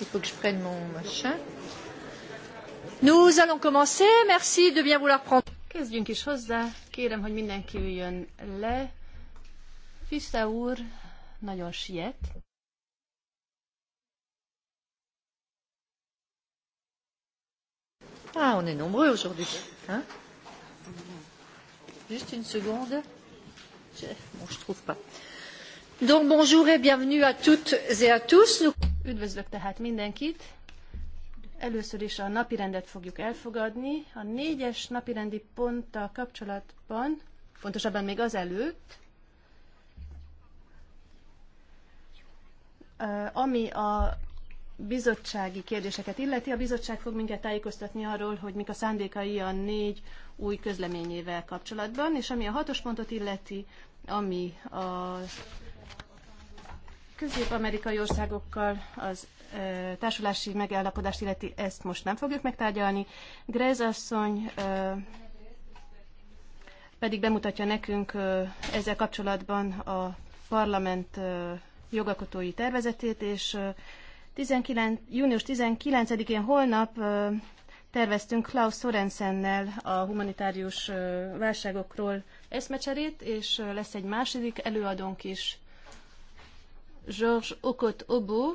Il faut que je prenne mon machin. Nous allons commencer. Merci de bien vouloir prendre. Kezdjünk is hozzá. Kérem, hogy mindenki üljön le. Fisza úr nagyon siet. Ah, on est nombreux aujourd'hui. Hein Juste une seconde. Donc bonjour et bienvenue à toutes et à tous. Üdvözlök tehát mindenkit. Először is a napirendet fogjuk elfogadni. A négyes napirendi ponttal kapcsolatban, pontosabban még azelőtt, ami a bizottsági kérdéseket illeti, a bizottság fog minket tájékoztatni arról, hogy mik a szándékai a négy új közleményével kapcsolatban, és ami a hatos pontot illeti, ami a közép-amerikai országokkal az ö, társulási megállapodást illeti, ezt most nem fogjuk megtárgyalni. Grez asszony ö, pedig bemutatja nekünk ö, ezzel kapcsolatban a parlament ö, jogakotói tervezetét, és ö, 19, június 19-én holnap terveztünk Klaus Sorensennel a humanitárius válságokról eszmecserét, és lesz egy második előadónk is, Georges Okot Obo,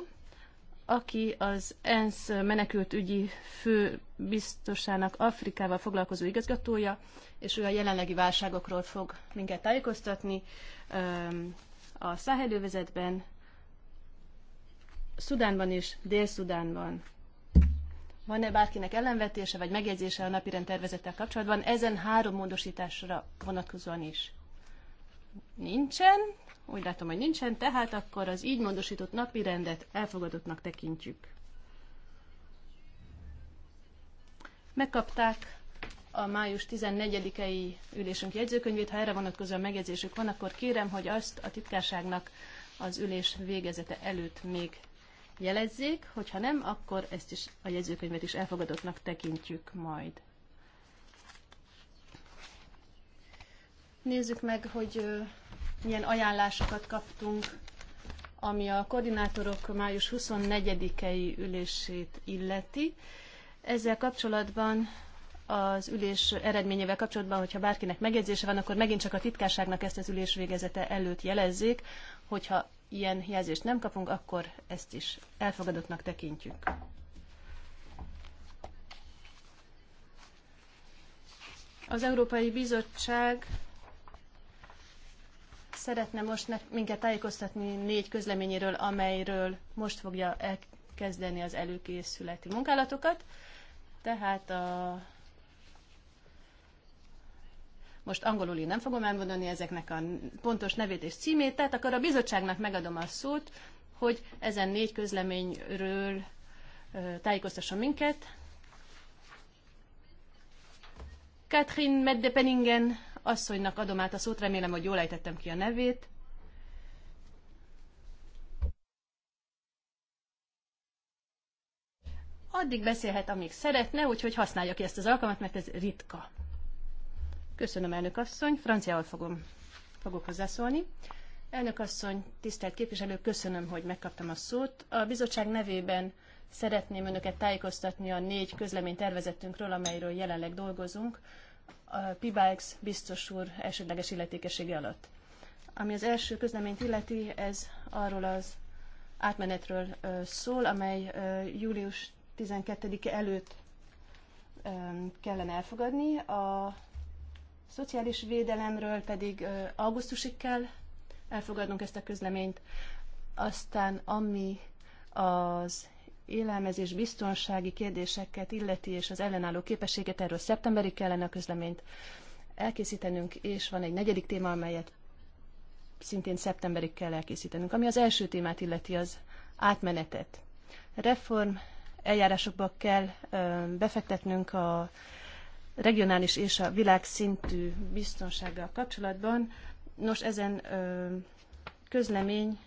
aki az ENSZ menekültügyi főbiztosának Afrikával foglalkozó igazgatója, és ő a jelenlegi válságokról fog minket tájékoztatni a száhelővezetben, Szudánban és Dél-Szudánban van-e bárkinek ellenvetése vagy megjegyzése a napirend tervezettel kapcsolatban, ezen három módosításra vonatkozóan is? Nincsen, úgy látom, hogy nincsen, tehát akkor az így módosított napirendet elfogadottnak tekintjük. Megkapták a május 14-i ülésünk jegyzőkönyvét, ha erre vonatkozóan megjegyzésük van, akkor kérem, hogy azt a titkárságnak az ülés végezete előtt még jelezzék, hogyha nem, akkor ezt is a jegyzőkönyvet is elfogadottnak tekintjük majd. Nézzük meg, hogy milyen ajánlásokat kaptunk, ami a koordinátorok május 24-i ülését illeti. Ezzel kapcsolatban az ülés eredményével kapcsolatban, hogyha bárkinek megjegyzése van, akkor megint csak a titkárságnak ezt az ülés végezete előtt jelezzék, hogyha ilyen jelzést nem kapunk, akkor ezt is elfogadottnak tekintjük. Az Európai Bizottság szeretne most minket tájékoztatni négy közleményéről, amelyről most fogja elkezdeni az előkészületi munkálatokat. Tehát a most angolul én nem fogom elmondani ezeknek a pontos nevét és címét, tehát akkor a bizottságnak megadom a szót, hogy ezen négy közleményről tájékoztasson minket. Katrin Meddepeningen asszonynak adom át a szót, remélem, hogy jól ejtettem ki a nevét. Addig beszélhet, amíg szeretne, úgyhogy használja ki ezt az alkalmat, mert ez ritka. Köszönöm, elnök asszony. Franciául fogom, fogok hozzászólni. Elnök asszony, tisztelt képviselő, köszönöm, hogy megkaptam a szót. A bizottság nevében szeretném önöket tájékoztatni a négy közlemény tervezetünkről, amelyről jelenleg dolgozunk, a PIBAX biztos úr elsődleges illetékesége alatt. Ami az első közleményt illeti, ez arról az átmenetről szól, amely július 12-e előtt kellene elfogadni. A szociális védelemről pedig augusztusig kell elfogadnunk ezt a közleményt. Aztán ami az élelmezés biztonsági kérdéseket illeti, és az ellenálló képességet, erről szeptemberig kellene a közleményt elkészítenünk, és van egy negyedik téma, amelyet szintén szeptemberig kell elkészítenünk. Ami az első témát illeti, az átmenetet. Reform eljárásokba kell befektetnünk a regionális és a világszintű biztonsággal kapcsolatban. Nos, ezen közlemény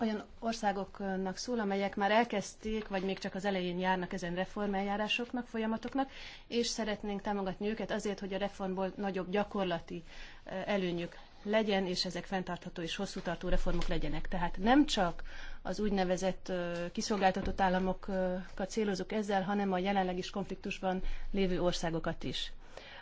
olyan országoknak szól, amelyek már elkezdték, vagy még csak az elején járnak ezen reformeljárásoknak, folyamatoknak, és szeretnénk támogatni őket azért, hogy a reformból nagyobb gyakorlati előnyük legyen, és ezek fenntartható és hosszú tartó reformok legyenek. Tehát nem csak az úgynevezett kiszolgáltatott államokat célozunk ezzel, hanem a jelenleg is konfliktusban lévő országokat is.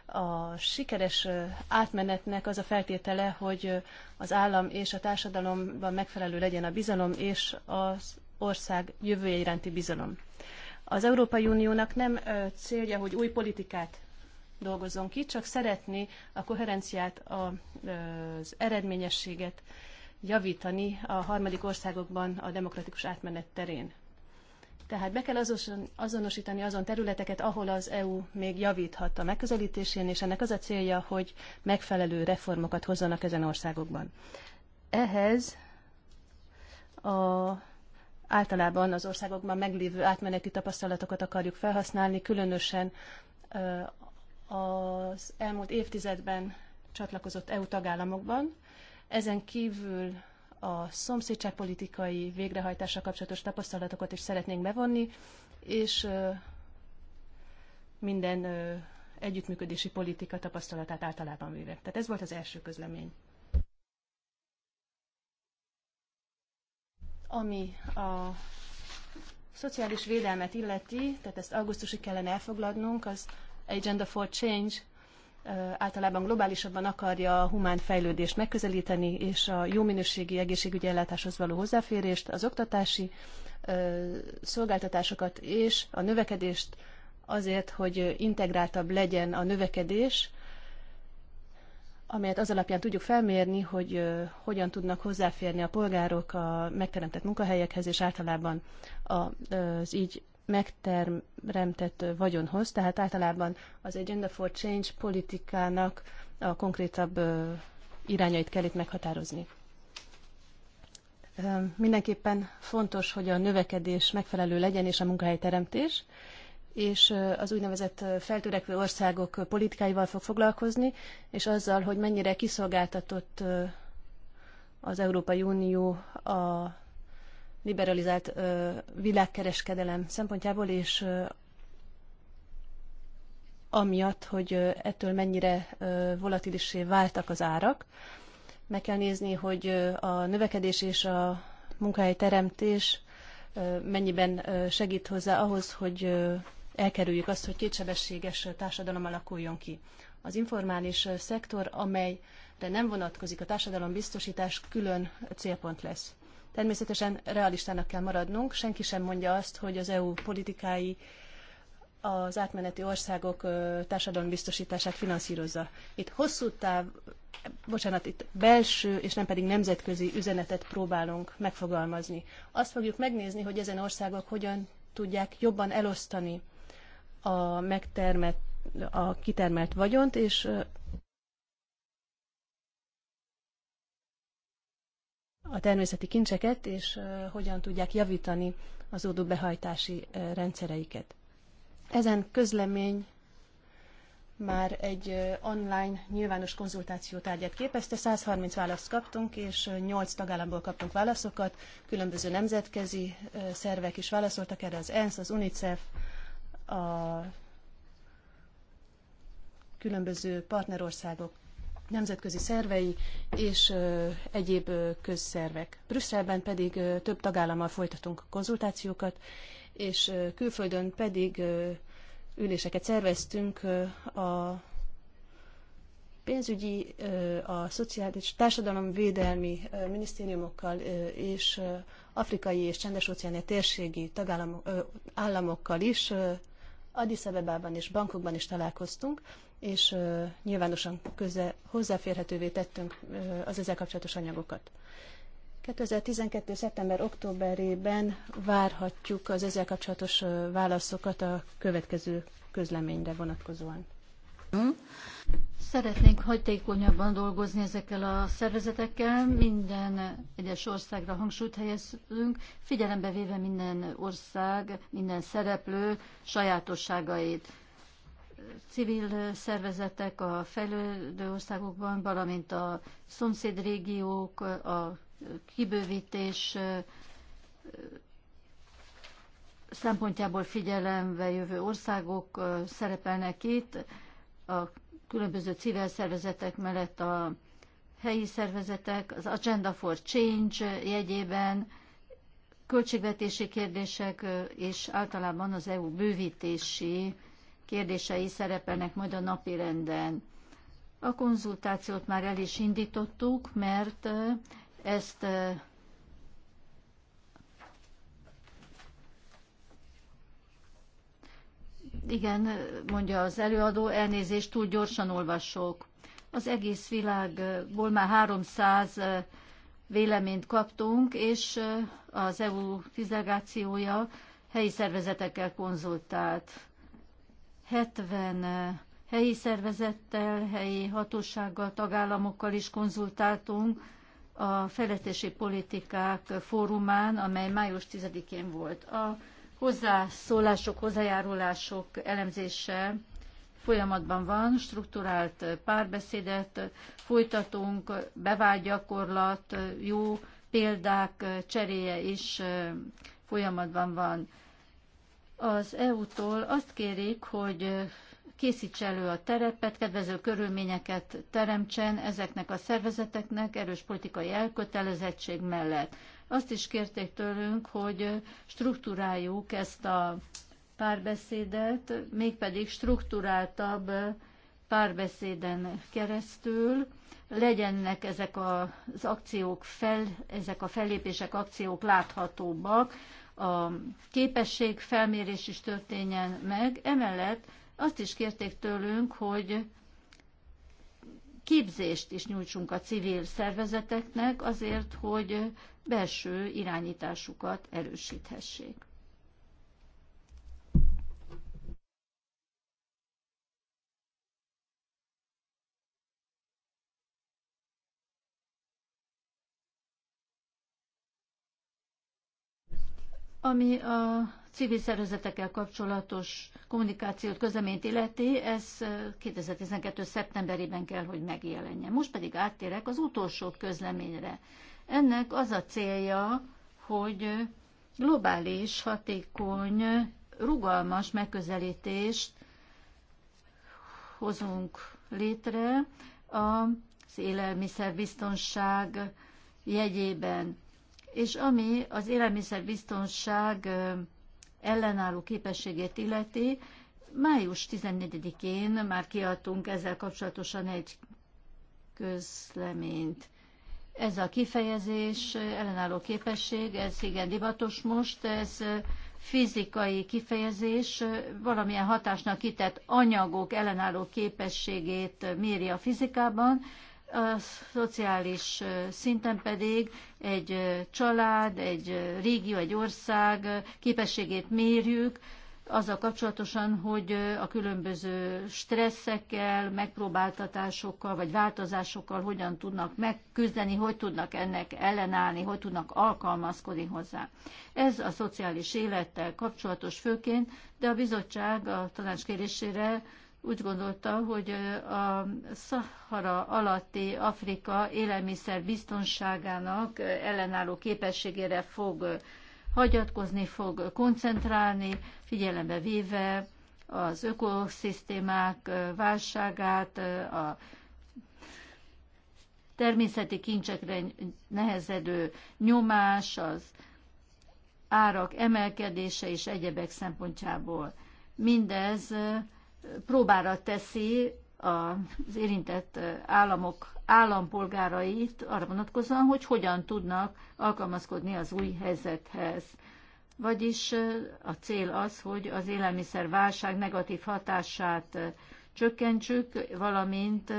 A sikeres átmenetnek az a feltétele, hogy az állam és a társadalomban megfelelő legyen a bizalom és az ország jövője iránti bizalom. Az Európai Uniónak nem célja, hogy új politikát dolgozzon ki, csak szeretné a koherenciát, az eredményességet javítani a harmadik országokban a demokratikus átmenet terén. Tehát be kell azonosítani azon területeket, ahol az EU még javíthat a megközelítésén, és ennek az a célja, hogy megfelelő reformokat hozzanak ezen országokban. Ehhez a, általában az országokban meglévő átmeneti tapasztalatokat akarjuk felhasználni, különösen az elmúlt évtizedben csatlakozott EU tagállamokban. Ezen kívül a szomszédságpolitikai végrehajtása kapcsolatos tapasztalatokat is szeretnénk bevonni, és minden együttműködési politika tapasztalatát általában véve. Tehát ez volt az első közlemény. Ami a szociális védelmet illeti, tehát ezt augusztusig kellene elfoglalnunk, az Agenda for Change általában globálisabban akarja a humán fejlődést megközelíteni, és a jó minőségi egészségügyi ellátáshoz való hozzáférést, az oktatási szolgáltatásokat és a növekedést azért, hogy integráltabb legyen a növekedés, amelyet az alapján tudjuk felmérni, hogy hogyan tudnak hozzáférni a polgárok a megteremtett munkahelyekhez, és általában az így megteremtett vagyonhoz, tehát általában az Agenda for Change politikának a konkrétabb irányait kell itt meghatározni. Mindenképpen fontos, hogy a növekedés megfelelő legyen és a munkahelyteremtés, és az úgynevezett feltörekvő országok politikáival fog foglalkozni, és azzal, hogy mennyire kiszolgáltatott az Európai Unió a liberalizált világkereskedelem szempontjából, és amiatt, hogy ettől mennyire volatilissé váltak az árak. Meg kell nézni, hogy a növekedés és a munkahely teremtés mennyiben segít hozzá ahhoz, hogy elkerüljük azt, hogy kétsebességes társadalom alakuljon ki. Az informális szektor, amelyre nem vonatkozik a társadalom biztosítás, külön célpont lesz. Természetesen realistának kell maradnunk. Senki sem mondja azt, hogy az EU politikái az átmeneti országok társadalombiztosítását finanszírozza. Itt hosszú táv, bocsánat, itt belső és nem pedig nemzetközi üzenetet próbálunk megfogalmazni. Azt fogjuk megnézni, hogy ezen országok hogyan tudják jobban elosztani a megtermett, a kitermelt vagyont, és a természeti kincseket, és hogyan tudják javítani az behajtási rendszereiket. Ezen közlemény már egy online nyilvános konzultáció tárgyát képezte, 130 választ kaptunk, és 8 tagállamból kaptunk válaszokat, különböző nemzetközi szervek is válaszoltak erre, az ENSZ, az UNICEF, a különböző partnerországok nemzetközi szervei és egyéb közszervek. Brüsszelben pedig több tagállammal folytatunk konzultációkat, és külföldön pedig üléseket szerveztünk a pénzügyi, a szociális társadalomvédelmi minisztériumokkal és afrikai és csendes óceáni térségi államokkal is Addis Abebában és Bangkokban is találkoztunk, és nyilvánosan köze, hozzáférhetővé tettünk az ezzel kapcsolatos anyagokat. 2012. szeptember-októberében várhatjuk az ezzel kapcsolatos válaszokat a következő közleményre vonatkozóan. Szeretnénk hatékonyabban dolgozni ezekkel a szervezetekkel, minden egyes országra hangsúlyt helyezünk, figyelembe véve minden ország, minden szereplő sajátosságait civil szervezetek a fejlődő országokban, valamint a szomszéd régiók, a kibővítés szempontjából figyelembe jövő országok szerepelnek itt, a különböző civil szervezetek mellett a helyi szervezetek, az Agenda for Change jegyében, költségvetési kérdések és általában az EU bővítési kérdései szerepelnek majd a napi renden. A konzultációt már el is indítottuk, mert ezt Igen, mondja az előadó, elnézést, túl gyorsan olvasok. Az egész világból már 300 véleményt kaptunk, és az EU delegációja helyi szervezetekkel konzultált. 70 helyi szervezettel, helyi hatósággal, tagállamokkal is konzultáltunk a feletési politikák fórumán, amely május 10-én volt. A hozzászólások, hozzájárulások elemzése folyamatban van, strukturált párbeszédet folytatunk, bevált gyakorlat, jó példák cseréje is folyamatban van az EU-tól azt kérik, hogy készíts elő a terepet, kedvező körülményeket teremtsen ezeknek a szervezeteknek erős politikai elkötelezettség mellett. Azt is kérték tőlünk, hogy struktúráljuk ezt a párbeszédet, mégpedig struktúráltabb párbeszéden keresztül legyenek ezek az akciók fel, ezek a fellépések, akciók láthatóbbak a képesség felmérés is történjen meg. Emellett azt is kérték tőlünk, hogy képzést is nyújtsunk a civil szervezeteknek azért, hogy belső irányításukat erősíthessék. Ami a civil szervezetekkel kapcsolatos kommunikációt, közleményt illeti, ez 2012. szeptemberében kell, hogy megjelenjen. Most pedig áttérek az utolsó közleményre. Ennek az a célja, hogy globális, hatékony, rugalmas megközelítést hozunk létre az élelmiszerbiztonság jegyében és ami az élelmiszerbiztonság ellenálló képességét illeti, május 14-én már kiadtunk ezzel kapcsolatosan egy közleményt. Ez a kifejezés, ellenálló képesség, ez igen divatos most, ez fizikai kifejezés, valamilyen hatásnak kitett anyagok ellenálló képességét méri a fizikában, a szociális szinten pedig egy család, egy régió, egy ország képességét mérjük, azzal kapcsolatosan, hogy a különböző stresszekkel, megpróbáltatásokkal vagy változásokkal hogyan tudnak megküzdeni, hogy tudnak ennek ellenállni, hogy tudnak alkalmazkodni hozzá. Ez a szociális élettel kapcsolatos főként, de a bizottság a tanács kérésére úgy gondolta, hogy a Szahara alatti Afrika élelmiszer biztonságának ellenálló képességére fog hagyatkozni, fog koncentrálni, figyelembe véve az ökoszisztémák válságát, a természeti kincsekre nehezedő nyomás, az árak emelkedése és egyebek szempontjából. Mindez próbára teszi az érintett államok állampolgárait arra vonatkozóan, hogy hogyan tudnak alkalmazkodni az új helyzethez. Vagyis a cél az, hogy az élelmiszerválság negatív hatását csökkentsük, valamint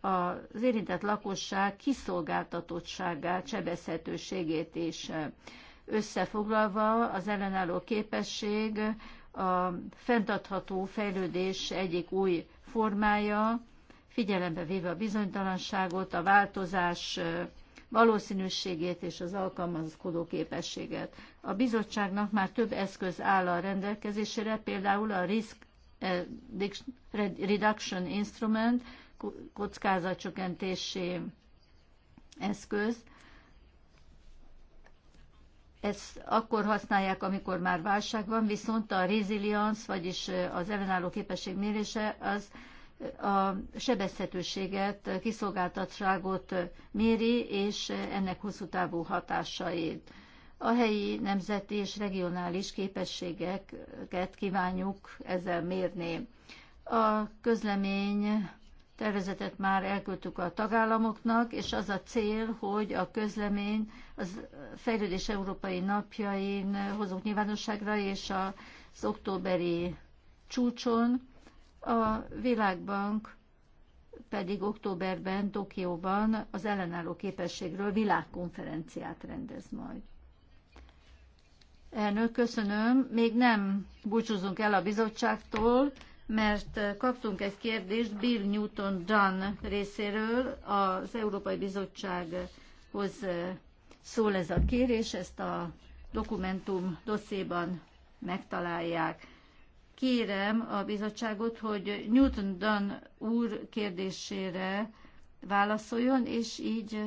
az érintett lakosság kiszolgáltatottságát, sebezhetőségét is. Összefoglalva az ellenálló képesség a fenntartható fejlődés egyik új formája, figyelembe véve a bizonytalanságot, a változás valószínűségét és az alkalmazkodó képességet. A bizottságnak már több eszköz áll a rendelkezésére, például a Risk Reduction Instrument, kockázatcsökkentési eszköz, ezt akkor használják, amikor már válság van, viszont a resilience, vagyis az ellenálló képesség mérése, az a sebezhetőséget, kiszolgáltatságot méri, és ennek hosszú távú hatásait. A helyi, nemzeti és regionális képességeket kívánjuk ezzel mérni. A közlemény tervezetet már elküldtük a tagállamoknak, és az a cél, hogy a közlemény az Fejlődés Európai Napjain hozunk nyilvánosságra, és az októberi csúcson a Világbank pedig októberben Tokióban az ellenálló képességről világkonferenciát rendez majd. Elnök, köszönöm. Még nem búcsúzunk el a bizottságtól, mert kaptunk egy kérdést Bill Newton Dunn részéről, az Európai Bizottsághoz szól ez a kérés, ezt a dokumentum dosszéban megtalálják. Kérem a bizottságot, hogy Newton Dunn úr kérdésére válaszoljon, és így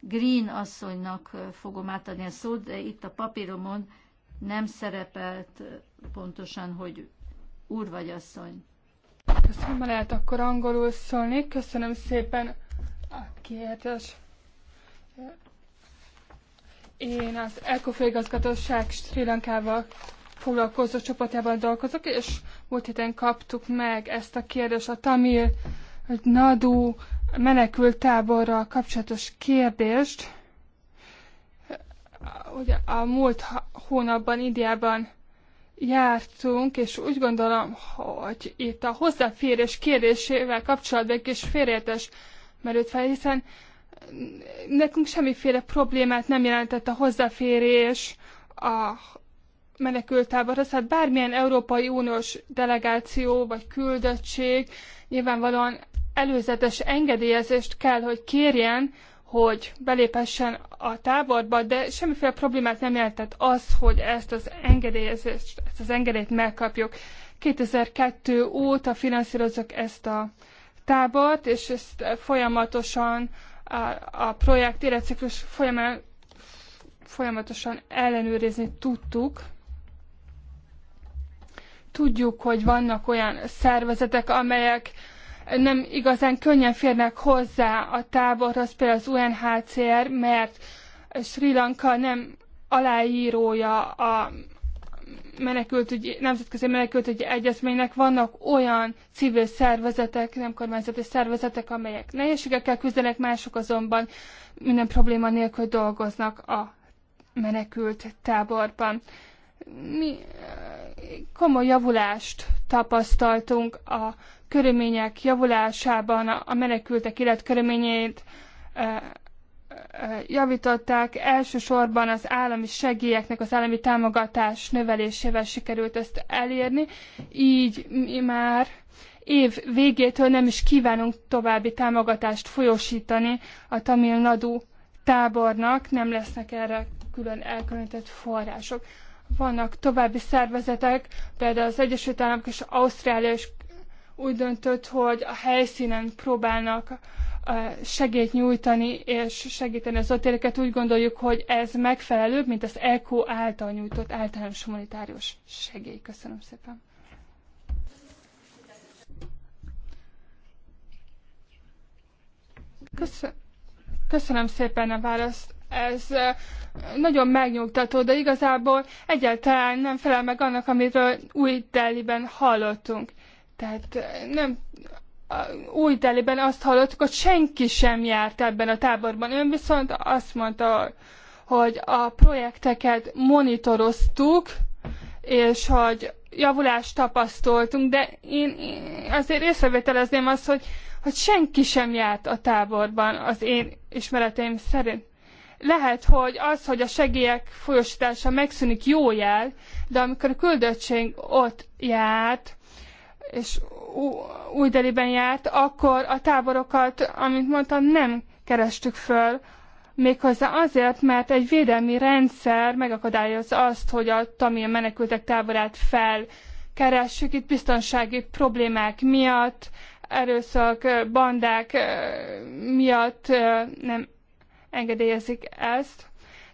Green asszonynak fogom átadni a szót, de itt a papíromon nem szerepelt pontosan, hogy úr vagy asszony. Köszönöm, lehet akkor angolul szólni. Köszönöm szépen a kérdés. Én az ECO Sri Lankával foglalkozó csoportjában dolgozok, és múlt héten kaptuk meg ezt a kérdést, a Tamil Nadu menekült táborral kapcsolatos kérdést hogy a múlt hónapban Indiában jártunk, és úgy gondolom, hogy itt a hozzáférés kérdésével kapcsolatban kis félértes merült fel, hiszen nekünk semmiféle problémát nem jelentett a hozzáférés a menekültáborra, tehát bármilyen Európai Uniós delegáció vagy küldöttség nyilvánvalóan előzetes engedélyezést kell, hogy kérjen hogy beléphessen a táborba, de semmiféle problémát nem jelentett az, hogy ezt az engedélyezést, ezt az engedélyt megkapjuk. 2002 óta finanszírozok ezt a tábort, és ezt folyamatosan a, a projekt életciklus folyamán, folyamatosan ellenőrizni tudtuk. Tudjuk, hogy vannak olyan szervezetek, amelyek nem igazán könnyen férnek hozzá a táborhoz, például az UNHCR, mert Sri Lanka nem aláírója a menekült, nemzetközi menekültügyi egyezménynek vannak olyan civil szervezetek, nem kormányzati szervezetek, amelyek nehézségekkel küzdenek, mások azonban minden probléma nélkül dolgoznak a menekült táborban. Mi eh, komoly javulást tapasztaltunk a körülmények javulásában a menekültek életkörülményeit javították, elsősorban az állami segélyeknek, az állami támogatás növelésével sikerült ezt elérni, így mi már év végétől nem is kívánunk további támogatást folyósítani a Tamil Nadu tábornak, nem lesznek erre külön elkülönített források. Vannak további szervezetek, például az Egyesült Államok és Ausztrália is úgy döntött, hogy a helyszínen próbálnak uh, segélyt nyújtani és segíteni az ott Úgy gondoljuk, hogy ez megfelelőbb, mint az ECO által nyújtott általános humanitárius segély. Köszönöm szépen. Köszönöm, szépen a választ. Ez uh, nagyon megnyugtató, de igazából egyáltalán nem felel meg annak, amiről új Delhiben hallottunk. Tehát nem új teliben azt hallottuk, hogy senki sem járt ebben a táborban. Ön viszont azt mondta, hogy a projekteket monitoroztuk, és hogy javulást tapasztoltunk, de én, én azért észrevételezném azt, hogy, hogy senki sem járt a táborban az én ismereteim szerint. Lehet, hogy az, hogy a segélyek folyosítása megszűnik, jó jel, de amikor a küldöttség ott járt, és új Deliben járt, akkor a táborokat, amit mondtam, nem kerestük föl, méghozzá azért, mert egy védelmi rendszer megakadályozza azt, hogy a tamil menekültek táborát keressük itt biztonsági problémák miatt, erőszak, bandák miatt nem engedélyezik ezt.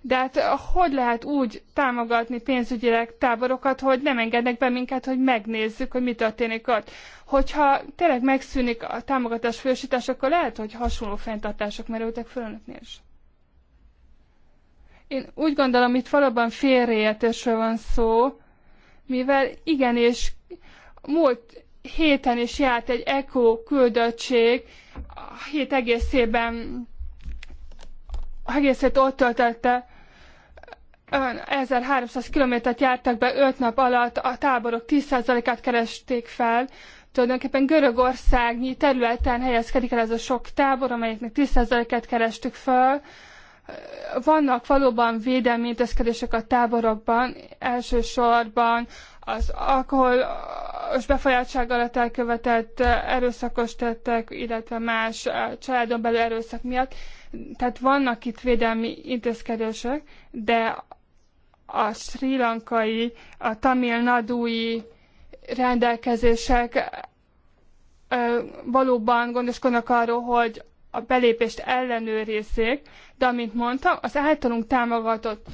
De hát eh, hogy lehet úgy támogatni pénzügyileg táborokat, hogy nem engednek be minket, hogy megnézzük, hogy mi történik ott. Hogyha tényleg megszűnik a támogatás fősítás, akkor lehet, hogy hasonló fenntartások merültek föl önöknél is. Én úgy gondolom, itt valóban félreértésről van szó, mivel igenis múlt héten is járt egy ECO küldöttség, a hét egészében egészét ott töltötte 1300 kilométert jártak be 5 nap alatt, a táborok 10%-át keresték fel. Tulajdonképpen Görögországnyi területen helyezkedik el ez a sok tábor, amelyeknek 10%-át kerestük fel. Vannak valóban védelmi intézkedések a táborokban, elsősorban az alkoholos befolyáltság alatt elkövetett erőszakos tettek, illetve más családon belül erőszak miatt. Tehát vannak itt védelmi intézkedések, de a sri lankai, a tamil nadui rendelkezések valóban gondoskodnak arról, hogy a belépést ellenőrizzék, de amint mondtam, az általunk támogatott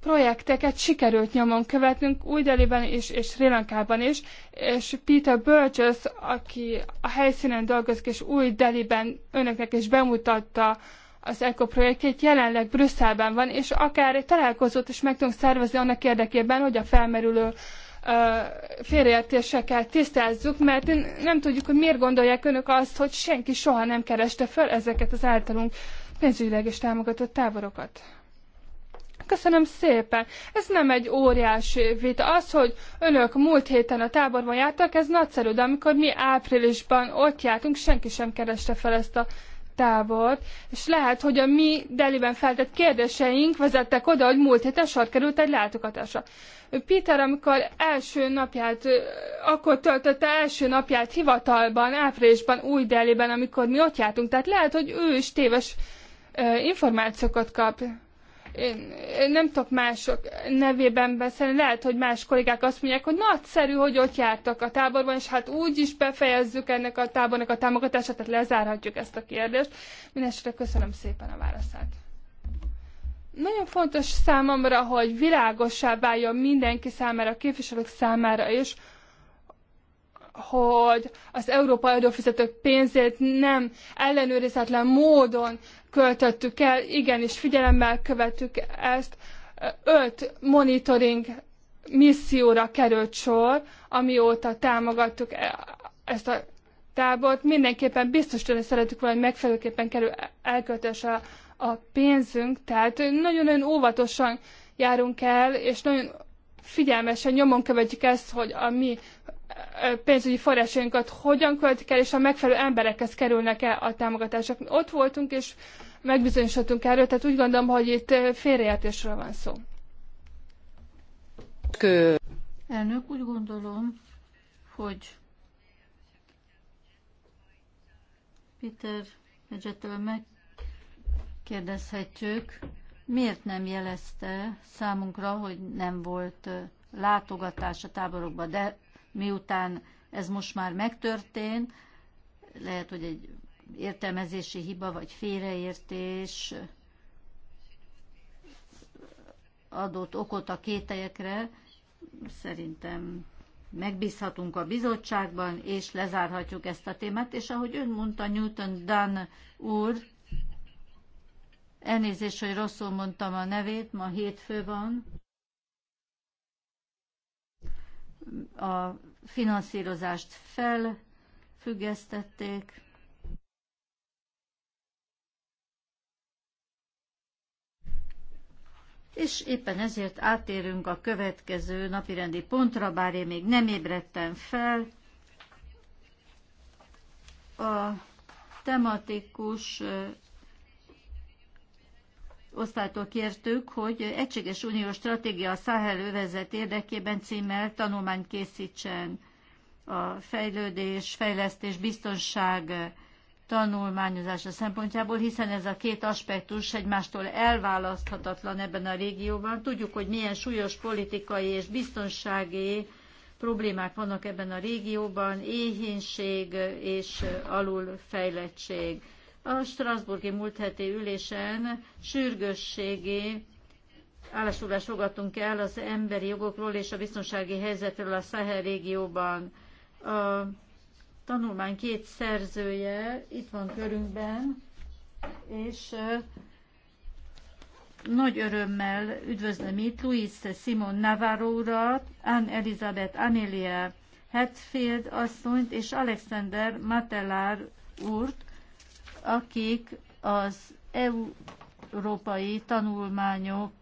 projekteket sikerült nyomon követnünk Új-Delében is, és Sri Lankában is, és Peter Burgess, aki a helyszínen dolgozik, és Új-Deliben önöknek is bemutatta az ECO projektjét jelenleg Brüsszelben van, és akár egy találkozót is meg tudunk szervezni annak érdekében, hogy a felmerülő félreértéseket tisztázzuk, mert nem tudjuk, hogy miért gondolják önök azt, hogy senki soha nem kereste föl ezeket az általunk pénzügyileg is támogatott táborokat. Köszönöm szépen. Ez nem egy óriási vita. Az, hogy önök múlt héten a táborban jártak, ez nagyszerű, de amikor mi áprilisban ott jártunk, senki sem kereste fel ezt a tábort, és lehet, hogy a mi Deliben feltett kérdéseink vezettek oda, hogy múlt héten sor került egy látogatásra. Peter, amikor első napját, akkor töltötte első napját hivatalban, áprilisban, új Deliben, amikor mi ott jártunk, tehát lehet, hogy ő is téves információkat kap én, én nem tudok mások nevében beszélni, lehet, hogy más kollégák azt mondják, hogy nagyszerű, hogy ott jártak a táborban, és hát úgy is befejezzük ennek a tábornak a támogatását, tehát lezárhatjuk ezt a kérdést. Mindenesetre köszönöm szépen a válaszát. Nagyon fontos számomra, hogy világossá váljon mindenki számára, a képviselők számára is, hogy az európai adófizetők pénzét nem ellenőrizetlen módon költöttük el, igenis figyelemmel követtük ezt. Öt monitoring misszióra került sor, amióta támogattuk e- ezt a tábort. Mindenképpen biztosítani szeretük volna, hogy megfelelőképpen kerül elköltésre a pénzünk, tehát nagyon-nagyon óvatosan járunk el, és nagyon figyelmesen nyomon követjük ezt, hogy a mi pénzügyi forrásainkat hogyan költik el, és a megfelelő emberekhez kerülnek el a támogatások. Ott voltunk, és megbizonyosodtunk erről, tehát úgy gondolom, hogy itt félreértésről van szó. Kö. Elnök, úgy gondolom, hogy Peter Egyetől megkérdezhetjük, miért nem jelezte számunkra, hogy nem volt látogatás a táborokban, de miután ez most már megtörtént, lehet, hogy egy értelmezési hiba vagy félreértés adott okot a kételyekre, szerintem megbízhatunk a bizottságban, és lezárhatjuk ezt a témát. És ahogy ön mondta, Newton Dunn úr, elnézést, hogy rosszul mondtam a nevét, ma hétfő van, a finanszírozást felfüggesztették. És éppen ezért átérünk a következő napirendi pontra, bár én még nem ébredtem fel. A tematikus osztálytól kértük, hogy Egységes Uniós Stratégia a Száhel övezet érdekében címmel tanulmányt készítsen a fejlődés, fejlesztés, biztonság tanulmányozása szempontjából, hiszen ez a két aspektus egymástól elválaszthatatlan ebben a régióban. Tudjuk, hogy milyen súlyos politikai és biztonsági problémák vannak ebben a régióban, éhínség és alulfejlettség. A Strasburgi múlt heti ülésen sürgősségi állásfoglalást fogadtunk el az emberi jogokról és a biztonsági helyzetről a Szahel régióban. A tanulmány két szerzője itt van körünkben, és nagy örömmel üdvözlöm itt Luis Simon Navarro urat, Anne Elizabeth Amelia Hetfield asszonyt és Alexander Matelár úrt, akik az európai tanulmányok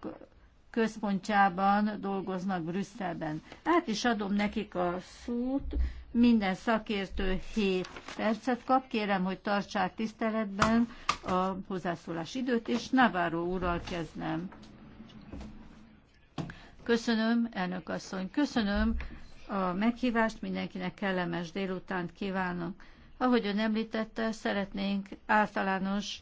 központjában dolgoznak Brüsszelben. Át is adom nekik a szót, minden szakértő 7 percet kap. Kérem, hogy tartsák tiszteletben a hozzászólás időt, és Navarro úrral kezdem. Köszönöm, elnök asszony, köszönöm a meghívást, mindenkinek kellemes délutánt kívánok. Ahogy ön említette, szeretnénk általános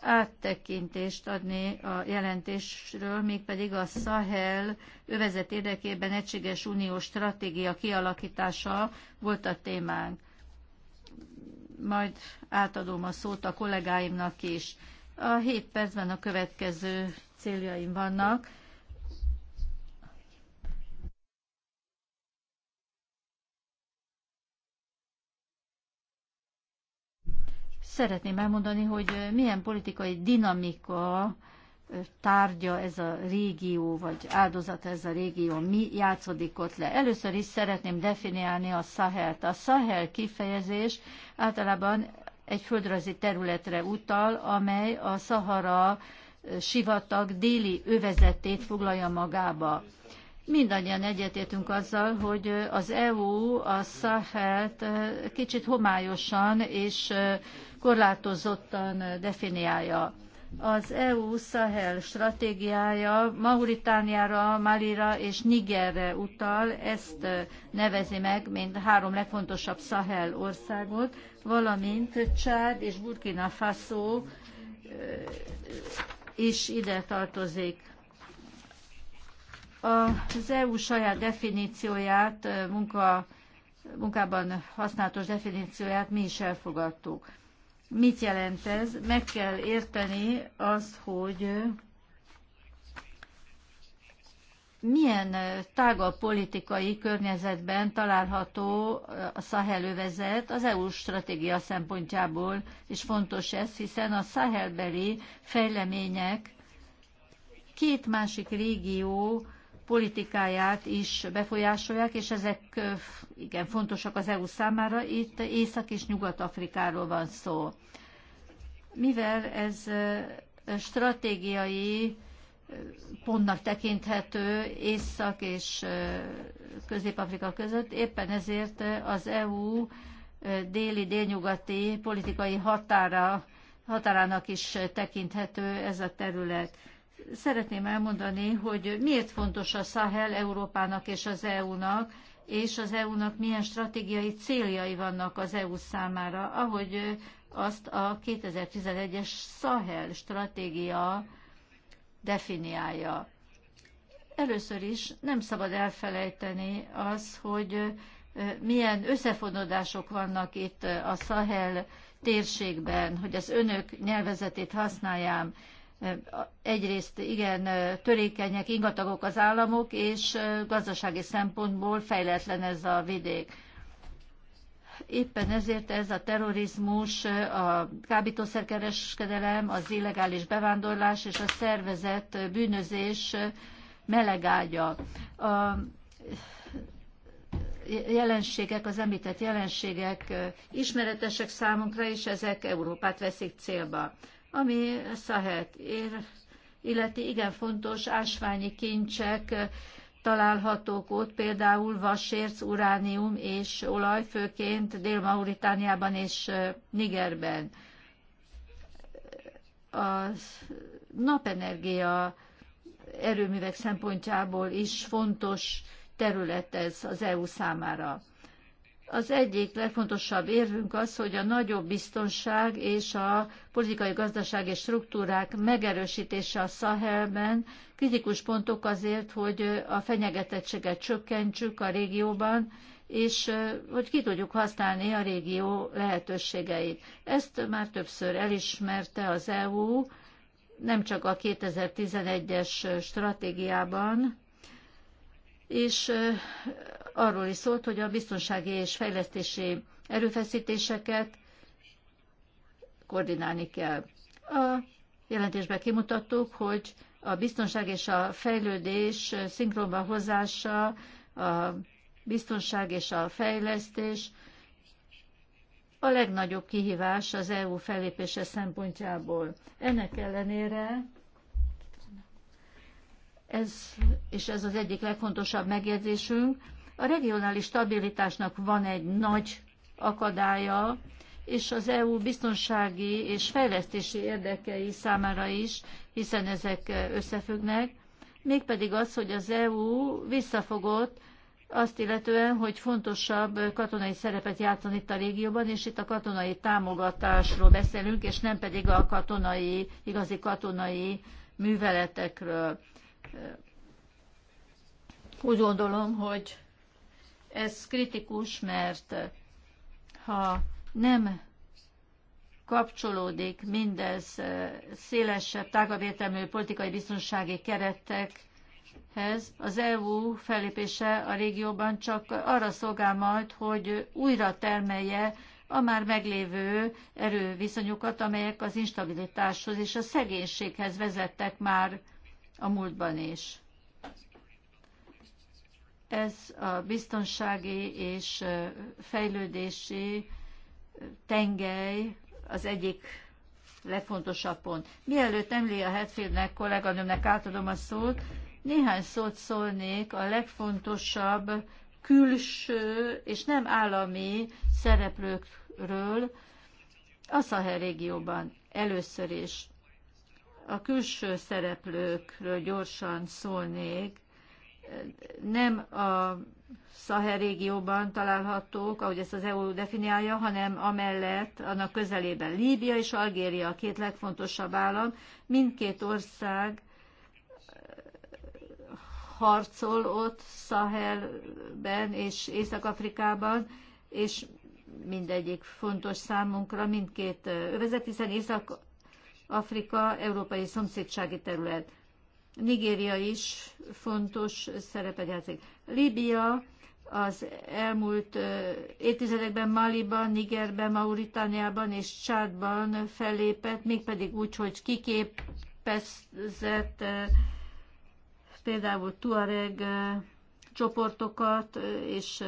áttekintést adni a jelentésről, mégpedig a Sahel övezet érdekében egységes uniós stratégia kialakítása volt a témánk. Majd átadom a szót a kollégáimnak is. A hét percben a következő céljaim vannak Szeretném elmondani, hogy milyen politikai dinamika tárgya ez a régió, vagy áldozata ez a régió, mi játszódik ott le. Először is szeretném definiálni a Sahelt. A Sahel kifejezés általában egy földrajzi területre utal, amely a Sahara, sivatag déli övezetét foglalja magába. Mindannyian egyetértünk azzal, hogy az EU a Sahelt kicsit homályosan és korlátozottan definiálja. Az EU Sahel stratégiája Mauritániára, Malira és Nigerre utal, ezt nevezi meg, mint három legfontosabb Sahel országot, valamint Csád és Burkina Faso is ide tartozik. Az EU saját definícióját, munka, munkában használatos definícióját mi is elfogadtuk mit jelent ez. Meg kell érteni azt, hogy milyen tágabb politikai környezetben található a Szahelövezet az EU stratégia szempontjából, és fontos ez, hiszen a Szahelbeli fejlemények két másik régió politikáját is befolyásolják, és ezek igen fontosak az EU számára. Itt Észak- és Nyugat-Afrikáról van szó. Mivel ez stratégiai pontnak tekinthető Észak és Közép-Afrika között. Éppen ezért az EU déli-délnyugati politikai határa, határának is tekinthető ez a terület szeretném elmondani, hogy miért fontos a Sahel Európának és az EU-nak, és az EU-nak milyen stratégiai céljai vannak az EU számára, ahogy azt a 2011-es Sahel stratégia definiálja. Először is nem szabad elfelejteni az, hogy milyen összefonódások vannak itt a Sahel térségben, hogy az önök nyelvezetét használjam egyrészt igen törékenyek, ingatagok az államok, és gazdasági szempontból fejletlen ez a vidék. Éppen ezért ez a terrorizmus, a kábítószerkereskedelem, az illegális bevándorlás és a szervezett bűnözés melegágya. A jelenségek, az említett jelenségek ismeretesek számunkra, és ezek Európát veszik célba ami Szahet ér, illeti igen fontos ásványi kincsek találhatók ott, például vasérc, uránium és olaj, főként Dél-Mauritániában és Nigerben. A napenergia erőművek szempontjából is fontos terület ez az EU számára. Az egyik legfontosabb érvünk az, hogy a nagyobb biztonság és a politikai gazdasági struktúrák megerősítése a Szahelben kritikus pontok azért, hogy a fenyegetettséget csökkentsük a régióban, és hogy ki tudjuk használni a régió lehetőségeit. Ezt már többször elismerte az EU, nem csak a 2011-es stratégiában, és arról is szólt, hogy a biztonsági és fejlesztési erőfeszítéseket koordinálni kell. A jelentésben kimutattuk, hogy a biztonság és a fejlődés szinkronba hozása, a biztonság és a fejlesztés a legnagyobb kihívás az EU fellépése szempontjából. Ennek ellenére ez, és ez az egyik legfontosabb megjegyzésünk, a regionális stabilitásnak van egy nagy akadálya, és az EU biztonsági és fejlesztési érdekei számára is, hiszen ezek összefüggnek, mégpedig az, hogy az EU visszafogott azt illetően, hogy fontosabb katonai szerepet játszani itt a régióban, és itt a katonai támogatásról beszélünk, és nem pedig a katonai, igazi katonai műveletekről. Úgy gondolom, hogy ez kritikus, mert ha nem kapcsolódik mindez eh, szélesebb, tágabb értelmű politikai biztonsági keretekhez, az EU fellépése a régióban csak arra szolgál majd, hogy újra termelje a már meglévő erőviszonyokat, amelyek az instabilitáshoz és a szegénységhez vezettek már a múltban is. Ez a biztonsági és fejlődési tengely az egyik legfontosabb pont. Mielőtt a Hetfieldnek, kolléganőmnek átadom a szót, néhány szót szólnék a legfontosabb külső és nem állami szereplőkről a Szahel régióban először is. A külső szereplőkről gyorsan szólnék nem a Szahel régióban találhatók, ahogy ezt az EU definiálja, hanem amellett annak közelében Líbia és Algéria, a két legfontosabb állam. Mindkét ország eh, harcol ott Szahelben és Észak-Afrikában, és mindegyik fontos számunkra, mindkét eh, övezet, hiszen Észak-Afrika európai szomszédsági terület. Nigéria is fontos szerepet játszik. Líbia az elmúlt évtizedekben Maliban, Nigerben, Mauritániában és Csádban fellépett, mégpedig úgy, hogy kiképezett például Tuareg csoportokat, és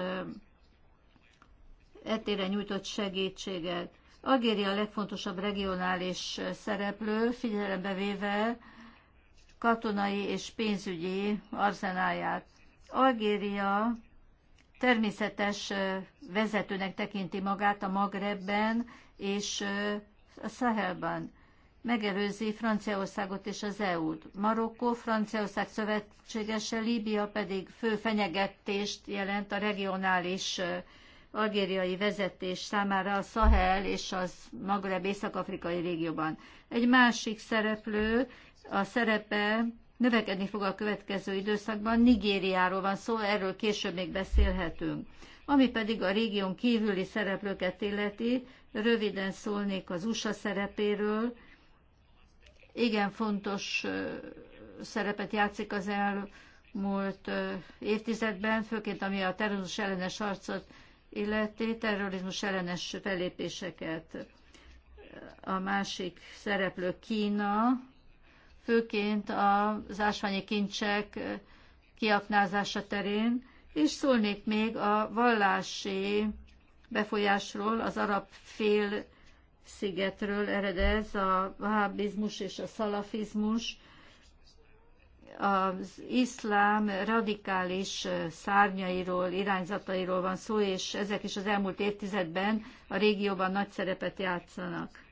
etére nyújtott segítséget. Algéria a legfontosabb regionális szereplő, figyelembe véve katonai és pénzügyi arzenáját. Algéria természetes vezetőnek tekinti magát a Magrebben és a Sahelban. Megelőzi Franciaországot és az EU-t. Marokkó Franciaország szövetségese, Líbia pedig fő fenyegetést jelent a regionális algériai vezetés számára a Sahel és az Magreb észak-afrikai régióban. Egy másik szereplő a szerepe növekedni fog a következő időszakban. Nigériáról van szó, erről később még beszélhetünk. Ami pedig a régión kívüli szereplőket illeti, röviden szólnék az USA szerepéről. Igen fontos szerepet játszik az elmúlt évtizedben, főként ami a terrorizmus ellenes harcot illeti, terrorizmus ellenes felépéseket. A másik szereplő Kína, főként az ásványi kincsek kiaknázása terén, és szólnék még a vallási befolyásról, az arab fél szigetről eredez a vahábizmus és a szalafizmus, az iszlám radikális szárnyairól, irányzatairól van szó, és ezek is az elmúlt évtizedben a régióban nagy szerepet játszanak.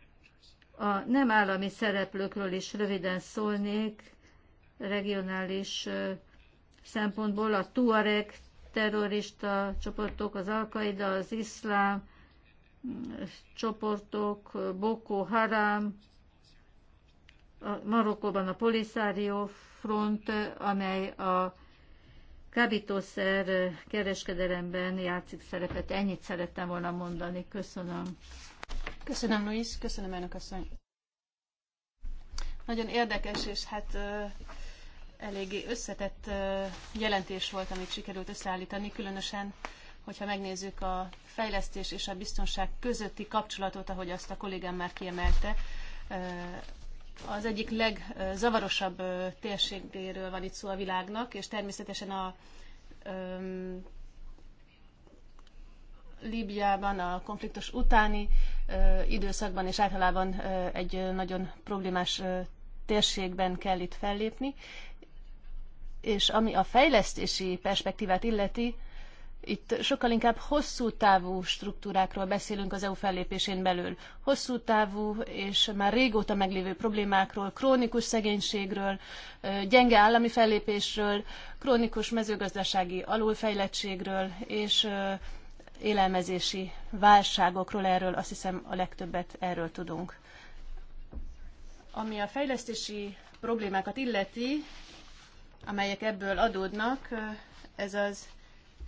A nem állami szereplőkről is röviden szólnék, regionális szempontból a Tuareg terrorista csoportok, az al az iszlám mm, csoportok, Boko Haram, a Marokkóban a Polisario Front, amely a kábítószer kereskedelemben játszik szerepet. Ennyit szerettem volna mondani. Köszönöm. Köszönöm, Luis, köszönöm, elnök asszony. Nagyon érdekes, és hát eléggé összetett jelentés volt, amit sikerült összeállítani, különösen, hogyha megnézzük a fejlesztés és a biztonság közötti kapcsolatot, ahogy azt a kollégám már kiemelte. Az egyik legzavarosabb térségéről van itt szó a világnak, és természetesen a Líbiában a konfliktus utáni időszakban és általában egy nagyon problémás térségben kell itt fellépni. És ami a fejlesztési perspektívát illeti, itt sokkal inkább hosszú távú struktúrákról beszélünk az EU fellépésén belül. Hosszú távú és már régóta meglévő problémákról, krónikus szegénységről, gyenge állami fellépésről, krónikus mezőgazdasági alulfejlettségről és élelmezési válságokról, erről azt hiszem a legtöbbet erről tudunk. Ami a fejlesztési problémákat illeti, amelyek ebből adódnak, ez az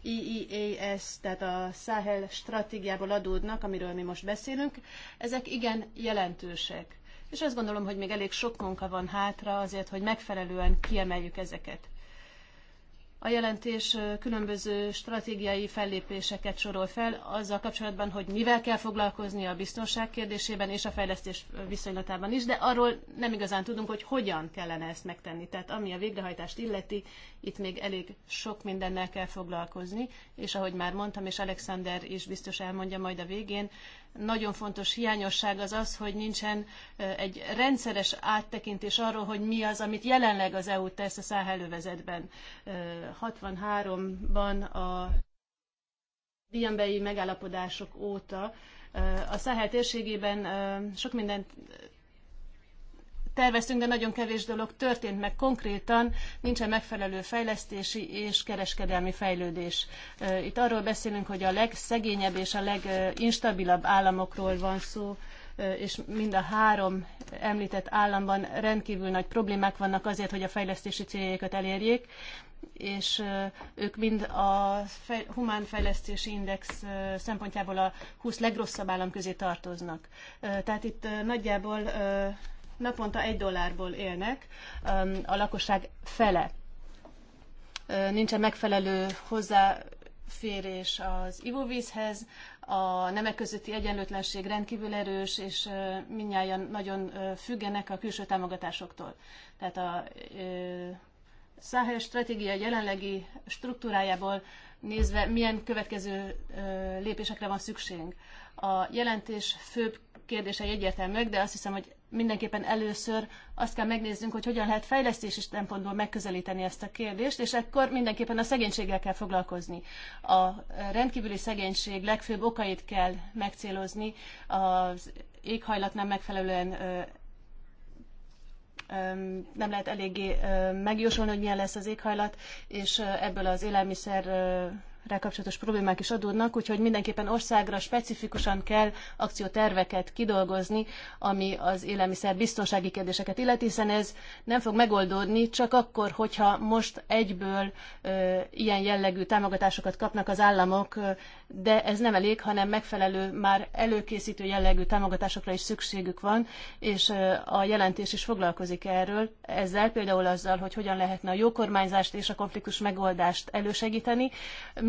EEAS, tehát a Sahel stratégiából adódnak, amiről mi most beszélünk, ezek igen jelentősek. És azt gondolom, hogy még elég sok munka van hátra azért, hogy megfelelően kiemeljük ezeket. A jelentés különböző stratégiai fellépéseket sorol fel azzal kapcsolatban, hogy mivel kell foglalkozni a biztonság kérdésében és a fejlesztés viszonylatában is, de arról nem igazán tudunk, hogy hogyan kellene ezt megtenni. Tehát ami a végrehajtást illeti, itt még elég sok mindennel kell foglalkozni, és ahogy már mondtam, és Alexander is biztos elmondja majd a végén, nagyon fontos hiányosság az az, hogy nincsen egy rendszeres áttekintés arról, hogy mi az, amit jelenleg az EU tesz a száhelővezetben. 63-ban a diambei megállapodások óta a Száhel térségében sok mindent terveztünk, de nagyon kevés dolog történt meg konkrétan, nincsen megfelelő fejlesztési és kereskedelmi fejlődés. Itt arról beszélünk, hogy a legszegényebb és a leginstabilabb államokról van szó, és mind a három említett államban rendkívül nagy problémák vannak azért, hogy a fejlesztési céljaikat elérjék, és ők mind a humán fejlesztési index szempontjából a 20 legrosszabb állam közé tartoznak. Tehát itt nagyjából naponta egy dollárból élnek, um, a lakosság fele. Uh, nincsen megfelelő hozzáférés az ivóvízhez, a nemek közötti egyenlőtlenség rendkívül erős, és uh, mindnyáján nagyon uh, függenek a külső támogatásoktól. Tehát a Száhely stratégia jelenlegi struktúrájából nézve milyen következő lépésekre van szükség. A jelentés főbb kérdései egyértelműek, de azt hiszem, hogy mindenképpen először azt kell megnéznünk, hogy hogyan lehet fejlesztési szempontból megközelíteni ezt a kérdést, és akkor mindenképpen a szegénységgel kell foglalkozni. A rendkívüli szegénység legfőbb okait kell megcélozni, az éghajlat nem megfelelően nem lehet eléggé megjósolni, hogy milyen lesz az éghajlat, és ebből az élelmiszer rákapcsolatos problémák is adódnak, úgyhogy mindenképpen országra specifikusan kell akcióterveket kidolgozni, ami az élelmiszer biztonsági kérdéseket illeti, hiszen ez nem fog megoldódni csak akkor, hogyha most egyből ö, ilyen jellegű támogatásokat kapnak az államok, de ez nem elég, hanem megfelelő, már előkészítő jellegű támogatásokra is szükségük van, és ö, a jelentés is foglalkozik erről, ezzel például azzal, hogy hogyan lehetne a jó kormányzást és a konfliktus megoldást elősegíteni,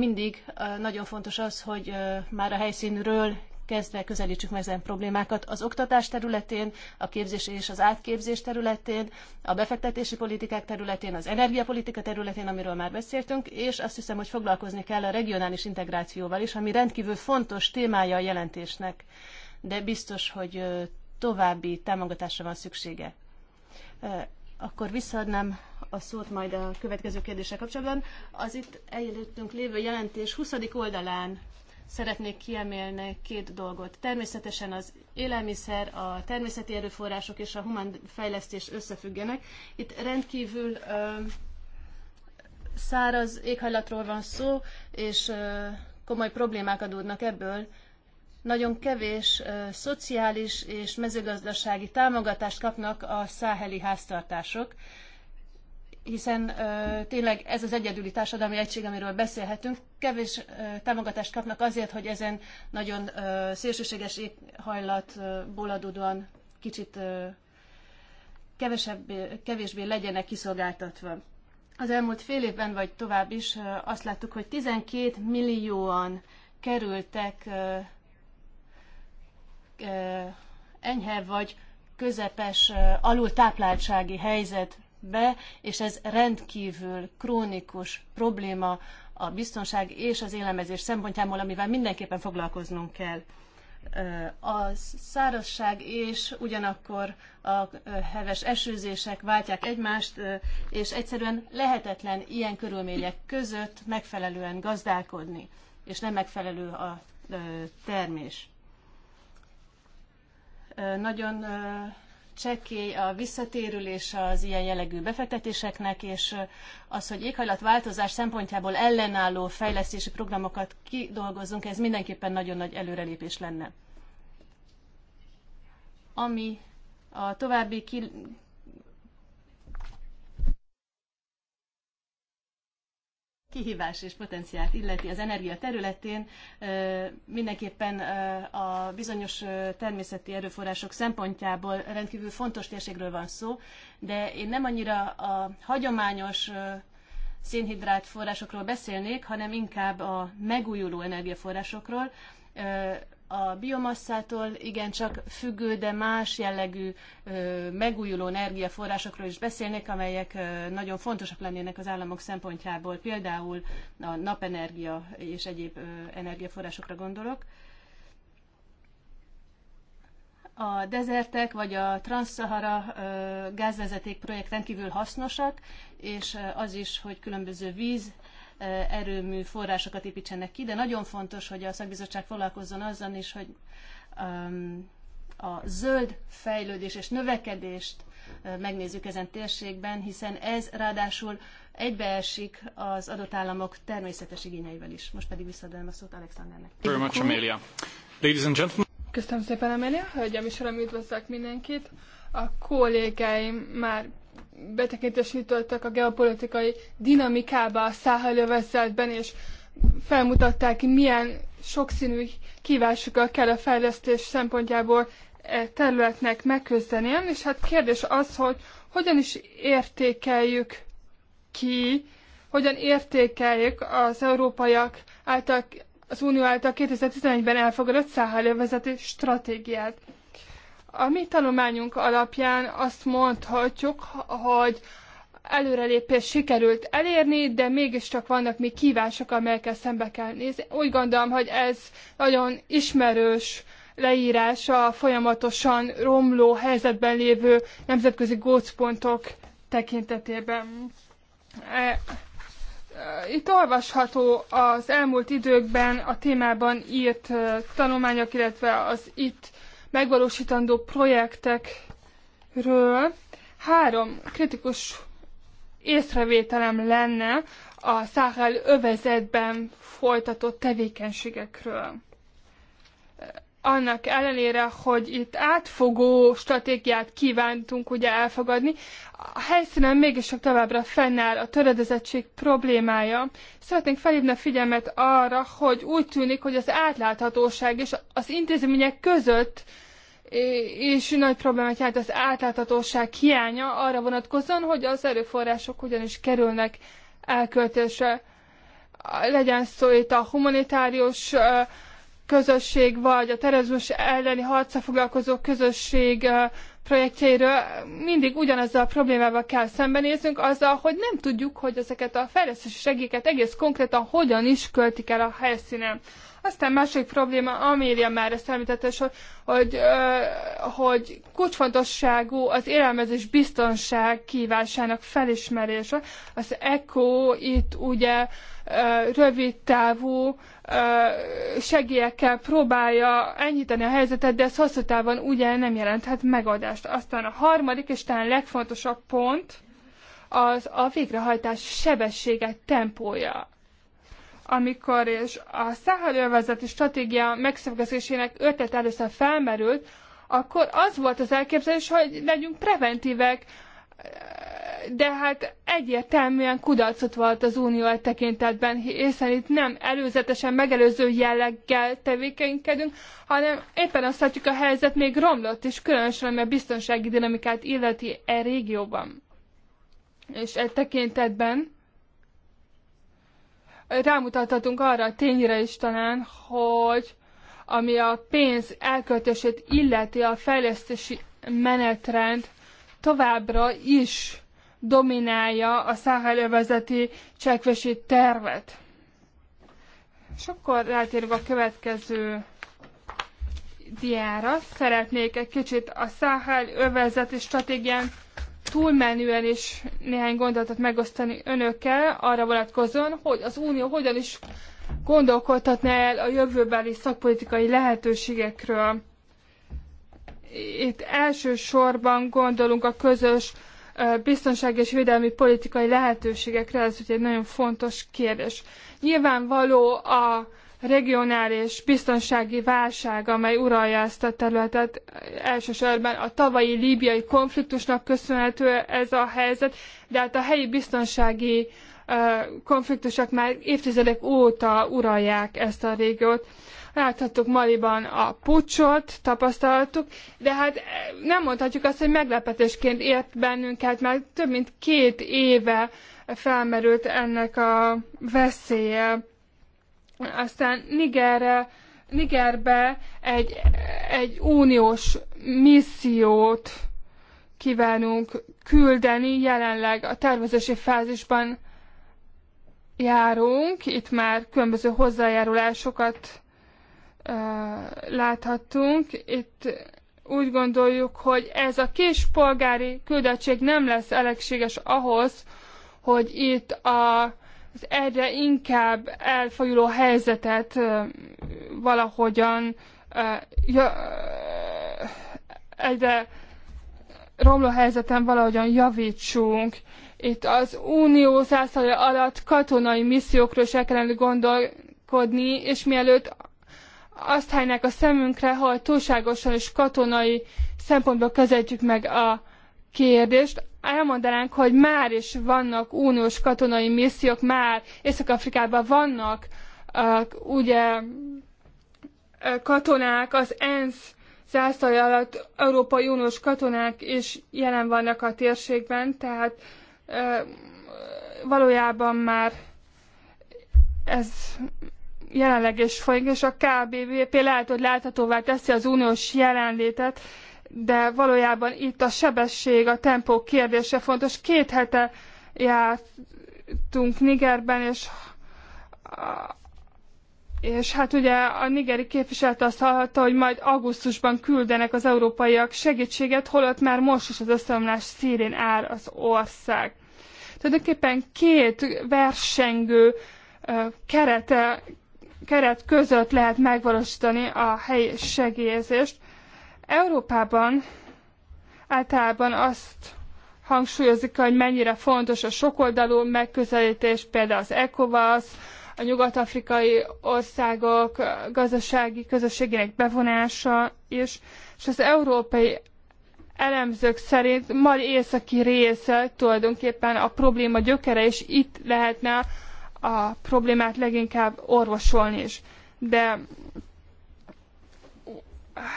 mindig nagyon fontos az, hogy már a helyszínről kezdve közelítsük meg ezen problémákat az oktatás területén, a képzés és az átképzés területén, a befektetési politikák területén, az energiapolitika területén, amiről már beszéltünk, és azt hiszem, hogy foglalkozni kell a regionális integrációval is, ami rendkívül fontos témája a jelentésnek, de biztos, hogy további támogatásra van szüksége. Akkor visszaadnám a szót majd a következő kérdése kapcsolatban. Az itt előttünk lévő jelentés 20. oldalán szeretnék kiemelni két dolgot. Természetesen az élelmiszer, a természeti erőforrások és a humán fejlesztés összefüggenek. Itt rendkívül ö, száraz éghajlatról van szó, és ö, komoly problémák adódnak ebből. Nagyon kevés ö, szociális és mezőgazdasági támogatást kapnak a száheli háztartások. Ö, hiszen ö, tényleg ez az egyedüli társadalmi egység, amiről beszélhetünk, kevés ö, támogatást kapnak azért, hogy ezen nagyon ö, szélsőséges éghajlatból adódóan kicsit ö, kevesebb, kevésbé legyenek kiszolgáltatva. Az elmúlt fél évben, vagy tovább is ö, azt láttuk, hogy 12 millióan kerültek ö, ö, enyhe vagy közepes alultápláltsági helyzet be, és ez rendkívül krónikus probléma a biztonság és az élelmezés szempontjából, amivel mindenképpen foglalkoznunk kell. A szárazság és ugyanakkor a heves esőzések váltják egymást, és egyszerűen lehetetlen ilyen körülmények között megfelelően gazdálkodni, és nem megfelelő a termés. Nagyon csekély a visszatérülés az ilyen jellegű befektetéseknek, és az, hogy éghajlatváltozás szempontjából ellenálló fejlesztési programokat kidolgozzunk, ez mindenképpen nagyon nagy előrelépés lenne. Ami a további kihívás és potenciált illeti az energia területén, mindenképpen a bizonyos természeti erőforrások szempontjából rendkívül fontos térségről van szó, de én nem annyira a hagyományos szénhidrát forrásokról beszélnék, hanem inkább a megújuló energiaforrásokról, a biomasszától igencsak függő, de más jellegű megújuló energiaforrásokról is beszélnék, amelyek nagyon fontosak lennének az államok szempontjából, például a napenergia és egyéb energiaforrásokra gondolok. A dezertek vagy a Transzahara gázvezeték projekt rendkívül hasznosak, és az is, hogy különböző víz erőmű forrásokat építsenek ki, de nagyon fontos, hogy a szakbizottság foglalkozzon azzal is, hogy a zöld fejlődés és növekedést megnézzük ezen térségben, hiszen ez ráadásul egybeesik az adott államok természetes igényeivel is. Most pedig visszadom a szót Alexandernek. Very much, Amelia. Ladies and gentlemen. Köszönöm szépen, Amelia. Hölgyem és uram, üdvözlök mindenkit. A kollégáim már betekintést nyitottak a geopolitikai dinamikába a száhelővezetben, és felmutatták, milyen sokszínű kívásokkal kell a fejlesztés szempontjából e területnek megküzdenie, és hát kérdés az, hogy hogyan is értékeljük ki, hogyan értékeljük az európaiak által, az Unió által 2011-ben elfogadott száhelővezeti stratégiát. A mi tanulmányunk alapján azt mondhatjuk, hogy előrelépés sikerült elérni, de mégiscsak vannak még kívások, amelyekkel szembe kell nézni. Úgy gondolom, hogy ez nagyon ismerős leírása a folyamatosan romló helyzetben lévő nemzetközi gócpontok tekintetében. E, e, itt olvasható az elmúlt időkben a témában írt e, tanulmányok, illetve az itt megvalósítandó projektekről. Három kritikus észrevételem lenne a Száhel övezetben folytatott tevékenységekről annak ellenére, hogy itt átfogó stratégiát kívántunk ugye elfogadni, a helyszínen mégis csak továbbra fennáll a töredezettség problémája. Szeretnénk felhívni a figyelmet arra, hogy úgy tűnik, hogy az átláthatóság és az intézmények között és nagy problémát jelent az átláthatóság hiánya arra vonatkozóan, hogy az erőforrások ugyanis kerülnek elköltésre. Legyen szó itt a humanitárius közösség, vagy a terezmus elleni harca foglalkozó közösség projektjeiről mindig ugyanazzal a problémával kell szembenéznünk, azzal, hogy nem tudjuk, hogy ezeket a fejlesztési segélyeket egész konkrétan hogyan is költik el a helyszínen. Aztán másik probléma, Amélia már ezt említette, hogy, hogy, hogy kulcsfontosságú az élelmezés biztonság kívásának felismerése. Az ECO itt ugye rövid távú segélyekkel próbálja enyhíteni a helyzetet, de ez hosszú távon ugye nem jelenthet megoldást. Aztán a harmadik és talán legfontosabb pont az a végrehajtás sebessége, tempója amikor és a száhelővezeti stratégia megszövegezésének ötlet először felmerült, akkor az volt az elképzelés, hogy legyünk preventívek, de hát egyértelműen kudarcot volt az unió e tekintetben, hiszen itt nem előzetesen megelőző jelleggel tevékenykedünk, hanem éppen azt látjuk, a helyzet még romlott, és különösen ami a biztonsági dinamikát illeti e régióban. És egy tekintetben rámutathatunk arra a tényre is talán, hogy ami a pénz elköltését illeti a fejlesztési menetrend továbbra is dominálja a száhelővezeti csekvesi tervet. És akkor rátérünk a következő diára. Szeretnék egy kicsit a Száhel övezeti stratégián túlmenően is néhány gondolatot megosztani önökkel arra vonatkozóan, hogy az Unió hogyan is gondolkodhatna el a jövőbeli szakpolitikai lehetőségekről. Itt elsősorban gondolunk a közös biztonsági és védelmi politikai lehetőségekre, ez ugye egy nagyon fontos kérdés. Nyilvánvaló a regionális biztonsági válság, amely uralja ezt a területet, elsősorban a tavalyi líbiai konfliktusnak köszönhető ez a helyzet, de hát a helyi biztonsági konfliktusok már évtizedek óta uralják ezt a régiót. Láthattuk Maliban a pucsot, tapasztaltuk, de hát nem mondhatjuk azt, hogy meglepetésként ért bennünket, mert több mint két éve felmerült ennek a veszélye aztán Nigerre, Nigerbe egy, egy uniós missziót kívánunk küldeni, jelenleg a tervezési fázisban járunk, itt már különböző hozzájárulásokat ö, láthattunk. Itt úgy gondoljuk, hogy ez a kis polgári küldettség nem lesz elégséges ahhoz, hogy itt a az egyre inkább elfajuló helyzetet valahogyan egyre romló helyzeten valahogyan javítsunk. Itt az unió zászlaja alatt katonai missziókról is el kellene gondolkodni, és mielőtt azt hányják a szemünkre, ha túlságosan is katonai szempontból közelítjük meg a kérdést, elmondanánk, hogy már is vannak uniós katonai missziók, már Észak-Afrikában vannak uh, ugye katonák, az ENSZ zászlaja alatt Európai Uniós katonák is jelen vannak a térségben, tehát valójában már ez jelenleg is folyik, és a KBVP lehet, hogy láthatóvá teszi az uniós jelenlétet, de valójában itt a sebesség, a tempó kérdése fontos. Két hete jártunk Nigerben, és és hát ugye a nigeri képviselt azt hallotta, hogy majd augusztusban küldenek az európaiak segítséget, holott már most is az összeomlás szírén áll az ország. Tulajdonképpen két versengő kerete, keret között lehet megvalósítani a helyi segélyezést. Európában általában azt hangsúlyozik, hogy mennyire fontos a sokoldalú megközelítés, például az ECOWAS, a nyugat-afrikai országok gazdasági közösségének bevonása is, és az európai elemzők szerint mai északi része tulajdonképpen a probléma gyökere, és itt lehetne a problémát leginkább orvosolni is. De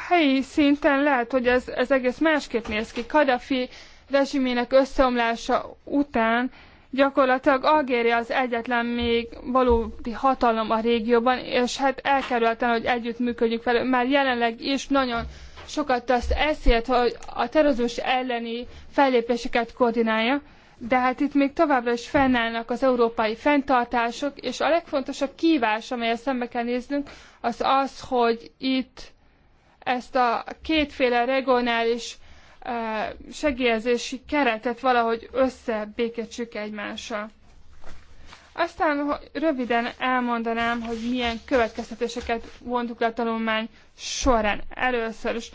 helyi szinten lehet, hogy ez, ez egész másképp néz ki. Kadafi rezsimének összeomlása után gyakorlatilag Algéria az egyetlen még valódi hatalom a régióban, és hát elkerülten, hogy együtt működjük vele, már jelenleg is nagyon sokat tesz eszélt, hogy a terrorizmus elleni fellépéseket koordinálja, de hát itt még továbbra is fennállnak az európai fenntartások, és a legfontosabb kívás, amelyet szembe kell néznünk, az az, hogy itt ezt a kétféle regionális segélyezési keretet valahogy összebékecsük egymással. Aztán röviden elmondanám, hogy milyen következtetéseket vontuk le a tanulmány során. Először is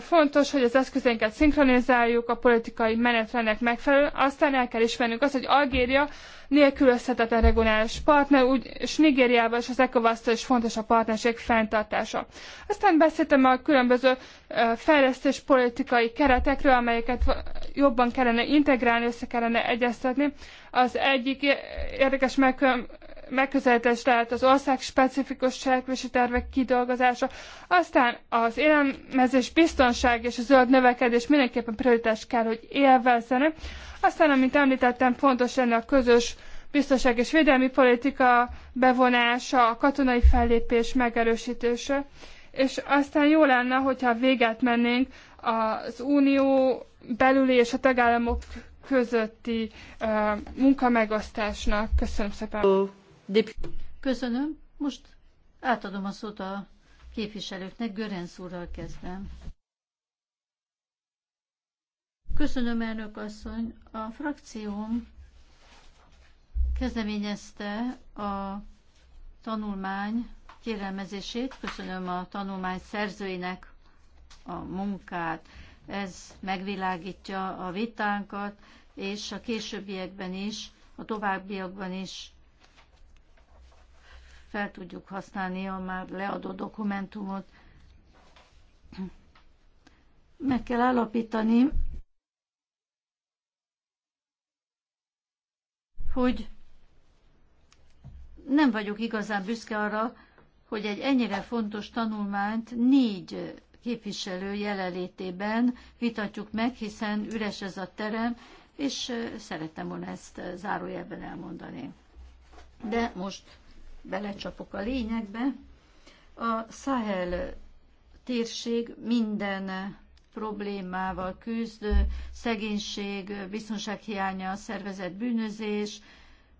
fontos, hogy az eszközénket szinkronizáljuk a politikai menetrendnek megfelelően, aztán el kell ismernünk azt, hogy Algéria nélkülözhetetlen regionális partner, úgy, és Nigériával és az ecowas is fontos a partnerség fenntartása. Aztán beszéltem a különböző fejlesztés politikai keretekről, amelyeket jobban kellene integrálni, össze kellene egyeztetni. Az egyik érdekes megkülönböző megközelítés lehet az ország specifikus cselekvési tervek kidolgozása, aztán az élelmezés biztonság és a zöld növekedés mindenképpen prioritást kell, hogy élvezzenek. Aztán, amit említettem, fontos lenne a közös biztonság és védelmi politika bevonása, a katonai fellépés megerősítése. És aztán jó lenne, hogyha véget mennénk az unió belüli és a tagállamok közötti uh, munkamegosztásnak. Köszönöm szépen. Köszönöm. Most átadom a szót a képviselőknek. Görenc úrral kezdem. Köszönöm, elnök asszony. A frakcióm kezdeményezte a tanulmány kérelmezését. Köszönöm a tanulmány szerzőinek a munkát. Ez megvilágítja a vitánkat, és a későbbiekben is, a továbbiakban is fel tudjuk használni a már leadott dokumentumot. Meg kell állapítani, hogy nem vagyok igazán büszke arra, hogy egy ennyire fontos tanulmányt négy képviselő jelenlétében vitatjuk meg, hiszen üres ez a terem, és szerettem volna ezt zárójelben elmondani. De most belecsapok a lényegbe. A Sahel térség minden problémával küzdő, szegénység, biztonsághiánya, szervezet bűnözés,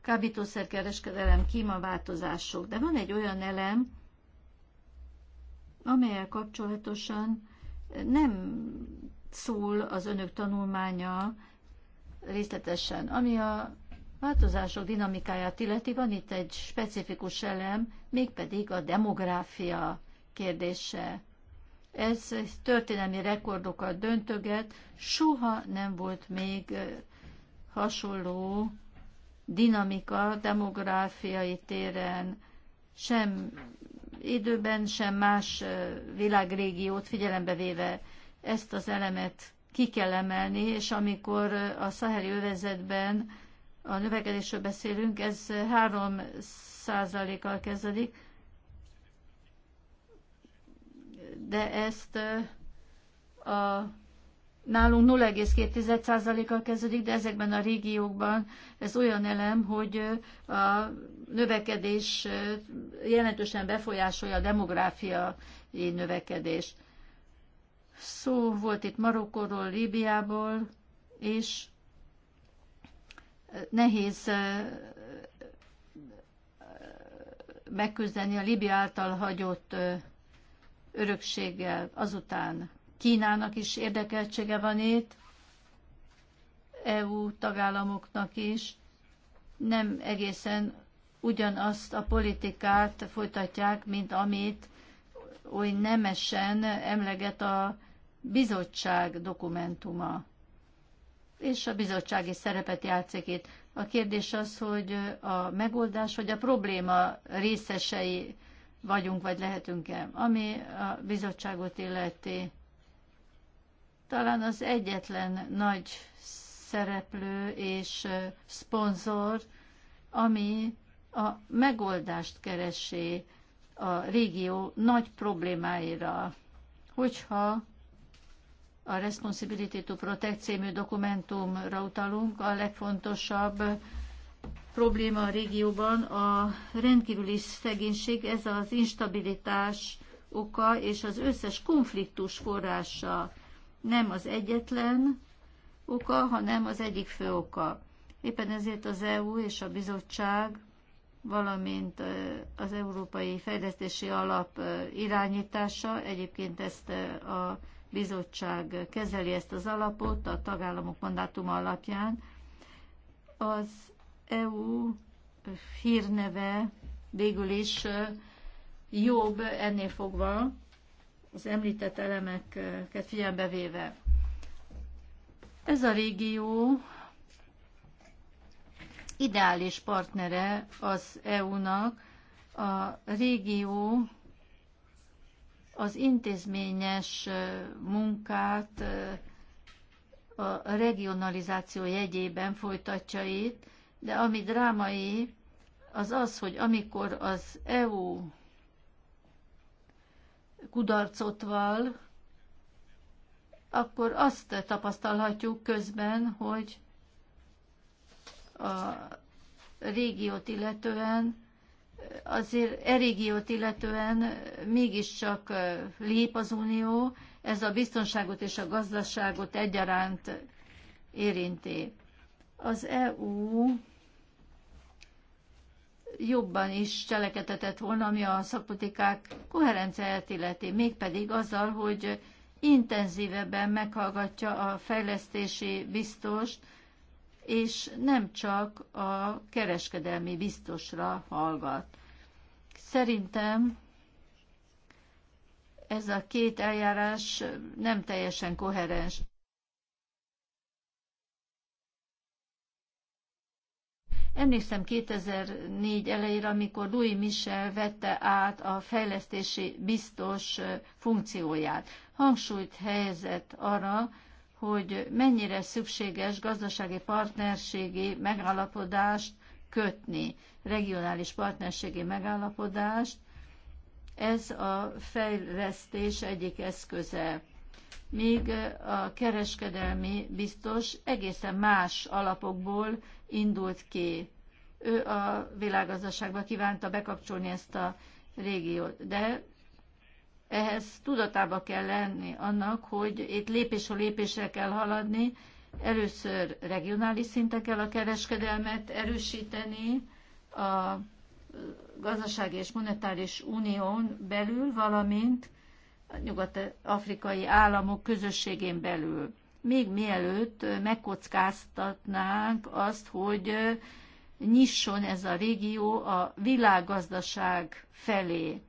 kábítószerkereskedelem, klímaváltozások. De van egy olyan elem, amelyel kapcsolatosan nem szól az önök tanulmánya részletesen, ami a változások dinamikáját illeti, van itt egy specifikus elem, mégpedig a demográfia kérdése. Ez történelmi rekordokat döntöget, soha nem volt még hasonló dinamika demográfiai téren, sem időben, sem más világrégiót figyelembe véve ezt az elemet ki kell emelni, és amikor a szaheli övezetben a növekedésről beszélünk, ez 3 kal kezdődik, de ezt a Nálunk 0,2%-kal kezdődik, de ezekben a régiókban ez olyan elem, hogy a növekedés jelentősen befolyásolja a demográfiai növekedést. Szó volt itt Marokkóról, Líbiából, és nehéz megküzdeni a Libia által hagyott örökséggel. Azután Kínának is érdekeltsége van itt, EU tagállamoknak is. Nem egészen ugyanazt a politikát folytatják, mint amit oly nemesen emleget a bizottság dokumentuma és a bizottsági szerepet játszik itt. A kérdés az, hogy a megoldás vagy a probléma részesei vagyunk, vagy lehetünk-e. Ami a bizottságot illeti, talán az egyetlen nagy szereplő és szponzor, ami a megoldást keresi a régió nagy problémáira. Hogyha a Responsibility to Protect című dokumentumra utalunk, a legfontosabb probléma a régióban a rendkívüli szegénység, ez az instabilitás oka és az összes konfliktus forrása nem az egyetlen oka, hanem az egyik fő oka. Éppen ezért az EU és a bizottság, valamint eh, az Európai Fejlesztési Alap eh, irányítása, egyébként ezt eh, a bizottság kezeli ezt az alapot a tagállamok mandátuma alapján. Az EU hírneve végül is jobb ennél fogva az említett elemeket figyelembe véve. Ez a régió ideális partnere az EU-nak. A régió az intézményes munkát a regionalizáció jegyében folytatja itt, de ami drámai, az az, hogy amikor az EU kudarcot val, akkor azt tapasztalhatjuk közben, hogy a régiót illetően azért e régiót illetően mégiscsak lép az Unió, ez a biztonságot és a gazdaságot egyaránt érinti. Az EU jobban is cselekedetett volna, ami a szakpolitikák koherenciáját illeti, mégpedig azzal, hogy intenzívebben meghallgatja a fejlesztési biztost, és nem csak a kereskedelmi biztosra hallgat. Szerintem ez a két eljárás nem teljesen koherens. Emlékszem 2004 elejére, amikor Louis Michel vette át a fejlesztési biztos funkcióját. Hangsúlyt helyezett arra, hogy mennyire szükséges gazdasági partnerségi megállapodást kötni, regionális partnerségi megállapodást. Ez a fejlesztés egyik eszköze. Míg a kereskedelmi biztos egészen más alapokból indult ki. Ő a világgazdaságba kívánta bekapcsolni ezt a régiót, de ehhez tudatába kell lenni annak, hogy itt lépésről lépésre kell haladni, először regionális szinten kell a kereskedelmet erősíteni, a gazdasági és monetáris unión belül, valamint a nyugat-afrikai államok közösségén belül. Még mielőtt megkockáztatnánk azt, hogy nyisson ez a régió a világgazdaság felé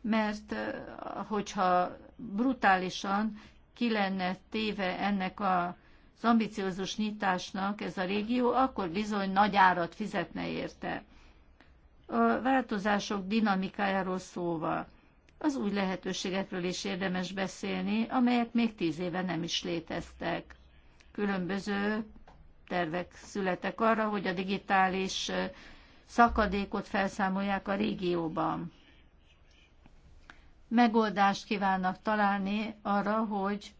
mert hogyha brutálisan ki lenne téve ennek a az ambiciózus nyitásnak ez a régió, akkor bizony nagy árat fizetne érte. A változások dinamikájáról szóval az új lehetőségekről is érdemes beszélni, amelyek még tíz éve nem is léteztek. Különböző tervek születek arra, hogy a digitális szakadékot felszámolják a régióban megoldást kívánnak találni arra, hogy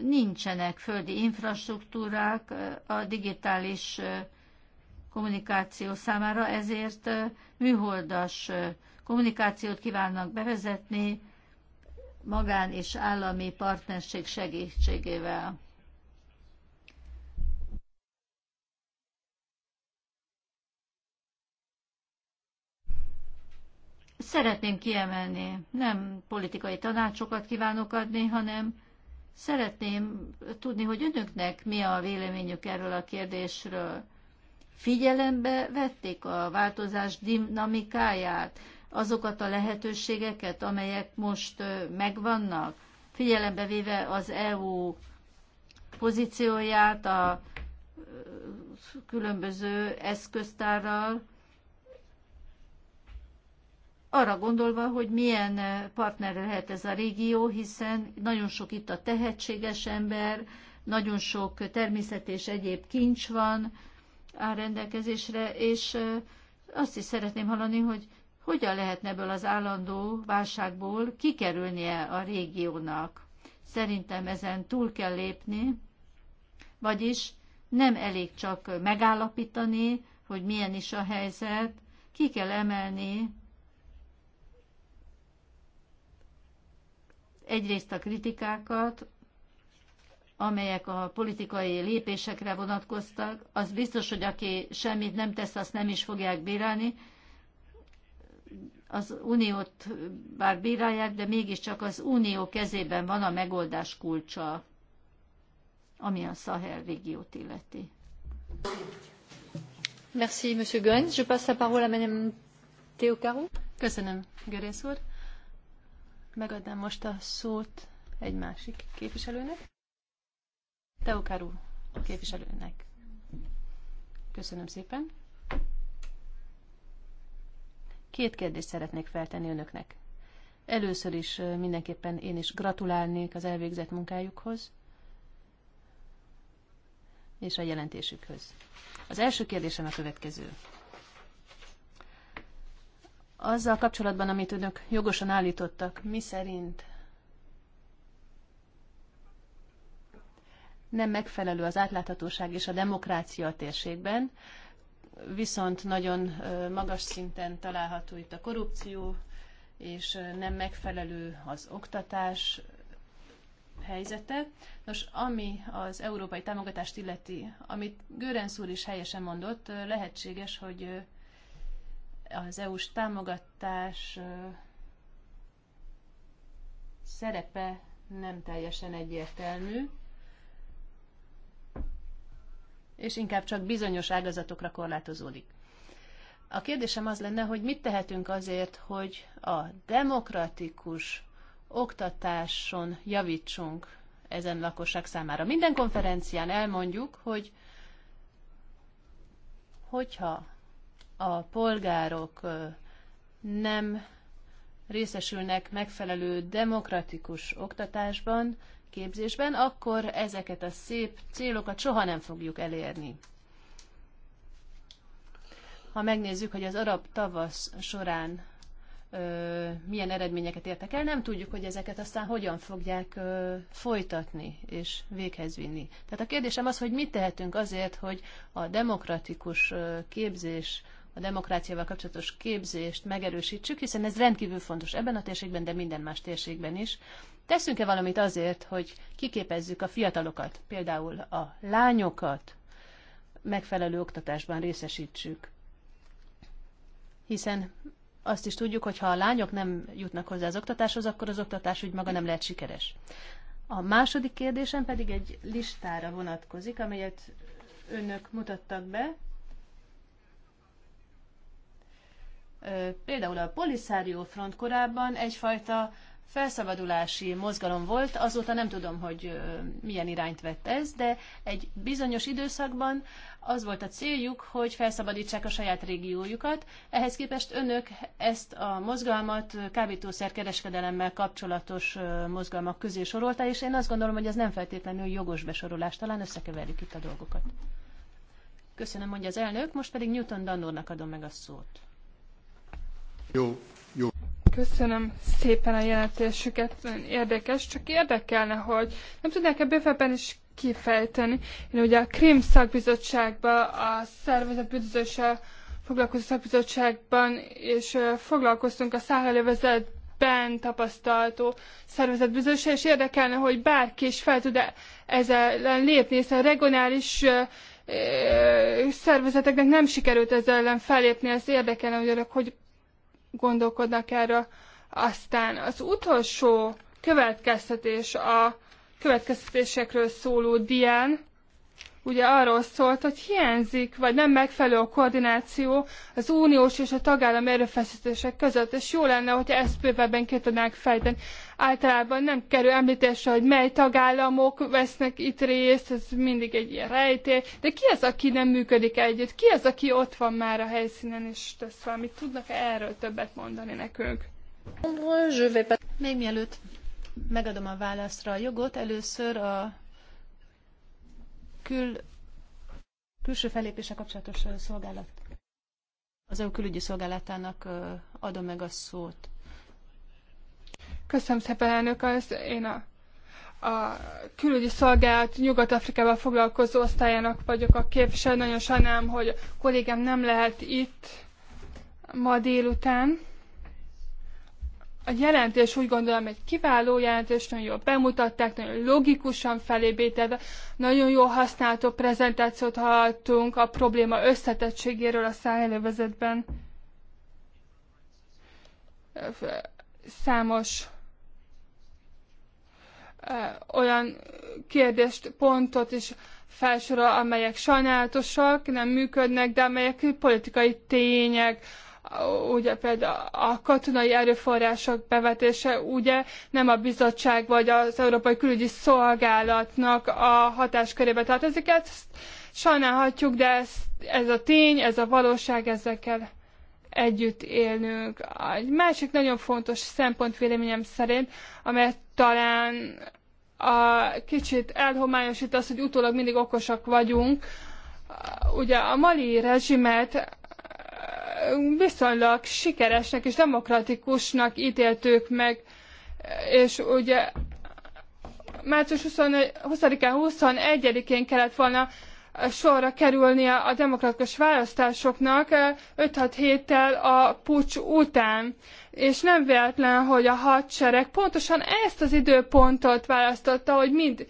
nincsenek földi infrastruktúrák a digitális kommunikáció számára, ezért műholdas kommunikációt kívánnak bevezetni magán és állami partnerség segítségével. szeretném kiemelni. Nem politikai tanácsokat kívánok adni, hanem szeretném tudni, hogy önöknek mi a véleményük erről a kérdésről. Figyelembe vették a változás dinamikáját, azokat a lehetőségeket, amelyek most megvannak, figyelembe véve az EU pozícióját a különböző eszköztárral, arra gondolva, hogy milyen partner lehet ez a régió, hiszen nagyon sok itt a tehetséges ember, nagyon sok természet és egyéb kincs van a rendelkezésre, és azt is szeretném hallani, hogy hogyan lehetne ebből az állandó válságból kikerülnie a régiónak. Szerintem ezen túl kell lépni, vagyis nem elég csak megállapítani, hogy milyen is a helyzet, ki kell emelni egyrészt a kritikákat, amelyek a politikai lépésekre vonatkoztak. Az biztos, hogy aki semmit nem tesz, azt nem is fogják bírálni. Az uniót bár bírálják, de mégiscsak az unió kezében van a megoldás kulcsa, ami a Sahel régiót illeti. Merci, Monsieur Gönz. Je passe la parole à Madame Théocaro. Köszönöm, Gerész úr. Megadnám most a szót egy másik képviselőnek. Teokár képviselőnek. Köszönöm szépen. Két kérdést szeretnék feltenni önöknek. Először is mindenképpen én is gratulálnék az elvégzett munkájukhoz és a jelentésükhöz. Az első kérdésem a következő azzal kapcsolatban, amit önök jogosan állítottak, mi szerint nem megfelelő az átláthatóság és a demokrácia a térségben, viszont nagyon magas szinten található itt a korrupció, és nem megfelelő az oktatás helyzete. Nos, ami az európai támogatást illeti, amit Görensz úr is helyesen mondott, lehetséges, hogy az EU-s támogatás szerepe nem teljesen egyértelmű, és inkább csak bizonyos ágazatokra korlátozódik. A kérdésem az lenne, hogy mit tehetünk azért, hogy a demokratikus oktatáson javítsunk ezen lakosság számára. Minden konferencián elmondjuk, hogy hogyha a polgárok nem részesülnek megfelelő demokratikus oktatásban, képzésben, akkor ezeket a szép célokat soha nem fogjuk elérni. Ha megnézzük, hogy az arab tavasz során ö, milyen eredményeket értek el, nem tudjuk, hogy ezeket aztán hogyan fogják ö, folytatni és véghez vinni. Tehát a kérdésem az, hogy mit tehetünk azért, hogy a demokratikus ö, képzés a demokráciával kapcsolatos képzést megerősítsük, hiszen ez rendkívül fontos ebben a térségben, de minden más térségben is. Teszünk-e valamit azért, hogy kiképezzük a fiatalokat, például a lányokat, megfelelő oktatásban részesítsük? Hiszen azt is tudjuk, hogy ha a lányok nem jutnak hozzá az oktatáshoz, akkor az oktatás úgy maga nem lehet sikeres. A második kérdésem pedig egy listára vonatkozik, amelyet önök mutattak be, például a Polisario Front korábban egyfajta felszabadulási mozgalom volt, azóta nem tudom, hogy milyen irányt vett ez, de egy bizonyos időszakban az volt a céljuk, hogy felszabadítsák a saját régiójukat. Ehhez képest önök ezt a mozgalmat kábítószerkereskedelemmel kapcsolatos mozgalmak közé sorolta, és én azt gondolom, hogy ez nem feltétlenül jogos besorolás, talán összekeverjük itt a dolgokat. Köszönöm, mondja az elnök, most pedig Newton Dannornak adom meg a szót. Jó, jó. Köszönöm szépen a jelentésüket, nagyon érdekes, csak érdekelne, hogy nem tudnák-e bővebben is kifejteni. Én ugye a Krim szakbizottságban, a szervezet bűnözéssel foglalkozó szakbizottságban, és foglalkoztunk a száhelővezetben tapasztaltó szervezet bűnözéssel, és érdekelne, hogy bárki is fel tud-e ezzel lépni, hiszen regionális szervezeteknek nem sikerült ezzel ellen fellépni, ez érdekelne, hogy, hogy gondolkodnak erről. Aztán az utolsó következtetés a következtetésekről szóló dián ugye arról szólt, hogy hiányzik, vagy nem megfelelő a koordináció az uniós és a tagállam erőfeszítések között, és jó lenne, hogyha ezt bővebben ki tudnánk fejteni. Általában nem kerül említésre, hogy mely tagállamok vesznek itt részt, ez mindig egy ilyen rejtély, de ki az, aki nem működik együtt? Ki az, aki ott van már a helyszínen, és tesz valamit? tudnak -e erről többet mondani nekünk? Még mielőtt megadom a válaszra a jogot, először a kül, külső fellépése kapcsolatos szolgálat. Az EU külügyi szolgálatának adom meg a szót. Köszönöm szépen, elnök, az én a a külügyi szolgálat Nyugat-Afrikával foglalkozó osztályának vagyok a képviselő. Nagyon sajnálom, hogy a kollégám nem lehet itt ma délután a jelentés úgy gondolom egy kiváló jelentés, nagyon jól bemutatták, nagyon logikusan felébételve, nagyon jól használható prezentációt hallottunk a probléma összetettségéről a szájelővezetben. Számos olyan kérdést, pontot is felsorol, amelyek sajnálatosak, nem működnek, de amelyek politikai tények, ugye például a katonai erőforrások bevetése ugye nem a bizottság vagy az Európai Külügyi Szolgálatnak a hatáskörébe tartozik. Ezt sajnálhatjuk, de ez, ez a tény, ez a valóság, ezekkel együtt élnünk. Egy másik nagyon fontos szempont véleményem szerint, amelyet talán a kicsit elhomályosít az, hogy utólag mindig okosak vagyunk. Ugye a mali rezsimet viszonylag sikeresnek és demokratikusnak ítéltük meg, és ugye március 20-án, 21-én kellett volna sorra kerülnie a demokratikus választásoknak 5-6 héttel a pucs után. És nem véletlen, hogy a hadsereg pontosan ezt az időpontot választotta, hogy mind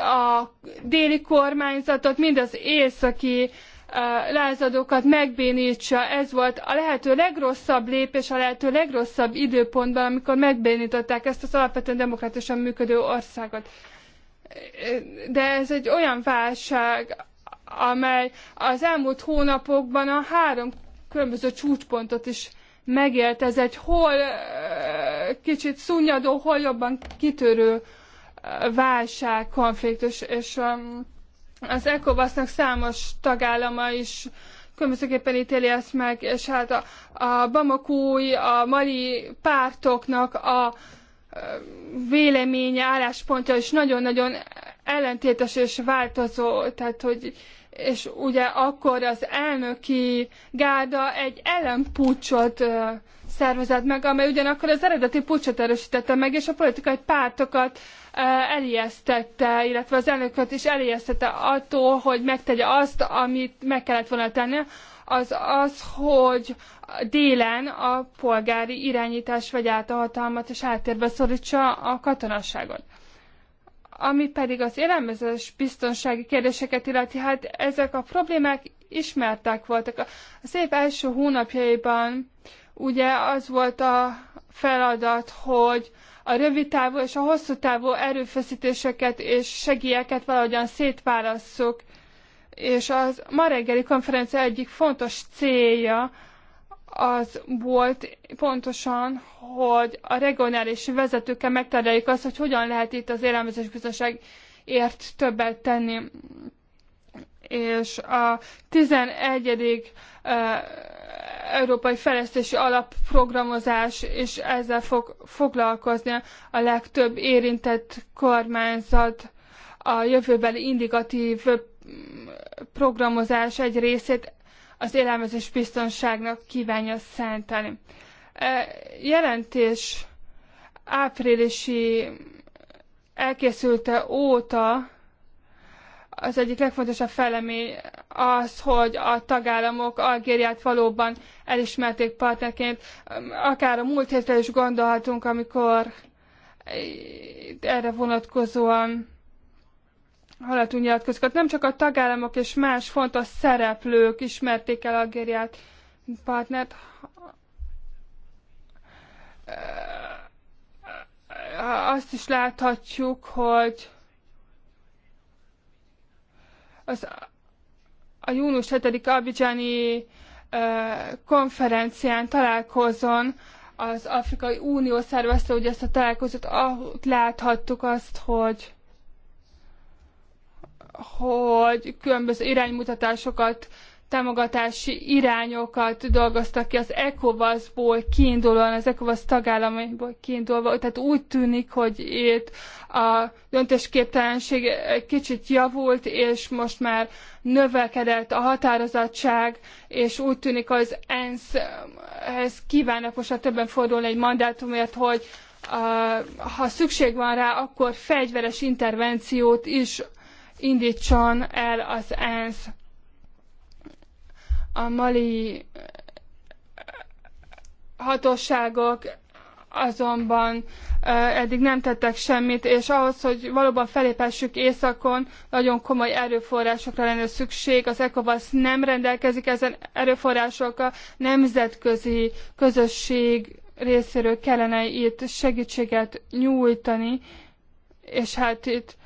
a déli kormányzatot, mind az északi lázadókat megbénítsa. Ez volt a lehető legrosszabb lépés, a lehető legrosszabb időpontban, amikor megbénították ezt az alapvetően demokratikusan működő országot. De ez egy olyan válság, amely az elmúlt hónapokban a három különböző csúcspontot is megélt. Ez egy hol kicsit szunnyadó, hol jobban kitörő válság, konfliktus, és, és az ECOWAS-nak számos tagállama is különbözőképpen ítéli ezt meg, és hát a, a Bamakúj, a mali pártoknak a véleménye, álláspontja is nagyon-nagyon ellentétes és változó, tehát hogy és ugye akkor az elnöki gárda egy ellenpucsot szervezett meg, amely ugyanakkor az eredeti pucsot erősítette meg, és a politikai pártokat elijesztette, illetve az elnököt is elijesztette attól, hogy megtegye azt, amit meg kellett volna tennie, az az, hogy délen a polgári irányítás vegy át a hatalmat, és háttérbe szorítsa a katonasságot. Ami pedig az élelmezés biztonsági kérdéseket illeti, hát ezek a problémák ismertek voltak. Az év első hónapjaiban ugye az volt a feladat, hogy a rövid távú és a hosszú távú erőfeszítéseket és segélyeket valahogyan szétválasszuk. És az ma reggeli konferencia egyik fontos célja az volt pontosan, hogy a regionális vezetőkkel megtaláljuk azt, hogy hogyan lehet itt az élelmezésbiztonság ért többet tenni. És a 11. Európai Fejlesztési Alapprogramozás, és ezzel fog foglalkozni a legtöbb érintett kormányzat a jövőbeli indikatív mm, programozás egy részét az élelmezés biztonságnak kívánja szentelni e, Jelentés áprilisi elkészülte óta az egyik legfontosabb felemény az, hogy a tagállamok Algériát valóban elismerték partnerként. Akár a múlt héten is gondolhatunk, amikor erre vonatkozóan haladtunk nyilatkozókat. Nem csak a tagállamok és más fontos szereplők ismerték el Algériát partnert, azt is láthatjuk, hogy az, a június 7. Abidjani konferencián találkozón az Afrikai Unió szervezte ugye ezt a találkozót, ahogy láthattuk azt, hogy hogy különböző iránymutatásokat támogatási irányokat dolgoztak ki az ECOWAS-ból kiindulóan, az ECOWAS tagállamaiból kiindulva. Tehát úgy tűnik, hogy itt a döntésképtelenség kicsit javult, és most már növekedett a határozottság, és úgy tűnik, hogy az ENSZ-hez kívánnak most már többen fordulni egy mandátumért, hogy ha szükség van rá, akkor fegyveres intervenciót is indítson el az ENSZ a mali eh, hatóságok azonban eh, eddig nem tettek semmit, és ahhoz, hogy valóban felépessük északon, nagyon komoly erőforrásokra lenne szükség. Az ECOWAS nem rendelkezik ezen erőforrásokkal, nemzetközi közösség részéről kellene itt segítséget nyújtani, és hát itt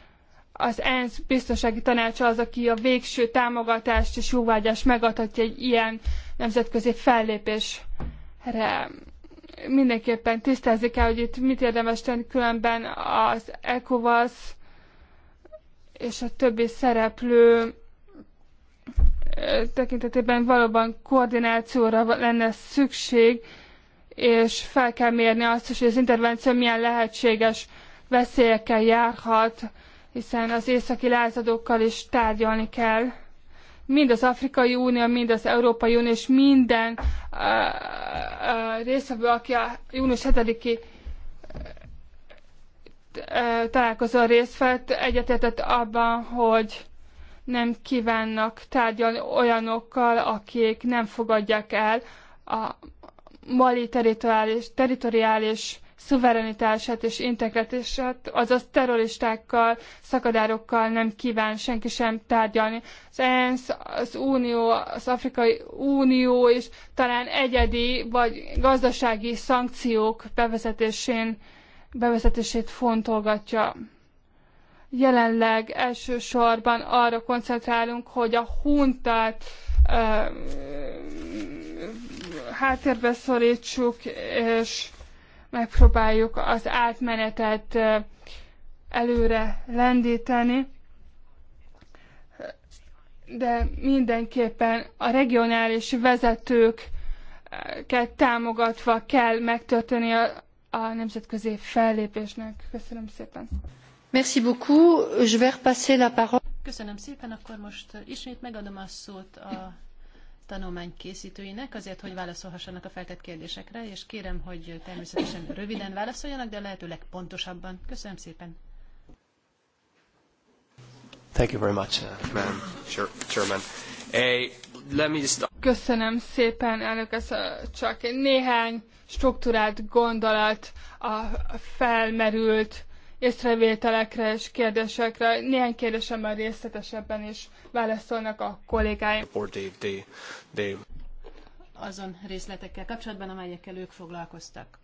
az ENSZ biztonsági tanácsa az, aki a végső támogatást és jóvágyást megadhatja egy ilyen nemzetközi fellépésre. Mindenképpen tisztázni kell, hogy itt mit érdemes tenni, különben az ECOWAS és a többi szereplő tekintetében valóban koordinációra lenne szükség, és fel kell mérni azt is, hogy az intervenció milyen lehetséges veszélyekkel járhat, hiszen az északi lázadókkal is tárgyalni kell. Mind az Afrikai Unió, mind az Európai Unió, és minden uh, uh, részvevő, aki a június 7-i uh, találkozón részt vett, egyetértett abban, hogy nem kívánnak tárgyalni olyanokkal, akik nem fogadják el a mali teritoriális, teritoriális szuverenitását és integritását, azaz terroristákkal, szakadárokkal nem kíván senki sem tárgyalni. Az ENSZ, az Unió, az Afrikai Unió is talán egyedi vagy gazdasági szankciók bevezetésén, bevezetését fontolgatja. Jelenleg elsősorban arra koncentrálunk, hogy a huntát ö, háttérbe szorítsuk, és megpróbáljuk az átmenetet előre lendíteni, de mindenképpen a regionális vezetőket támogatva kell megtörténni a, a nemzetközi fellépésnek. Köszönöm szépen. Merci beaucoup. Je vais repasser la parole. Köszönöm szépen, akkor most ismét megadom a szót a tanulmány készítőinek, azért, hogy válaszolhassanak a feltett kérdésekre, és kérem, hogy természetesen röviden válaszoljanak, de lehetőleg pontosabban. Köszönöm szépen. Thank you very much, uh, Madam Chairman. Hey, let me just... Köszönöm szépen, elnök, ez csak néhány struktúrált gondolat a felmerült észrevételekre és kérdésekre. Néhány kérdésem már részletesebben is válaszolnak a kollégáim. Azon részletekkel kapcsolatban, amelyekkel ők foglalkoztak.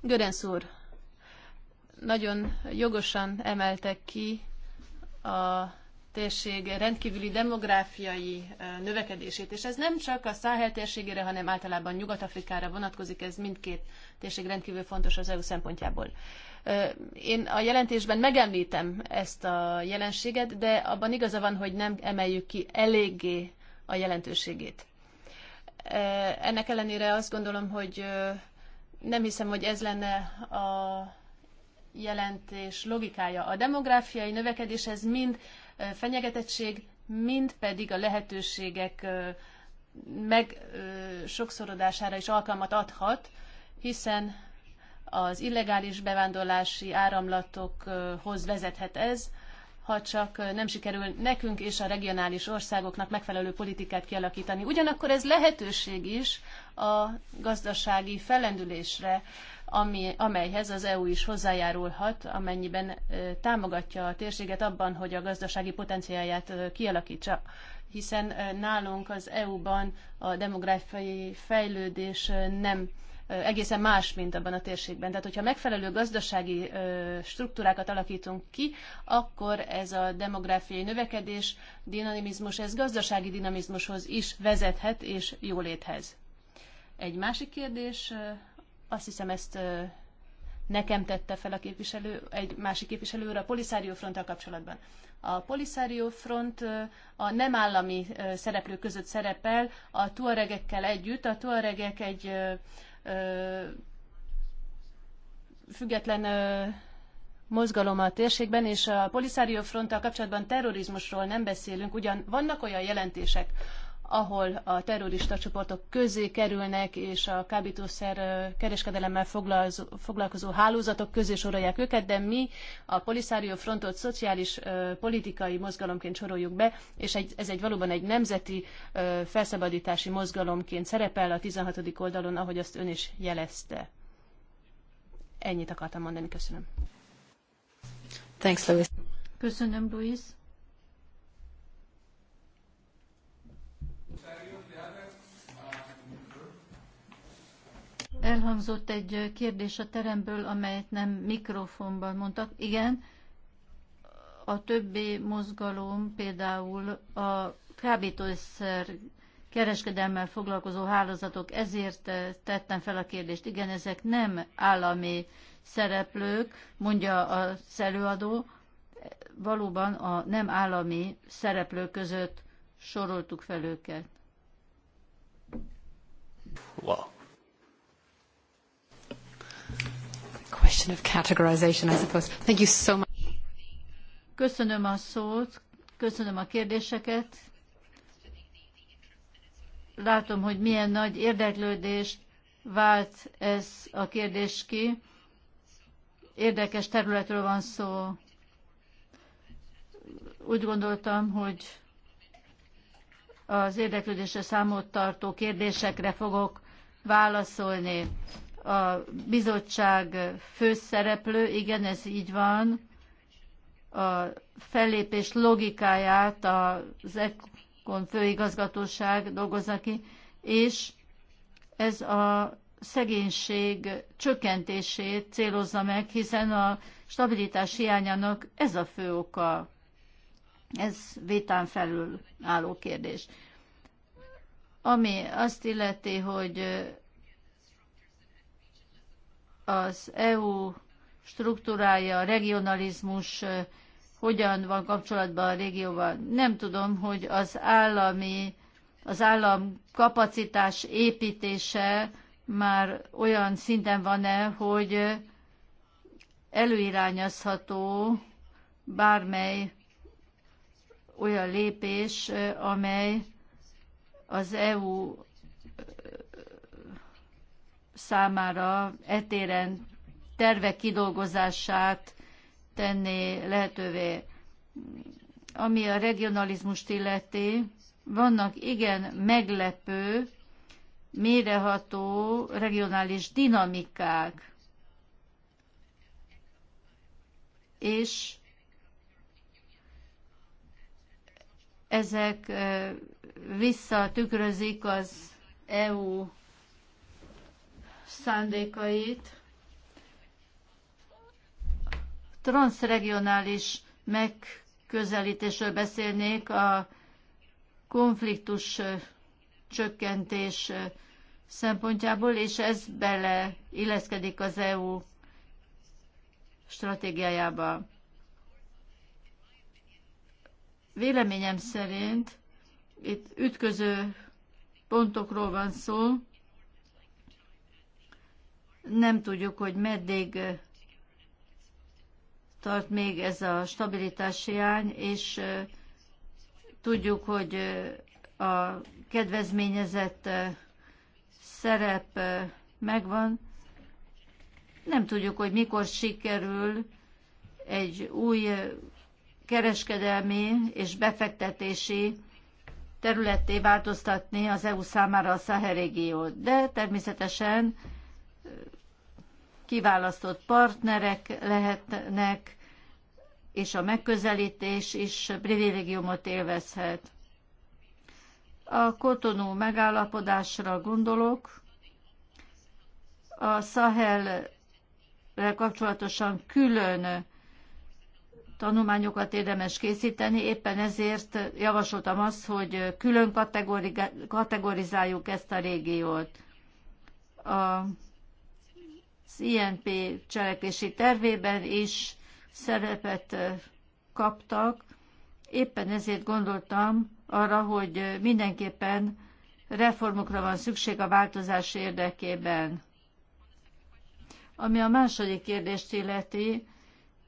Görensz úr, nagyon jogosan emeltek ki a térség rendkívüli demográfiai növekedését, és ez nem csak a Száhel térségére, hanem általában Nyugat-Afrikára vonatkozik, ez mindkét térség rendkívül fontos az EU szempontjából. Én a jelentésben megemlítem ezt a jelenséget, de abban igaza van, hogy nem emeljük ki eléggé a jelentőségét. Ennek ellenére azt gondolom, hogy nem hiszem, hogy ez lenne a jelentés logikája. A demográfiai növekedéshez mind fenyegetettség, mind pedig a lehetőségek meg sokszorodására is alkalmat adhat, hiszen az illegális bevándorlási áramlatokhoz vezethet ez, ha csak nem sikerül nekünk és a regionális országoknak megfelelő politikát kialakítani. Ugyanakkor ez lehetőség is a gazdasági fellendülésre, ami, amelyhez az EU is hozzájárulhat, amennyiben támogatja a térséget abban, hogy a gazdasági potenciáját kialakítsa hiszen nálunk az EU-ban a demográfiai fejlődés nem egészen más, mint abban a térségben. Tehát, hogyha megfelelő gazdasági struktúrákat alakítunk ki, akkor ez a demográfiai növekedés, dinamizmus, ez gazdasági dinamizmushoz is vezethet, és jóléthez. Egy másik kérdés, azt hiszem ezt nekem tette fel a képviselő, egy másik képviselő a Polisario fronttal kapcsolatban. A Polisario front a nem állami szereplők között szerepel a tuaregekkel együtt. A tuaregek egy független mozgalom a térségben, és a Polisario fronttal kapcsolatban terrorizmusról nem beszélünk, ugyan vannak olyan jelentések, ahol a terrorista csoportok közé kerülnek, és a kábítószer kereskedelemmel foglalkozó hálózatok közé sorolják őket, de mi a Polisario Frontot szociális politikai mozgalomként soroljuk be, és egy, ez egy valóban egy nemzeti felszabadítási mozgalomként szerepel a 16. oldalon, ahogy azt ön is jelezte. Ennyit akartam mondani, köszönöm. Thanks, Louis. Köszönöm, Louise. Elhangzott egy kérdés a teremből, amelyet nem mikrofonban mondtak. Igen, a többi mozgalom például a kábítószer kereskedelmmel foglalkozó hálózatok, ezért tettem fel a kérdést. Igen, ezek nem állami szereplők, mondja a előadó, valóban a nem állami szereplők között soroltuk fel őket. Wow. question of categorization, I suppose. Thank you so much. Köszönöm a szót, köszönöm a kérdéseket. Látom, hogy milyen nagy érdeklődést vált ez a kérdés ki. Érdekes területről van szó. Úgy gondoltam, hogy az érdeklődésre számot tartó kérdésekre fogok válaszolni a bizottság főszereplő, igen, ez így van, a fellépés logikáját az EKON főigazgatóság dolgozza ki, és ez a szegénység csökkentését célozza meg, hiszen a stabilitás hiányának ez a fő oka. Ez vétán felül álló kérdés. Ami azt illeti, hogy az EU struktúrája, a regionalizmus hogyan van kapcsolatban a régióval. Nem tudom, hogy az állami, az állam kapacitás építése már olyan szinten van-e, hogy előirányozható bármely olyan lépés, amely az EU számára etéren tervek kidolgozását tenni lehetővé. Ami a regionalizmust illeti, vannak igen meglepő, méreható regionális dinamikák, és ezek visszatükrözik az EU szándékait transregionális megközelítésről beszélnék a konfliktus csökkentés szempontjából, és ez bele illeszkedik az EU stratégiájába. Véleményem szerint itt ütköző pontokról van szó, nem tudjuk, hogy meddig tart még ez a stabilitási hiány, és tudjuk, hogy a kedvezményezett szerep megvan. Nem tudjuk, hogy mikor sikerül egy új kereskedelmi és befektetési területté változtatni az EU számára a Szahel régiót. De természetesen kiválasztott partnerek lehetnek, és a megközelítés is privilégiumot élvezhet. A kotonó megállapodásra gondolok, a Szahelre kapcsolatosan külön tanulmányokat érdemes készíteni, éppen ezért javasoltam azt, hogy külön kategorizáljuk ezt a régiót. A INP cselekvési tervében is szerepet kaptak. Éppen ezért gondoltam arra, hogy mindenképpen reformokra van szükség a változás érdekében. Ami a második kérdést illeti,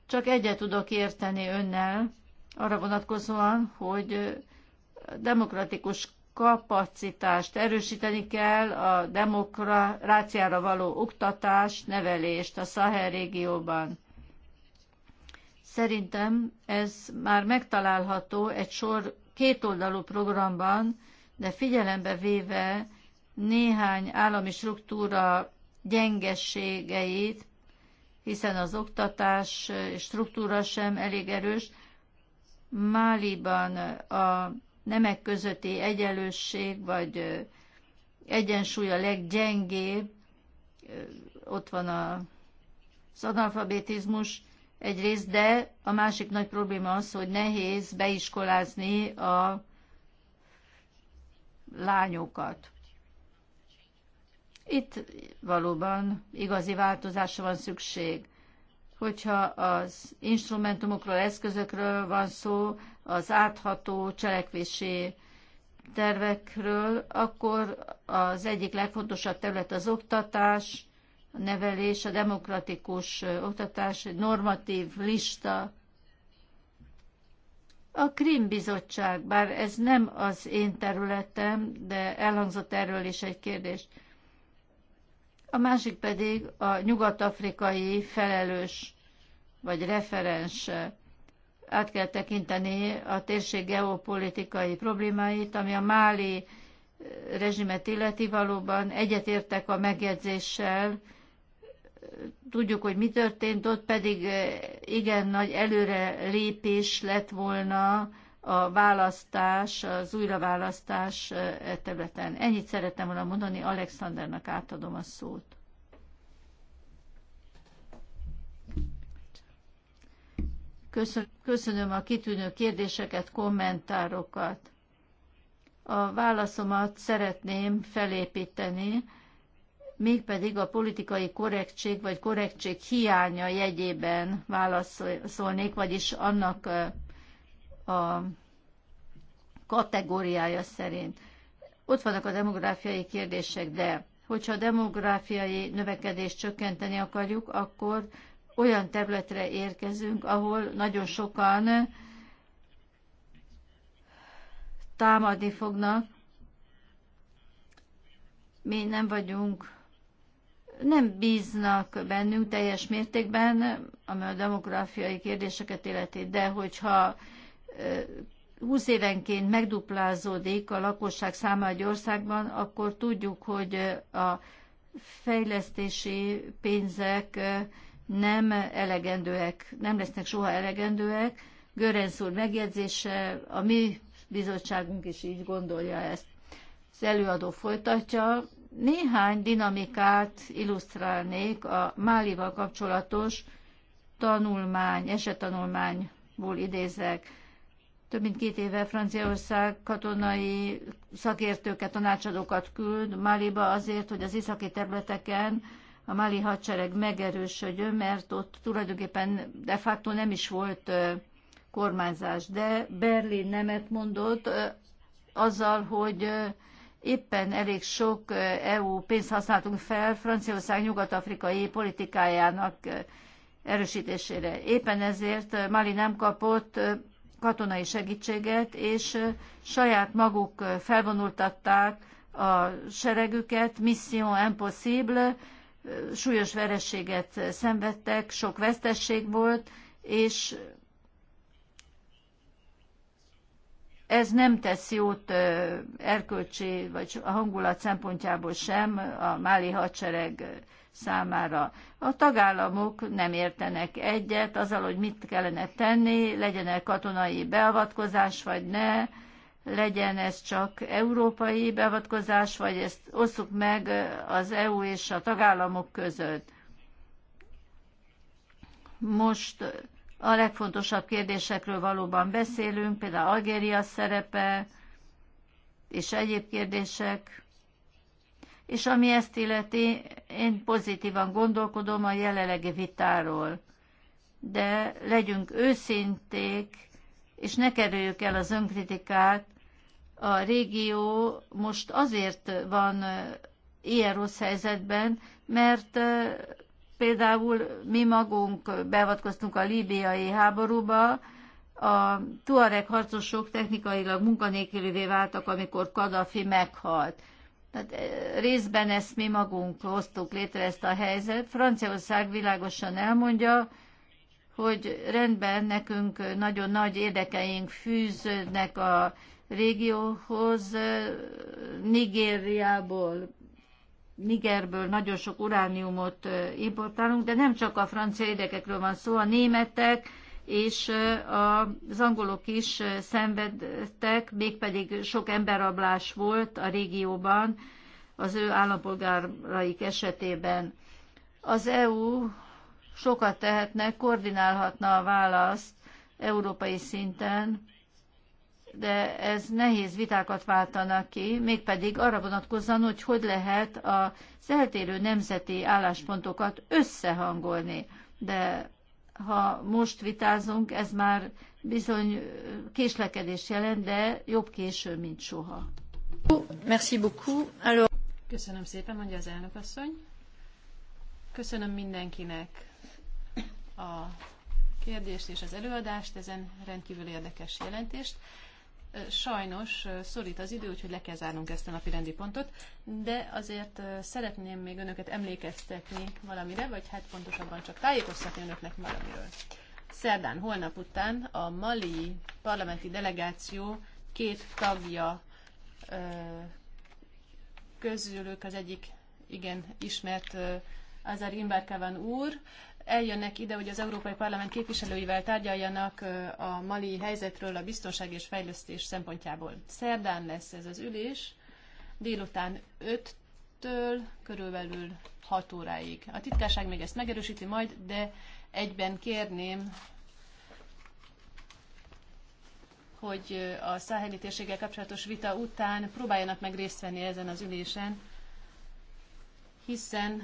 csak egyet tudok érteni önnel, arra vonatkozóan, hogy demokratikus kapacitást erősíteni kell, a demokráciára való oktatást, nevelést a Szahel régióban. Szerintem ez már megtalálható egy sor kétoldalú programban, de figyelembe véve néhány állami struktúra gyengességeit, hiszen az oktatás struktúra sem elég erős, Máliban a nemek közötti egyenlősség vagy egyensúly a leggyengébb, ott van a, az analfabetizmus egyrészt, de a másik nagy probléma az, hogy nehéz beiskolázni a lányokat. Itt valóban igazi változásra van szükség. Hogyha az instrumentumokról, eszközökről van szó, az átható cselekvési tervekről, akkor az egyik legfontosabb terület az oktatás, a nevelés, a demokratikus oktatás, egy normatív lista. A Krim Bizottság, bár ez nem az én területem, de elhangzott erről is egy kérdés. A másik pedig a nyugat-afrikai felelős vagy referens át kell tekinteni a térség geopolitikai problémáit, ami a máli eh, rezsimet illeti valóban egyetértek a megjegyzéssel, tudjuk, hogy mi történt, ott pedig eh, igen nagy előre lépés lett volna a választás, az újraválasztás eh, e területen. Ennyit szerettem volna mondani, Alexandernek átadom a szót. Köszönöm a kitűnő kérdéseket, kommentárokat. A válaszomat szeretném felépíteni, mégpedig a politikai korrektség vagy korrektség hiánya jegyében válaszolnék, vagyis annak a kategóriája szerint. Ott vannak a demográfiai kérdések, de hogyha a demográfiai növekedést csökkenteni akarjuk, akkor olyan területre érkezünk, ahol nagyon sokan támadni fognak. Mi nem vagyunk, nem bíznak bennünk teljes mértékben, ami a demográfiai kérdéseket illeti, de hogyha 20 évenként megduplázódik a lakosság száma egy országban, akkor tudjuk, hogy a fejlesztési pénzek nem elegendőek, nem lesznek soha elegendőek. Görenc úr megjegyzése, a mi bizottságunk is így gondolja ezt. Az előadó folytatja, néhány dinamikát illusztrálnék a Málival kapcsolatos tanulmány, esetanulmányból idézek. Több mint két éve Franciaország katonai szakértőket, tanácsadókat küld Máliba azért, hogy az északi területeken a mali hadsereg megerősödjön, mert ott tulajdonképpen de facto nem is volt kormányzás. De Berlin nemet mondott azzal, hogy éppen elég sok EU pénzt használtunk fel Franciaország nyugat-afrikai politikájának erősítésére. Éppen ezért Mali nem kapott katonai segítséget, és saját maguk felvonultatták a seregüket, Mission Impossible, súlyos vereséget szenvedtek, sok vesztesség volt, és ez nem tesz jót erkölcsi vagy a hangulat szempontjából sem a máli hadsereg számára. A tagállamok nem értenek egyet azzal, hogy mit kellene tenni, legyen -e katonai beavatkozás vagy ne, legyen ez csak európai beavatkozás, vagy ezt osszuk meg az EU és a tagállamok között. Most a legfontosabb kérdésekről valóban beszélünk, például Algéria szerepe és egyéb kérdések. És ami ezt illeti, én pozitívan gondolkodom a jelenlegi vitáról. De legyünk őszinték, és ne kerüljük el az önkritikát, a régió most azért van ilyen rossz helyzetben, mert például mi magunk beavatkoztunk a líbiai háborúba, a tuareg harcosok technikailag munkanélkülővé váltak, amikor Kadafi meghalt. Tehát részben ezt mi magunk hoztuk létre ezt a helyzet. Franciaország világosan elmondja, hogy rendben nekünk nagyon nagy érdekeink fűződnek a régióhoz, Nigériából, Nigerből nagyon sok urániumot importálunk, de nem csak a francia érdekekről van szó, a németek és az angolok is szenvedtek, mégpedig sok emberrablás volt a régióban az ő állampolgáraik esetében. Az EU sokat tehetne, koordinálhatna a választ európai szinten, de ez nehéz vitákat váltanak ki, mégpedig arra vonatkozzan, hogy hogy lehet az eltérő nemzeti álláspontokat összehangolni. De ha most vitázunk, ez már bizony késlekedés jelent, de jobb késő, mint soha. Merci beaucoup. Alors... Köszönöm szépen, mondja az elnök asszony. Köszönöm mindenkinek a kérdést és az előadást, ezen rendkívül érdekes jelentést. Sajnos szorít az idő, úgyhogy le kell zárnunk ezt a napi rendi pontot, de azért szeretném még önöket emlékeztetni valamire, vagy hát pontosabban csak tájékoztatni önöknek valamiről. Szerdán, holnap után a Mali parlamenti delegáció két tagja közülük az egyik igen ismert Azar Imbarkavan úr, eljönnek ide, hogy az Európai Parlament képviselőivel tárgyaljanak a mali helyzetről a biztonság és fejlesztés szempontjából. Szerdán lesz ez az ülés, délután 5-től körülbelül 6 óráig. A titkárság még ezt megerősíti majd, de egyben kérném, hogy a száheli térséggel kapcsolatos vita után próbáljanak meg részt venni ezen az ülésen, hiszen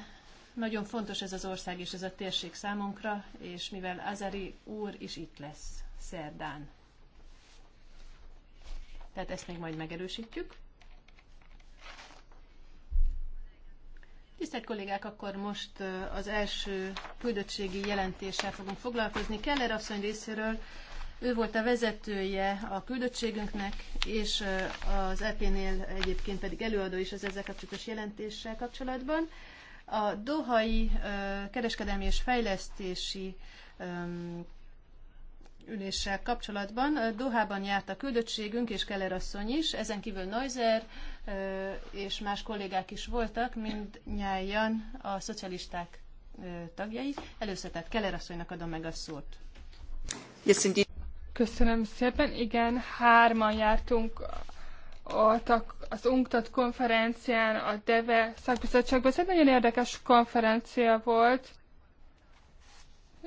nagyon fontos ez az ország és ez a térség számunkra, és mivel Azari úr is itt lesz szerdán. Tehát ezt még majd megerősítjük. Tisztelt kollégák, akkor most az első küldöttségi jelentéssel fogunk foglalkozni. Keller asszony részéről ő volt a vezetője a küldöttségünknek, és az EP-nél egyébként pedig előadó is az ezzel kapcsolatos jelentéssel kapcsolatban. A Dohai kereskedelmi és fejlesztési üléssel kapcsolatban. Dohában járt a küldöttségünk, és Keller asszony is, ezen kívül Neuser és más kollégák is voltak, mind nyájan a szocialisták tagjai. Először tehát Keller asszonynak adom meg a szót. Köszönöm szépen. Igen, hárman jártunk ott a, az UNCTAD konferencián, a DEVE szakbizottságban. Ez egy nagyon érdekes konferencia volt,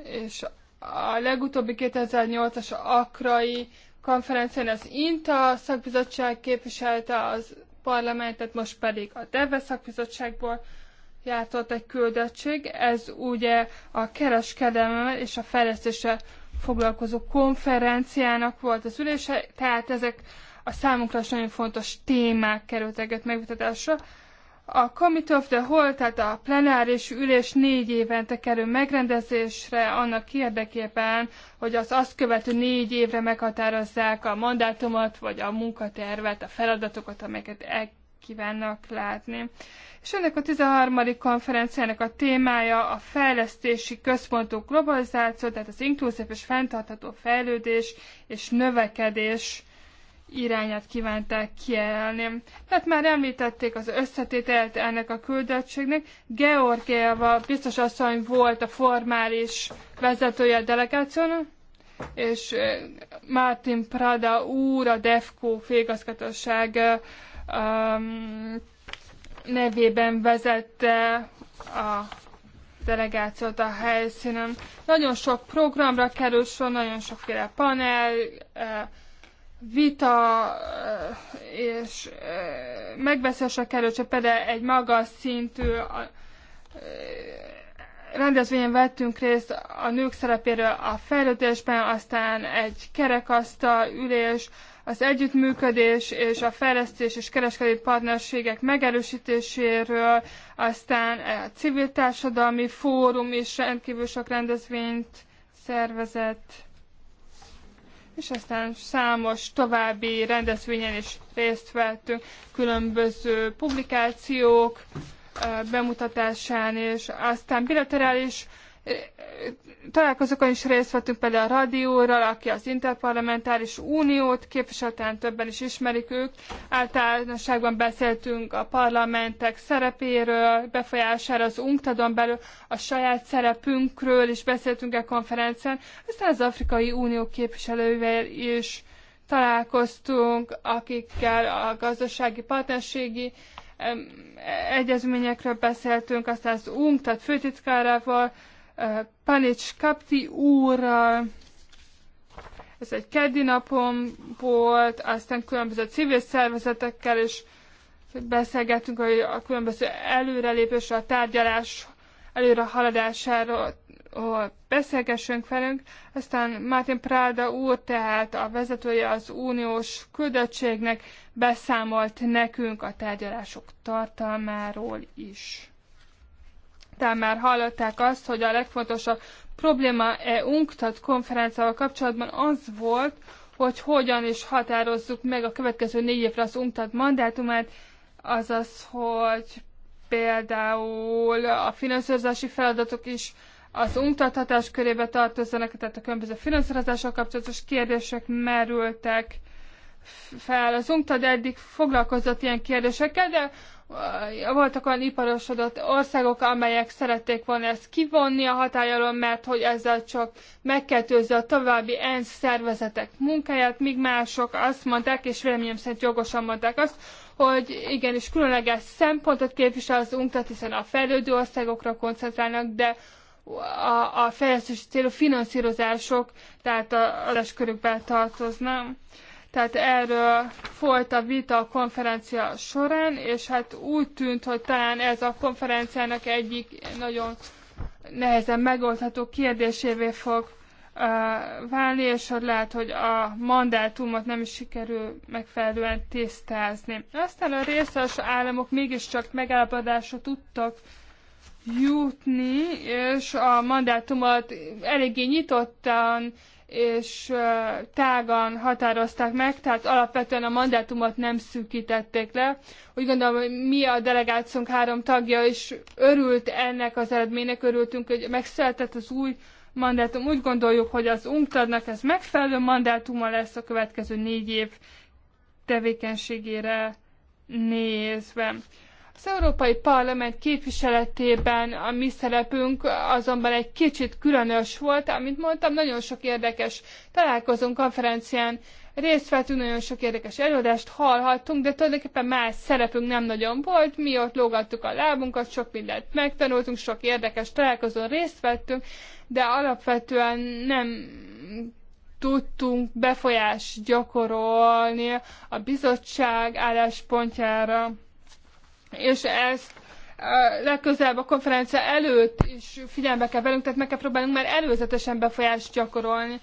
és a legutóbbi 2008-as akrai konferencián az INTA szakbizottság képviselte az parlamentet, most pedig a DEVE szakbizottságból jártott egy küldöttség. Ez ugye a kereskedelemmel és a fejlesztése foglalkozó konferenciának volt az ülése, tehát ezek a számunkra is nagyon fontos témák kerültek megvitatásra. A Committee of the Whole, tehát a plenáris ülés négy évente kerül megrendezésre annak érdekében, hogy az azt követő négy évre meghatározzák a mandátumot, vagy a munkatervet, a feladatokat, amelyeket el kívánnak látni. És ennek a 13. konferenciának a témája a fejlesztési központú globalizáció, tehát az inkluzív és fenntartható fejlődés és növekedés irányát kívánták kijelölni. Hát már említették az összetételt ennek a küldöttségnek. Georgieva biztos asszony volt a formális vezetője a delegációnak, és Martin Prada úr, a DEFCO félgazgatóság um, nevében vezette a delegációt a helyszínen. Nagyon sok programra kerül sor, nagyon sokféle panel, vita eh, és eh, megbeszélésre került, például egy magas szintű eh, rendezvényen vettünk részt a nők szerepéről a fejlődésben, aztán egy kerekasztal ülés, az együttműködés és a fejlesztés és kereskedő partnerségek megerősítéséről, aztán a civil társadalmi fórum is rendkívül sok rendezvényt szervezett és aztán számos további rendezvényen is részt vettünk, különböző publikációk bemutatásán, és aztán bilaterális találkozókon is részt vettünk például a rádióról, aki az Interparlamentáris Uniót képviselten többen is ismerik ők. Általánosságban beszéltünk a parlamentek szerepéről, befolyására az UNCTAD-on belül, a saját szerepünkről is beszéltünk a e konferencián. Aztán az Afrikai Unió képviselőivel is találkoztunk, akikkel a gazdasági partnerségi egyezményekről beszéltünk, aztán az UNCTAD főtitkárával, Panicskapti úrral, ez egy keddi napom volt, aztán különböző civil szervezetekkel is beszélgettünk hogy a különböző előrelépésre, a tárgyalás előre haladásáról beszélgessünk velünk. Aztán Martin Prada úr, tehát a vezetője az uniós küldöttségnek beszámolt nekünk a tárgyalások tartalmáról is talán már hallották azt, hogy a legfontosabb probléma e UNCTAD konferenciával kapcsolatban az volt, hogy hogyan is határozzuk meg a következő négy évre az UNCTAD mandátumát, azaz, hogy például a finanszírozási feladatok is az UNCTAD hatás körébe tartozzanak, tehát a különböző finanszírozással kapcsolatos kérdések merültek fel. Az UNCTAD eddig foglalkozott ilyen kérdésekkel, de voltak olyan iparosodott országok, amelyek szerették volna ezt kivonni a hatály mert hogy ezzel csak megkettőzze a további ENSZ szervezetek munkáját, míg mások azt mondták, és véleményem szerint jogosan mondták azt, hogy igenis különleges szempontot képvisel az UNCTAD, hiszen a fejlődő országokra koncentrálnak, de a, a fejlesztési célú finanszírozások, tehát a, a körükbe tartoznak. Tehát erről folyt a vita a konferencia során, és hát úgy tűnt, hogy talán ez a konferenciának egyik nagyon nehezen megoldható kérdésévé fog uh, válni, és hogy lehet, hogy a mandátumot nem is sikerül megfelelően tisztázni. Aztán a részes államok mégiscsak megállapodásra tudtak jutni, és a mandátumot eléggé nyitottan és tágan határozták meg, tehát alapvetően a mandátumot nem szűkítették le. Úgy gondolom, hogy mi a delegációnk három tagja is örült ennek az eredménynek, örültünk, hogy megszületett az új mandátum. Úgy gondoljuk, hogy az UNCTAD-nak ez megfelelő mandátuma lesz a következő négy év tevékenységére nézve. Az Európai Parlament képviseletében a mi szerepünk azonban egy kicsit különös volt, amit mondtam, nagyon sok érdekes találkozón, konferencián részt vettünk, nagyon sok érdekes előadást hallhattunk, de tulajdonképpen más szerepünk nem nagyon volt, mi ott lógattuk a lábunkat, sok mindent megtanultunk, sok érdekes találkozón részt vettünk, de alapvetően nem tudtunk befolyást gyakorolni a bizottság álláspontjára és ezt legközelebb a konferencia előtt is figyelme kell velünk, tehát meg kell próbálnunk már előzetesen befolyást gyakorolni.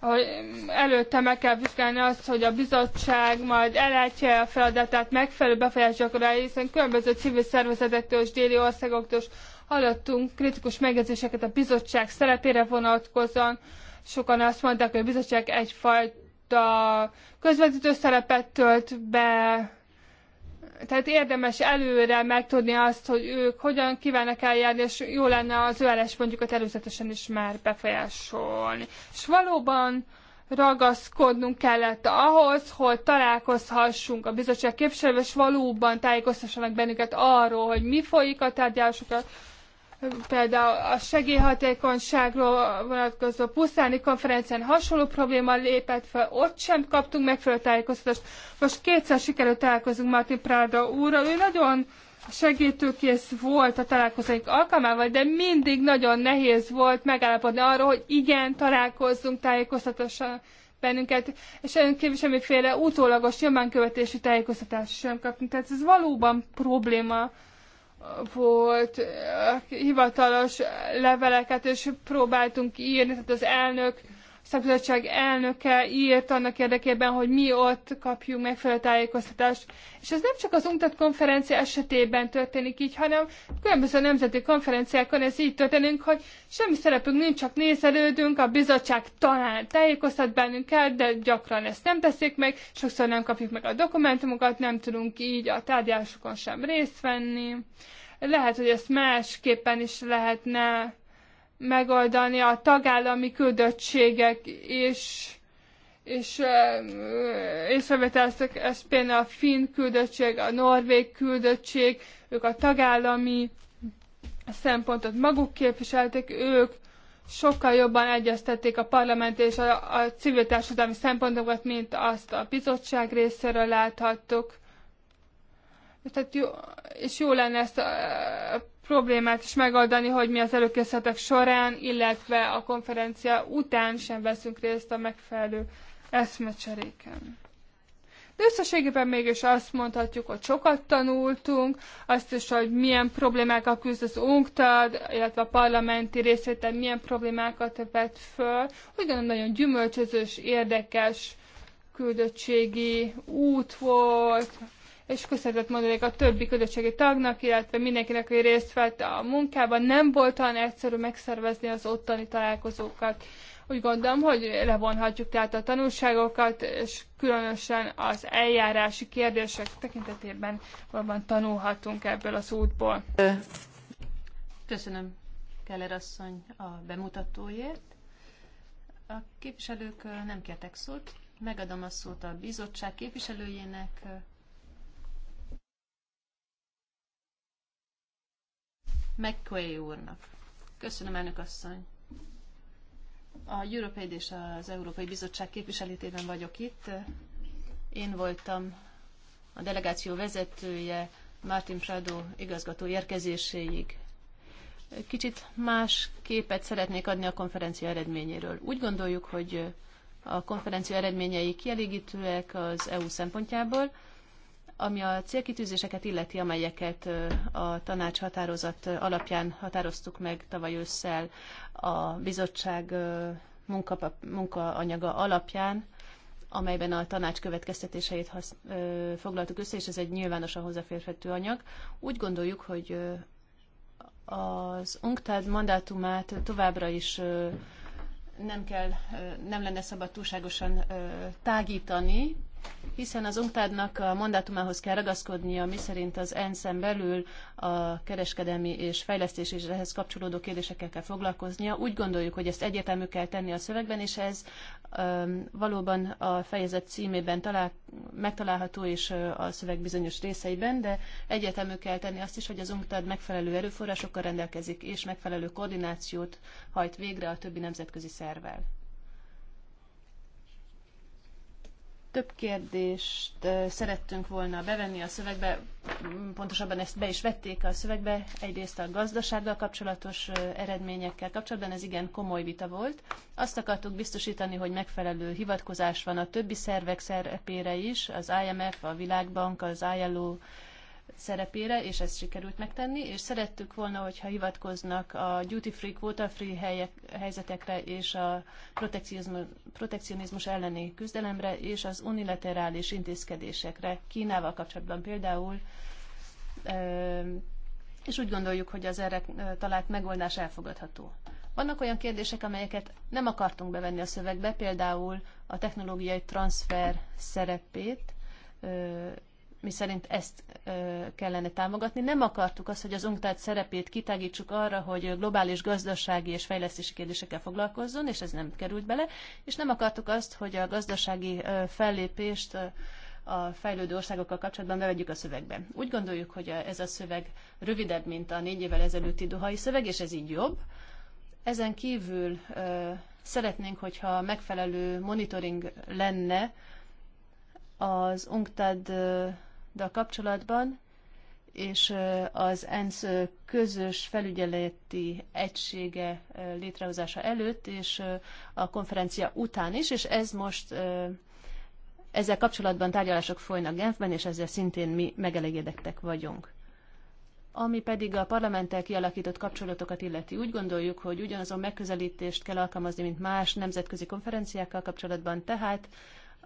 Hogy előtte meg kell vizsgálni azt, hogy a bizottság majd ellátja a feladatát megfelelő befolyást gyakorolni, hiszen különböző civil szervezetektől és déli országoktól is hallottunk kritikus megjegyzéseket a bizottság szerepére vonatkozóan. Sokan azt mondták, hogy a bizottság egyfajta közvetítő szerepet tölt be, tehát érdemes előre megtudni azt, hogy ők hogyan kívánnak eljárni, és jó lenne az ő mondjukat előzetesen is már befolyásolni. És valóban ragaszkodnunk kellett ahhoz, hogy találkozhassunk a bizottság képviselővel, és valóban tájékoztassanak bennünket arról, hogy mi folyik a tárgyalásokat, például a segélyhatékonyságról vonatkozó puszáni konferencián hasonló probléma lépett fel, ott sem kaptunk megfelelő tájékoztatást. Most kétszer sikerült találkozunk Martin Prada úrral, ő nagyon segítőkész volt a találkozóink alkalmával, de mindig nagyon nehéz volt megállapodni arról, hogy igen, találkozzunk tájékoztatással bennünket, és önképp semmiféle utólagos nyománkövetési tájékoztatást sem kaptunk. Tehát ez valóban probléma volt eh, hivatalos leveleket, és próbáltunk írni, tehát az elnök szakbizottság elnöke írt annak érdekében, hogy mi ott kapjunk megfelelő tájékoztatást. És ez nem csak az UNCTAD konferencia esetében történik így, hanem különböző nemzeti konferenciákon ez így történik, hogy semmi szerepünk nincs, csak nézelődünk, a bizottság talán tájékoztat bennünket, de gyakran ezt nem teszik meg, sokszor nem kapjuk meg a dokumentumokat, nem tudunk így a tárgyalásokon sem részt venni. Lehet, hogy ezt másképpen is lehetne megoldani a tagállami küldöttségek is, és észrevételeztek ez például a finn küldöttség, a norvég küldöttség, ők a tagállami szempontot maguk képviselték, ők sokkal jobban egyeztették a parlament és a, a civil társadalmi szempontokat, mint azt a bizottság részéről láthattuk. Tehát jó, és jó lenne ezt a problémát is megoldani, hogy mi az előkészületek során, illetve a konferencia után sem veszünk részt a megfelelő eszmecseréken. De összességében mégis azt mondhatjuk, hogy sokat tanultunk, azt is, hogy milyen problémákkal küzd az UNCTAD, illetve a parlamenti részvétel milyen problémákat vett föl. Úgy nagyon gyümölcsözős, érdekes küldöttségi út volt, és köszönetet mondanék a többi közösségi tagnak, illetve mindenkinek, aki részt vett a munkában. Nem volt olyan egyszerű megszervezni az ottani találkozókat. Úgy gondolom, hogy levonhatjuk tehát a tanulságokat, és különösen az eljárási kérdések tekintetében valóban tanulhatunk ebből az útból. Köszönöm Keller asszony a bemutatóért. A képviselők nem kértek szót, megadom a szót a bizottság képviselőjének, McQuay úrnak. Köszönöm, elnök asszony. A Európai és az Európai Bizottság képviselítében vagyok itt. Én voltam a delegáció vezetője Martin Prado igazgató érkezéséig. Kicsit más képet szeretnék adni a konferencia eredményéről. Úgy gondoljuk, hogy a konferencia eredményei kielégítőek az EU szempontjából, ami a célkitűzéseket illeti, amelyeket a tanács határozat alapján határoztuk meg tavaly ősszel a bizottság munka, munkaanyaga alapján, amelyben a tanács következtetéseit hasz, ö, foglaltuk össze, és ez egy nyilvánosan hozzáférhető anyag. Úgy gondoljuk, hogy ö, az UNCTAD mandátumát továbbra is ö, nem kell, ö, nem lenne szabad túlságosan ö, tágítani, hiszen az UNCTAD-nak a mandátumához kell ragaszkodnia, miszerint az ENSZ-en belül a kereskedelmi és fejlesztés és ehhez kapcsolódó kérdésekkel kell foglalkoznia. Úgy gondoljuk, hogy ezt egyértelmű kell tenni a szövegben, és ez um, valóban a fejezet címében talál, megtalálható és a szöveg bizonyos részeiben, de egyértelmű kell tenni azt is, hogy az UNCTAD megfelelő erőforrásokkal rendelkezik, és megfelelő koordinációt hajt végre a többi nemzetközi szervvel. Több kérdést szerettünk volna bevenni a szövegbe, pontosabban ezt be is vették a szövegbe, egyrészt a gazdasággal kapcsolatos eredményekkel kapcsolatban, ez igen komoly vita volt. Azt akartuk biztosítani, hogy megfelelő hivatkozás van a többi szervek szerepére is, az IMF, a Világbank, az ILO, szerepére, és ezt sikerült megtenni, és szerettük volna, hogyha hivatkoznak a duty free, quota free helyek, helyzetekre és a protekcionizmus, protekcionizmus elleni küzdelemre és az unilaterális intézkedésekre, Kínával kapcsolatban például, és úgy gondoljuk, hogy az erre talált megoldás elfogadható. Vannak olyan kérdések, amelyeket nem akartunk bevenni a szövegbe, például a technológiai transfer szerepét, mi szerint ezt kellene támogatni. Nem akartuk azt, hogy az UNCTAD szerepét kitágítsuk arra, hogy globális gazdasági és fejlesztési kérdésekkel foglalkozzon, és ez nem került bele, és nem akartuk azt, hogy a gazdasági fellépést a fejlődő országokkal kapcsolatban bevegyük a szövegbe. Úgy gondoljuk, hogy ez a szöveg rövidebb, mint a négy évvel ezelőtti dohai szöveg, és ez így jobb. Ezen kívül szeretnénk, hogyha megfelelő monitoring lenne az UNCTAD de a kapcsolatban, és az ENSZ közös felügyeleti egysége létrehozása előtt, és a konferencia után is, és ez most ezzel kapcsolatban tárgyalások folynak Genfben, és ezzel szintén mi megelégedettek vagyunk. Ami pedig a parlamenttel kialakított kapcsolatokat illeti, úgy gondoljuk, hogy ugyanazon megközelítést kell alkalmazni, mint más nemzetközi konferenciákkal kapcsolatban, tehát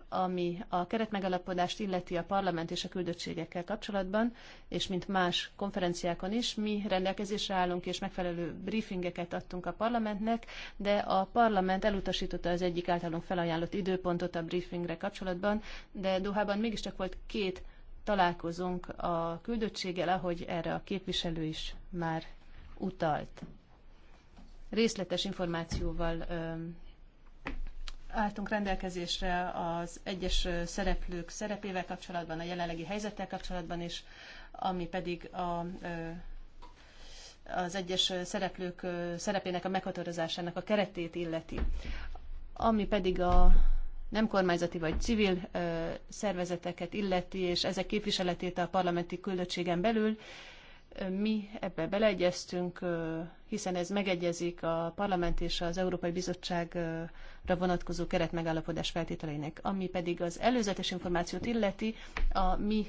ami a keretmegállapodást illeti a parlament és a küldöttségekkel kapcsolatban, és mint más konferenciákon is, mi rendelkezésre állunk és megfelelő briefingeket adtunk a parlamentnek, de a parlament elutasította az egyik általunk felajánlott időpontot a briefingre kapcsolatban, de Dohában mégiscsak volt két találkozunk a küldöttséggel, ahogy erre a képviselő is már utalt. Részletes információval álltunk rendelkezésre az egyes szereplők szerepével kapcsolatban, a jelenlegi helyzettel kapcsolatban, is, ami pedig a, az egyes szereplők szerepének a meghatározásának a keretét illeti. Ami pedig a nem kormányzati vagy civil szervezeteket illeti, és ezek képviseletét a parlamenti küldöttségen belül, mi ebbe beleegyeztünk, hiszen ez megegyezik a parlament és az Európai Bizottságra vonatkozó keretmegállapodás feltételeinek. Ami pedig az előzetes információt illeti, a mi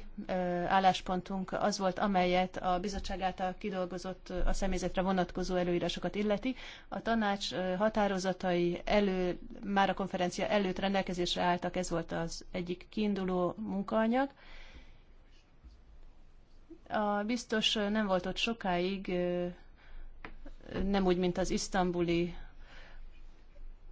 álláspontunk az volt, amelyet a bizottság által kidolgozott a személyzetre vonatkozó előírásokat illeti. A tanács határozatai elő, már a konferencia előtt rendelkezésre álltak, ez volt az egyik kiinduló munkaanyag. A biztos nem volt ott sokáig, nem úgy, mint az isztambuli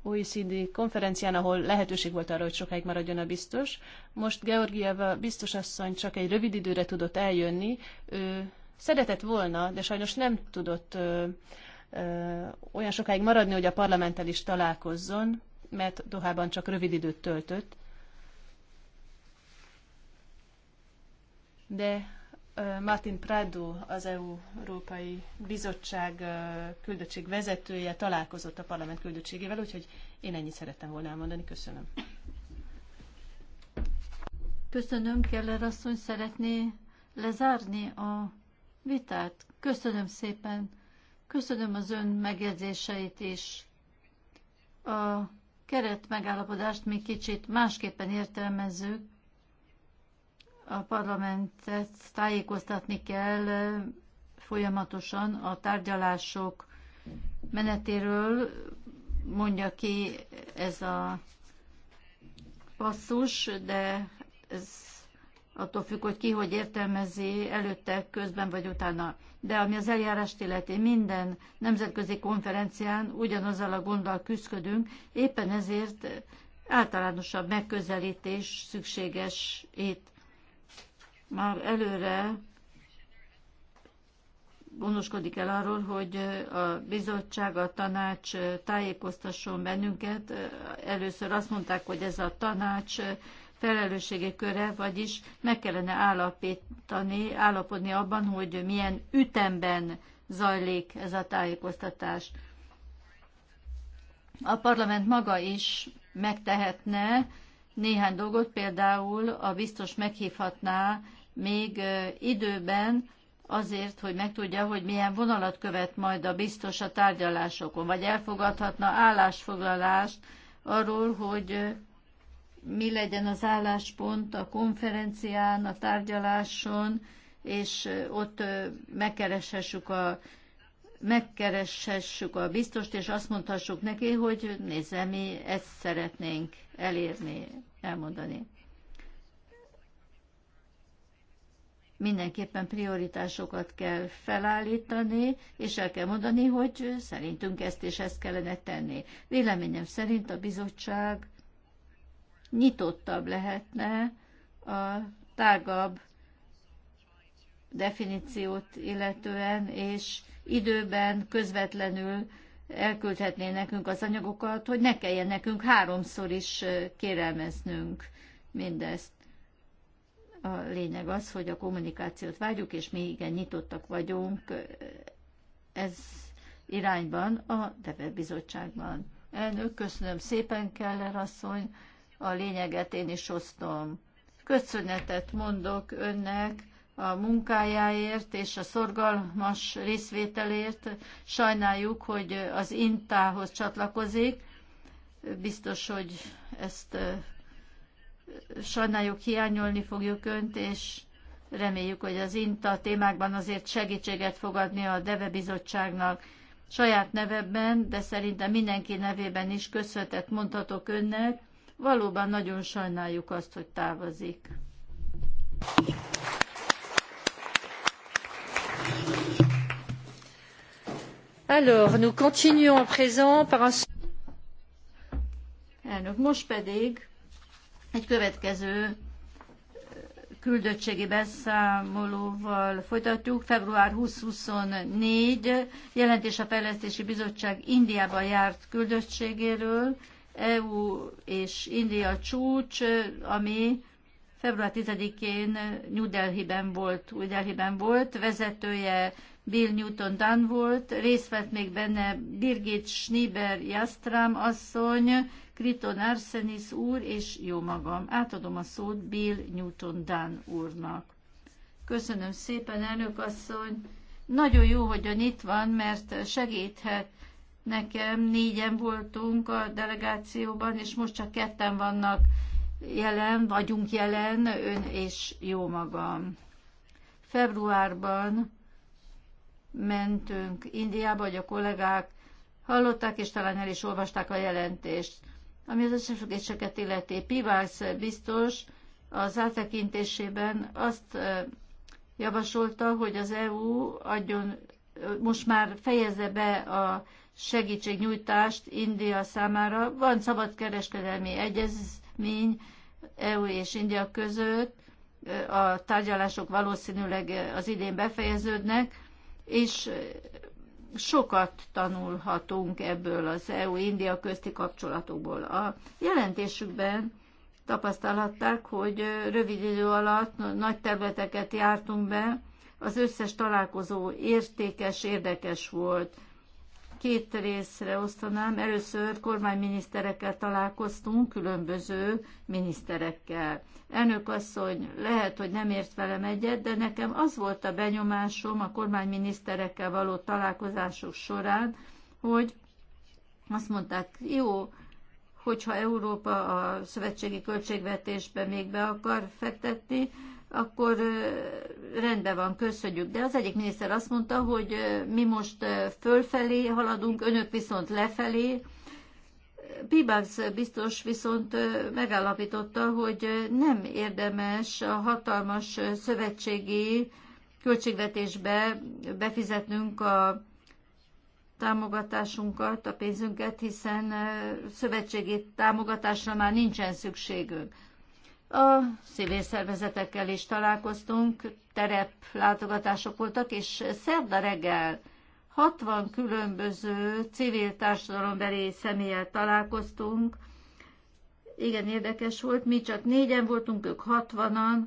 OECD konferencián, ahol lehetőség volt arra, hogy sokáig maradjon a biztos. Most Georgieva biztos asszony csak egy rövid időre tudott eljönni. Ő szeretett volna, de sajnos nem tudott ö, ö, olyan sokáig maradni, hogy a parlamenttel is találkozzon, mert Dohában csak rövid időt töltött. De Martin Prado, az Európai Bizottság küldöttség vezetője találkozott a parlament küldöttségével, úgyhogy én ennyit szerettem volna elmondani. Köszönöm. Köszönöm, Keller asszony, szeretné lezárni a vitát. Köszönöm szépen. Köszönöm az ön megjegyzéseit is. A keret megállapodást mi kicsit másképpen értelmezzük, a parlamentet tájékoztatni kell folyamatosan a tárgyalások menetéről, mondja ki ez a passzus, de ez attól függ, hogy ki hogy értelmezi előtte, közben vagy utána. De ami az eljárást illeti, minden nemzetközi konferencián ugyanazzal a gonddal küzdködünk, éppen ezért általánosabb megközelítés szükséges itt már előre gondoskodik el arról, hogy a bizottság, a tanács tájékoztasson bennünket. Először azt mondták, hogy ez a tanács felelősségi köre, vagyis meg kellene állapítani, állapodni abban, hogy milyen ütemben zajlik ez a tájékoztatás. A parlament maga is megtehetne néhány dolgot, például a biztos meghívhatná még időben azért, hogy megtudja, hogy milyen vonalat követ majd a biztos a tárgyalásokon, vagy elfogadhatna állásfoglalást arról, hogy mi legyen az álláspont a konferencián, a tárgyaláson, és ott megkereshessük a, megkereshessük a biztost, és azt mondhassuk neki, hogy nézze, mi ezt szeretnénk elérni, elmondani. mindenképpen prioritásokat kell felállítani, és el kell mondani, hogy szerintünk ezt és ezt kellene tenni. Véleményem szerint a bizottság nyitottabb lehetne a tágabb definíciót illetően, és időben közvetlenül elküldhetné nekünk az anyagokat, hogy ne kelljen nekünk háromszor is kérelmeznünk mindezt. A lényeg az, hogy a kommunikációt várjuk és mi igen nyitottak vagyunk ez irányban a Deve Bizottságban. Elnök, köszönöm szépen, Keller asszony, a lényeget én is osztom. Köszönetet mondok önnek a munkájáért és a szorgalmas részvételért. Sajnáljuk, hogy az Intához csatlakozik. Biztos, hogy ezt sajnáljuk, hiányolni fogjuk Önt, és reméljük, hogy az INTA témákban azért segítséget fogadni a DEVE bizottságnak saját nevében, de szerintem mindenki nevében is köszöntet mondhatok Önnek. Valóban nagyon sajnáljuk azt, hogy távozik. Alors, nous continuons à présent par un... Elnök, most pedig egy következő küldöttségi beszámolóval folytatjuk. Február 20-24 jelentés a Fejlesztési Bizottság Indiában járt küldöttségéről, EU és India csúcs, ami február 10-én New Delhi-ben volt, Új Delhi-ben volt, vezetője Bill Newton Dunn volt, részt vett még benne Birgit Schneeber Jastram asszony, Kriton Arsenis úr és jó magam. Átadom a szót Bill Newton Dunn úrnak. Köszönöm szépen, elnök asszony. Nagyon jó, hogy ön itt van, mert segíthet nekem. Négyen voltunk a delegációban, és most csak ketten vannak jelen, vagyunk jelen, ön és jó magam. Februárban mentünk Indiába, hogy a kollégák hallották, és talán el is olvasták a jelentést. Ami az összefüggéseket illeti, Pivász biztos az áttekintésében azt javasolta, hogy az EU adjon, most már fejezze be a segítségnyújtást India számára. Van szabadkereskedelmi egyezmény EU és India között, a tárgyalások valószínűleg az idén befejeződnek, és sokat tanulhatunk ebből az EU-India közti kapcsolatokból. A jelentésükben tapasztalhatták, hogy rövid idő alatt nagy területeket jártunk be, az összes találkozó értékes, érdekes volt két részre osztanám. Először kormányminiszterekkel találkoztunk, különböző miniszterekkel. Elnök asszony lehet, hogy nem ért velem egyet, de nekem az volt a benyomásom a kormányminiszterekkel való találkozások során, hogy azt mondták, jó, hogyha Európa a szövetségi költségvetésbe még be akar fektetni, akkor rendben van, köszönjük. De az egyik miniszter azt mondta, hogy mi most fölfelé haladunk, önök viszont lefelé. Pibánc biztos viszont megállapította, hogy nem érdemes a hatalmas szövetségi költségvetésbe befizetnünk a támogatásunkat, a pénzünket, hiszen szövetségi támogatásra már nincsen szükségünk. A civil szervezetekkel is találkoztunk, terep látogatások voltak, és szerda reggel 60 különböző civil társadalombeli személlyel találkoztunk. Igen, érdekes volt, mi csak négyen voltunk, ők 60-an.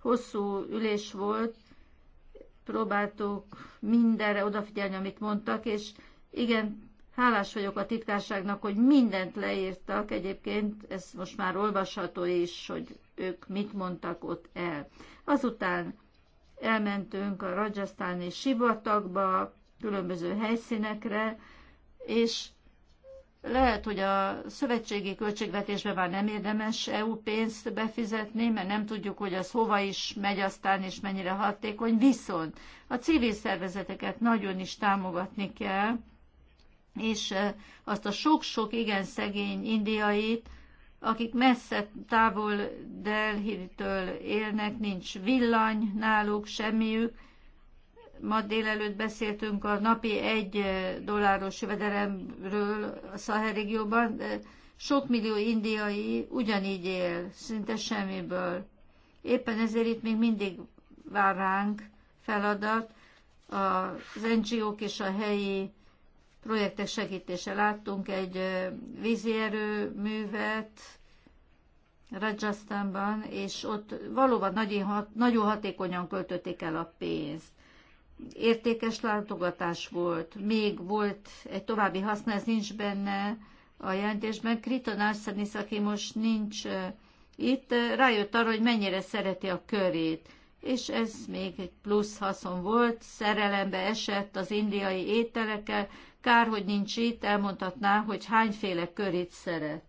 Hosszú ülés volt, próbáltuk mindenre odafigyelni, amit mondtak, és igen, Hálás vagyok a titkárságnak, hogy mindent leírtak. Egyébként ez most már olvasható is, hogy ők mit mondtak ott el. Azután elmentünk a Rajasztáni sivatagba, különböző helyszínekre, és lehet, hogy a szövetségi költségvetésbe már nem érdemes EU pénzt befizetni, mert nem tudjuk, hogy az hova is megy aztán, és mennyire hatékony. Viszont a civil szervezeteket nagyon is támogatni kell, és azt a sok-sok igen szegény indiait, akik messze távol Delhi-től élnek, nincs villany náluk, semmiük. Ma délelőtt beszéltünk a napi egy dolláros jövedelemről a Szahel régióban, de sok millió indiai ugyanígy él, szinte semmiből. Éppen ezért itt még mindig vár ránk feladat, az NGO-k és a helyi projektek segítése. Láttunk egy vízi erőművet Rajasztánban, és ott valóban nagyon hatékonyan költötték el a pénzt. Értékes látogatás volt, még volt egy további haszna, ez nincs benne a jelentésben. Krita Nászanisz, aki most nincs itt, rájött arra, hogy mennyire szereti a körét és ez még egy plusz haszon volt, szerelembe esett az indiai ételekkel, Kár, hogy nincs itt, elmondhatná, hogy hányféle körét szeret.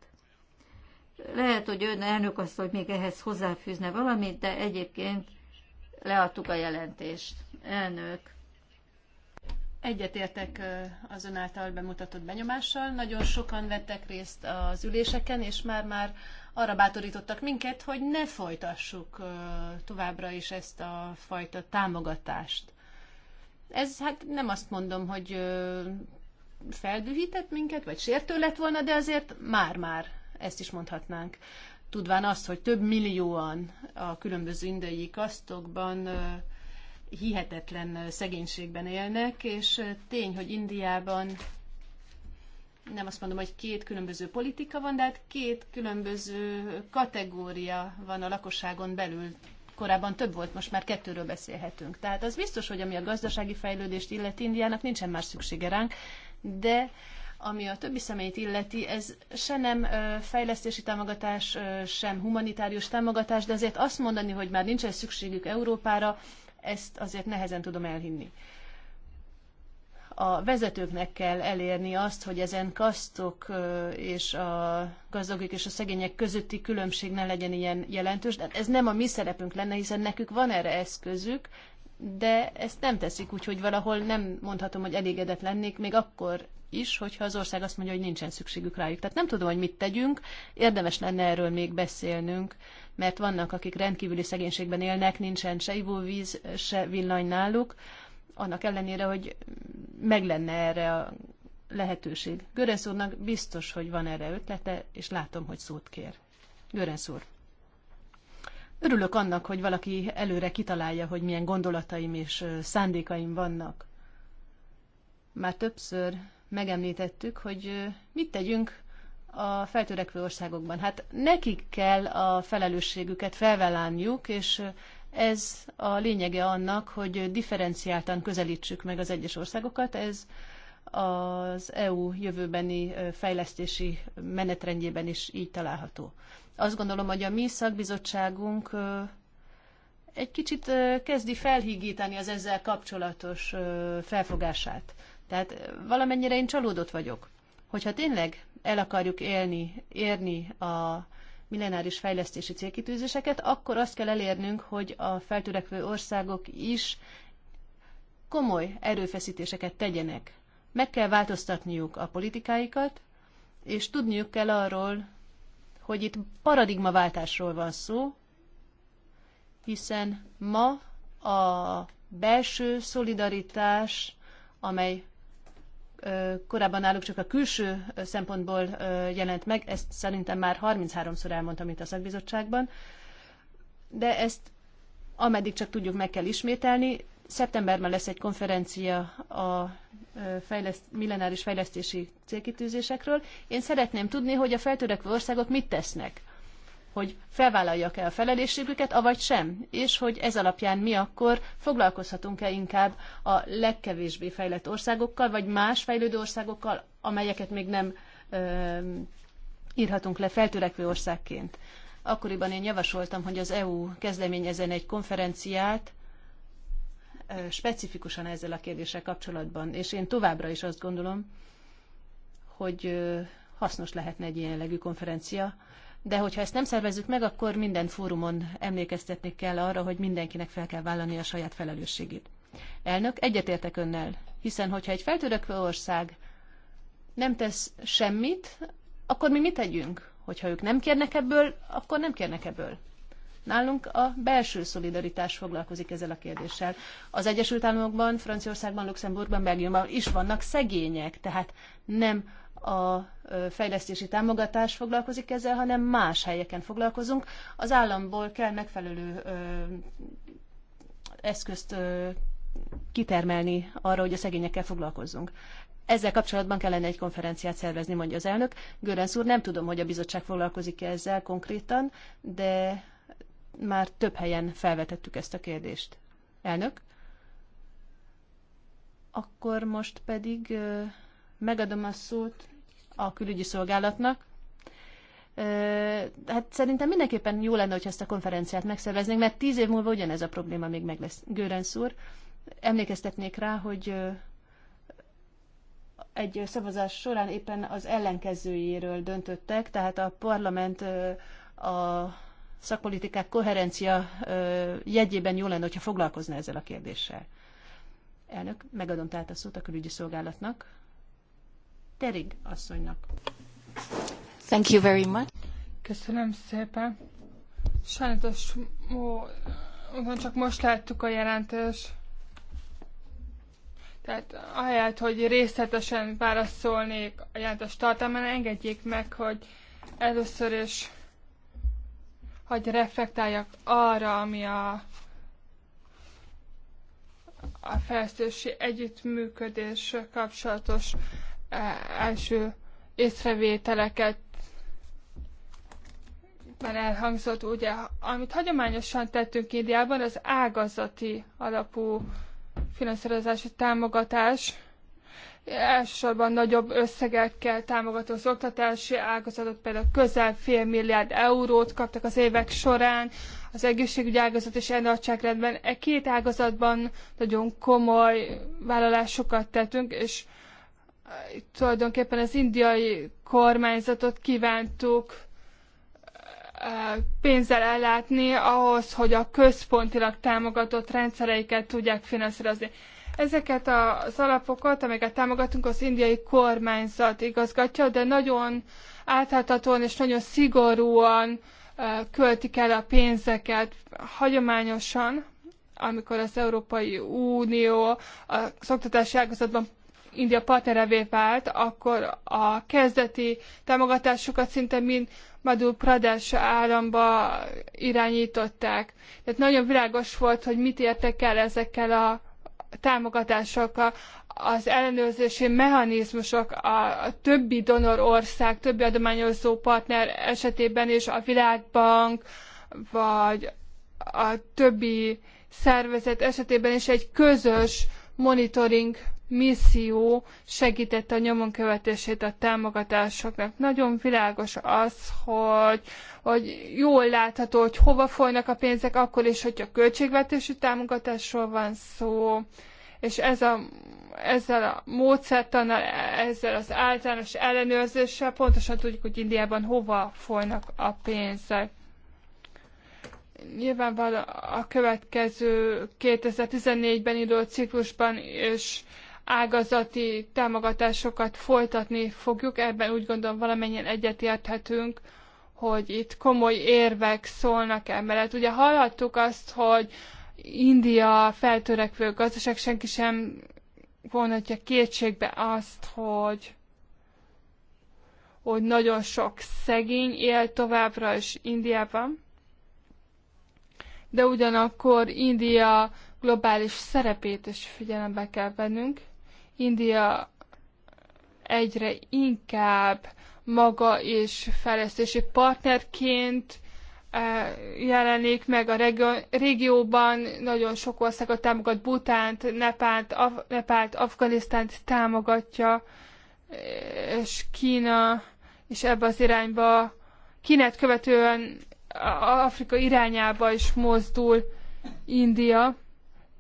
Lehet, hogy ön elnök azt, hogy még ehhez hozzáfűzne valamit, de egyébként leadtuk a jelentést. Elnök. Egyetértek az ön által bemutatott benyomással. Nagyon sokan vettek részt az üléseken, és már-már arra bátorítottak minket, hogy ne folytassuk továbbra is ezt a fajta támogatást. Ez hát nem azt mondom, hogy feldühített minket, vagy sértő lett volna, de azért már-már ezt is mondhatnánk. Tudván azt, hogy több millióan a különböző indiai kasztokban hihetetlen szegénységben élnek, és tény, hogy Indiában nem azt mondom, hogy két különböző politika van, de hát két különböző kategória van a lakosságon belül. Korábban több volt, most már kettőről beszélhetünk. Tehát az biztos, hogy ami a gazdasági fejlődést illeti Indiának, nincsen már szüksége ránk, de ami a többi személyt illeti, ez se nem fejlesztési támogatás, sem humanitárius támogatás, de azért azt mondani, hogy már nincsen szükségük Európára, ezt azért nehezen tudom elhinni. A vezetőknek kell elérni azt, hogy ezen kasztok és a gazdagok és a szegények közötti különbség ne legyen ilyen jelentős, de ez nem a mi szerepünk lenne, hiszen nekük van erre eszközük, de ezt nem teszik, úgyhogy valahol nem mondhatom, hogy elégedett lennék, még akkor is, hogyha az ország azt mondja, hogy nincsen szükségük rájuk. Tehát nem tudom, hogy mit tegyünk, érdemes lenne erről még beszélnünk, mert vannak, akik rendkívüli szegénységben élnek, nincsen se ivóvíz, se villany náluk, annak ellenére, hogy meg lenne erre a lehetőség. Görensz úrnak biztos, hogy van erre ötlete, és látom, hogy szót kér. Görensz úr. Örülök annak, hogy valaki előre kitalálja, hogy milyen gondolataim és szándékaim vannak. Már többször megemlítettük, hogy mit tegyünk a feltörekvő országokban. Hát nekik kell a felelősségüket felvállalniuk, és ez a lényege annak, hogy differenciáltan közelítsük meg az egyes országokat. Ez az EU jövőbeni fejlesztési menetrendjében is így található. Azt gondolom, hogy a mi szakbizottságunk egy kicsit kezdi felhígítani az ezzel kapcsolatos felfogását. Tehát valamennyire én csalódott vagyok. Hogyha tényleg el akarjuk élni, érni a millenáris fejlesztési célkitűzéseket, akkor azt kell elérnünk, hogy a feltörekvő országok is komoly erőfeszítéseket tegyenek. Meg kell változtatniuk a politikáikat, és tudniuk kell arról, hogy itt paradigmaváltásról van szó, hiszen ma a belső szolidaritás, amely korábban náluk csak a külső szempontból jelent meg, ezt szerintem már 33-szor elmondtam itt a szakbizottságban, de ezt ameddig csak tudjuk, meg kell ismételni. Szeptemberben lesz egy konferencia a fejleszt, millenáris fejlesztési célkitűzésekről. Én szeretném tudni, hogy a feltörekvő országok mit tesznek, hogy felvállaljak-e a felelősségüket, avagy sem, és hogy ez alapján mi akkor foglalkozhatunk-e inkább a legkevésbé fejlett országokkal, vagy más fejlődő országokkal, amelyeket még nem ö, írhatunk le feltörekvő országként. Akkoriban én javasoltam, hogy az EU kezdeményezen egy konferenciát, specifikusan ezzel a kérdéssel kapcsolatban, és én továbbra is azt gondolom, hogy hasznos lehetne egy ilyen jellegű konferencia, de hogyha ezt nem szervezzük meg, akkor minden fórumon emlékeztetni kell arra, hogy mindenkinek fel kell vállalni a saját felelősségét. Elnök, egyetértek önnel, hiszen hogyha egy feltörekvő ország nem tesz semmit, akkor mi mit tegyünk? Hogyha ők nem kérnek ebből, akkor nem kérnek ebből. Nálunk a belső szolidaritás foglalkozik ezzel a kérdéssel. Az Egyesült Államokban, Franciaországban, Luxemburgban, Belgiumban is vannak szegények, tehát nem a fejlesztési támogatás foglalkozik ezzel, hanem más helyeken foglalkozunk. Az államból kell megfelelő ö, eszközt ö, kitermelni arra, hogy a szegényekkel foglalkozzunk. Ezzel kapcsolatban kellene egy konferenciát szervezni, mondja az elnök. Görensz úr, nem tudom, hogy a bizottság foglalkozik -e ezzel konkrétan, de már több helyen felvetettük ezt a kérdést. Elnök? Akkor most pedig megadom a szót a külügyi szolgálatnak. Hát szerintem mindenképpen jó lenne, hogy ezt a konferenciát megszerveznénk, mert tíz év múlva ugyanez a probléma még meg lesz. Görenc úr, emlékeztetnék rá, hogy egy szavazás során éppen az ellenkezőjéről döntöttek, tehát a parlament a szakpolitikák koherencia jegyében jó lenne, hogyha foglalkozna ezzel a kérdéssel. Elnök, megadom tehát a szót a külügyi szolgálatnak. Terig asszonynak. Thank you very much. Köszönöm szépen. Sajnos ó, csak most láttuk a jelentést. Tehát ahelyett, hogy részletesen válaszolnék a jelentés tartalmára, engedjék meg, hogy először is hogy reflektáljak arra, ami a, a felszősi együttműködés kapcsolatos e, első észrevételeket már elhangzott, ugye, amit hagyományosan tettünk Indiában, az ágazati alapú finanszírozási támogatás, elsősorban nagyobb összegekkel támogató az oktatási ágazatot, például közel fél milliárd eurót kaptak az évek során, az egészségügyi ágazat és nagyságrendben. E két ágazatban nagyon komoly vállalásokat tettünk, és e, tulajdonképpen az indiai kormányzatot kívántuk e, pénzzel ellátni ahhoz, hogy a központilag támogatott rendszereiket tudják finanszírozni. Ezeket az alapokat, amelyeket támogatunk, az indiai kormányzat igazgatja, de nagyon átláthatóan és nagyon szigorúan költik el a pénzeket hagyományosan, amikor az Európai Unió az oktatási ágazatban India partnerevé vált, akkor a kezdeti támogatásokat szinte mind Madhu Pradesh államba irányították. Tehát nagyon világos volt, hogy mit értek el ezekkel a a az ellenőrzési mechanizmusok a, többi donor ország, többi adományozó partner esetében is a Világbank, vagy a többi szervezet esetében is egy közös monitoring misszió segítette a nyomon követését a támogatásoknak. Nagyon világos az, hogy, hogy jól látható, hogy hova folynak a pénzek, akkor is, hogyha költségvetési támogatásról van szó, és ez a, ezzel a módszertannal, ezzel az általános ellenőrzéssel pontosan tudjuk, hogy Indiában hova folynak a pénzek nyilvánvalóan a következő 2014-ben induló ciklusban is ágazati támogatásokat folytatni fogjuk. Ebben úgy gondolom valamennyien egyetérthetünk, hogy itt komoly érvek szólnak emellett. Ugye hallhattuk azt, hogy India feltörekvő gazdaság, senki sem vonhatja kétségbe azt, hogy hogy nagyon sok szegény él továbbra is Indiában, de ugyanakkor India globális szerepét is figyelembe kell vennünk, India egyre inkább maga és fejlesztési partnerként eh, jelenik meg a régióban. Nagyon sok országot támogat, Butánt, Nepált, Af- Nepált, Afganisztánt támogatja, és Kína, és ebbe az irányba, Kínát követően Afrika irányába is mozdul India.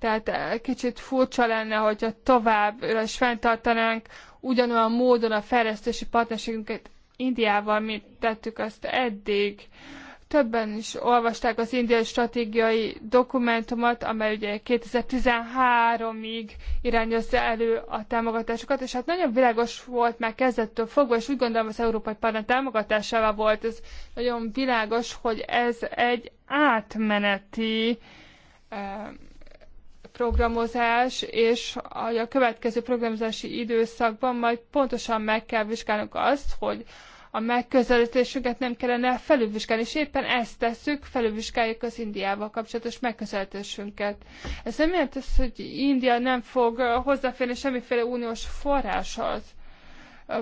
Tehát eh, kicsit furcsa lenne, hogyha tovább, is fenntartanánk ugyanolyan módon a fejlesztési partnerségünket Indiával, mint tettük azt eddig. Többen is olvasták az indiai stratégiai dokumentumot, amely ugye 2013-ig irányozza elő a támogatásokat, és hát nagyon világos volt már kezdettől fogva, és úgy gondolom az Európai Parlament támogatásával volt ez nagyon világos, hogy ez egy átmeneti eh, programozás, és a következő programozási időszakban majd pontosan meg kell vizsgálnunk azt, hogy a megközelítésünket nem kellene felülvizsgálni, és éppen ezt tesszük, felülvizsgáljuk az Indiával kapcsolatos megközelítésünket. Ez nem jelenti azt, hogy India nem fog hozzáférni semmiféle uniós forráshoz.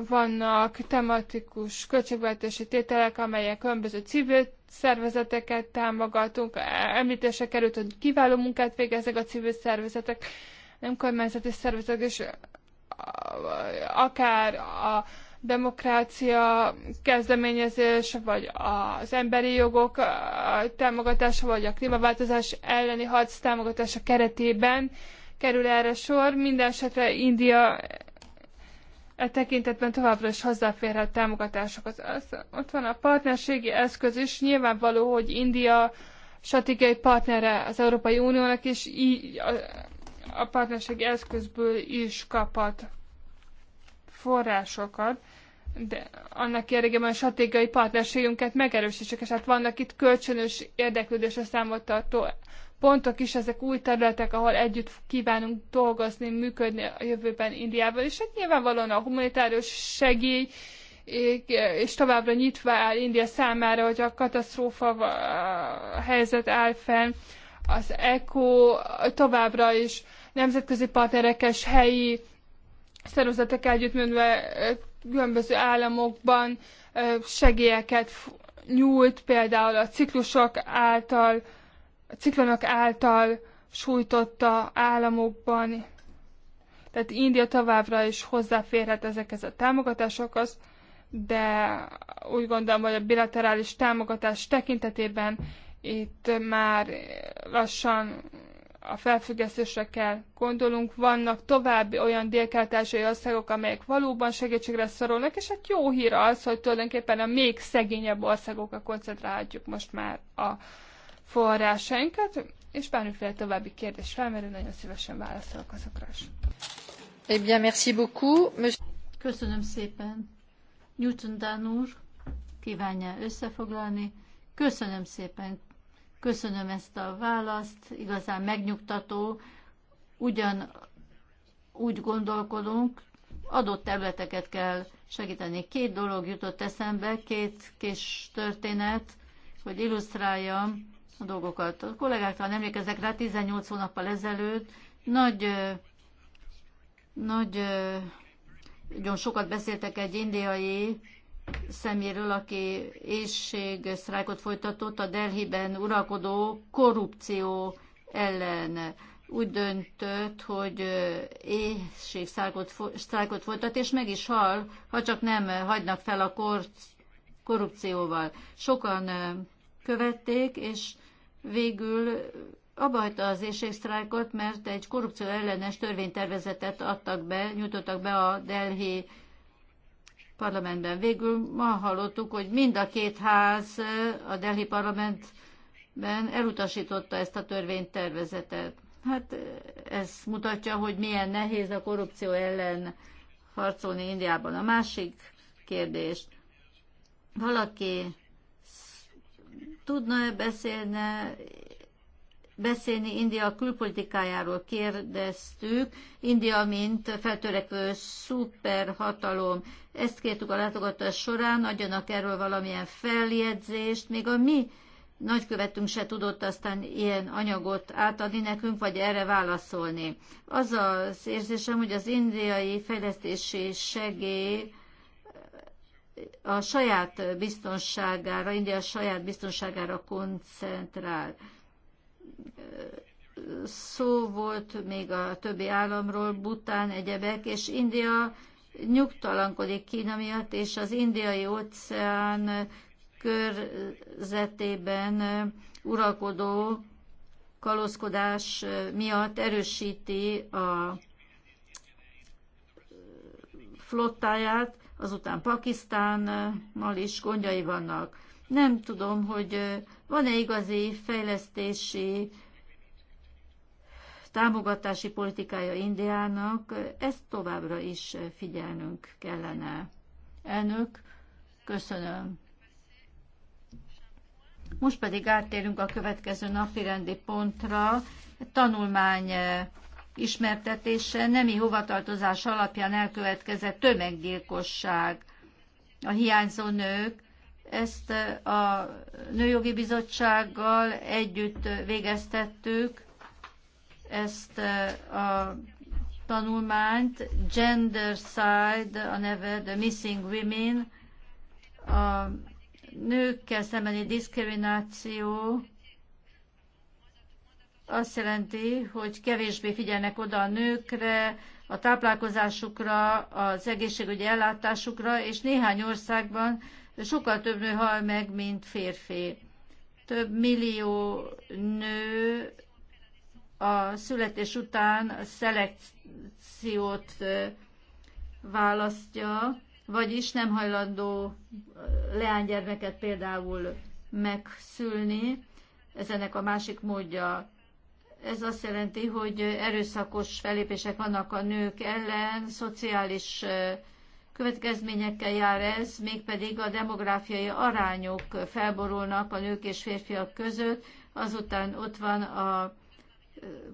Vannak tematikus költségvetési tételek, amelyek különböző civil szervezeteket támogatunk, e, említése került, hogy kiváló munkát végeznek a civil szervezetek, nem kormányzati szervezetek, és akár a demokrácia kezdeményezés, vagy az emberi jogok e, támogatása, vagy a klímaváltozás elleni harc támogatása keretében kerül erre sor. Minden esetre India e tekintetben továbbra is hozzáférhet támogatásokat. Az, ott van a partnerségi eszköz is, nyilvánvaló, hogy India stratégiai partnere az Európai Uniónak, és így a, a partnerségi eszközből is kaphat forrásokat, de annak érdekében a stratégiai partnerségünket megerősítsük, és hát vannak itt kölcsönös érdeklődésre számot tartó pontok is, ezek új területek, ahol együtt kívánunk dolgozni, működni a jövőben Indiával, és hát nyilvánvalóan a humanitárius segély és továbbra nyitva áll India számára, hogy a katasztrófa helyzet áll fenn, az ECO továbbra is nemzetközi partnerekes helyi szervezetek együttműködve különböző államokban segélyeket nyújt, például a ciklusok által a ciklonok által sújtotta államokban, tehát India továbbra is hozzáférhet ezekhez a támogatásokhoz, de úgy gondolom, hogy a bilaterális támogatás tekintetében itt már lassan a felfüggesztésre kell gondolunk. Vannak további olyan délkeltásai országok, amelyek valóban segítségre szorulnak, és hát jó hír az, hogy tulajdonképpen a még szegényebb országokra koncentrálhatjuk most már a forrásainkat, és bármiféle további kérdés felmerül, nagyon szívesen válaszolok azokra is. Eh bien, merci beaucoup. Köszönöm szépen. Newton Dan úr kívánja összefoglalni. Köszönöm szépen. Köszönöm ezt a választ, igazán megnyugtató. Ugyan úgy gondolkodunk, adott területeket kell segíteni. Két dolog jutott eszembe, két kis történet, hogy illusztráljam a dolgokat. A kollégák talán emlékeznek rá, 18 hónappal ezelőtt nagy, nagy, nagyon sokat beszéltek egy indiai szeméről, aki ésség sztrájkot folytatott a Delhiben uralkodó korrupció ellen. Úgy döntött, hogy éjség sztrájkot folytat, és meg is hal, ha csak nem hagynak fel a kor korrupcióval. Sokan követték, és végül abbahagyta az éjségsztrájkot, mert egy korrupció ellenes törvénytervezetet adtak be, nyújtottak be a Delhi parlamentben. Végül ma hallottuk, hogy mind a két ház a Delhi parlamentben elutasította ezt a törvénytervezetet. Hát ez mutatja, hogy milyen nehéz a korrupció ellen harcolni Indiában. A másik kérdés. Valaki tudna -e beszélne, beszélni India külpolitikájáról kérdeztük. India, mint feltörekvő szuperhatalom. Ezt kértük a látogatás során, adjanak erről valamilyen feljegyzést. Még a mi nagykövetünk se tudott aztán ilyen anyagot átadni nekünk, vagy erre válaszolni. Az az érzésem, hogy az indiai fejlesztési segély a saját biztonságára, India saját biztonságára koncentrál. Szó volt még a többi államról, Bután, egyebek, és India nyugtalankodik Kína miatt, és az indiai óceán körzetében uralkodó kalózkodás miatt erősíti a flottáját, azután Pakisztánnal eh, is gondjai vannak. Nem tudom, hogy eh, van-e igazi fejlesztési támogatási politikája Indiának, ezt továbbra is eh, figyelnünk kellene. Elnök, köszönöm. Most pedig áttérünk a következő napi rendi pontra. Tanulmány ismertetése nemi hovatartozás alapján elkövetkezett tömeggyilkosság. A hiányzó nők ezt eh, a Nőjogi Bizottsággal együtt végeztettük, ezt eh, a tanulmányt, Side a neve, The Missing Women, a nőkkel szembeni diszkrimináció azt jelenti, hogy kevésbé figyelnek oda a nőkre, a táplálkozásukra, az egészségügyi ellátásukra, és néhány országban sokkal több nő hal meg, mint férfi. Több millió nő a születés után a szelekciót választja, vagyis nem hajlandó leánygyermeket például megszülni, ez ennek a másik módja ez azt jelenti, hogy erőszakos felépések vannak a nők ellen, szociális következményekkel jár ez, mégpedig a demográfiai arányok felborulnak a nők és férfiak között, azután ott van a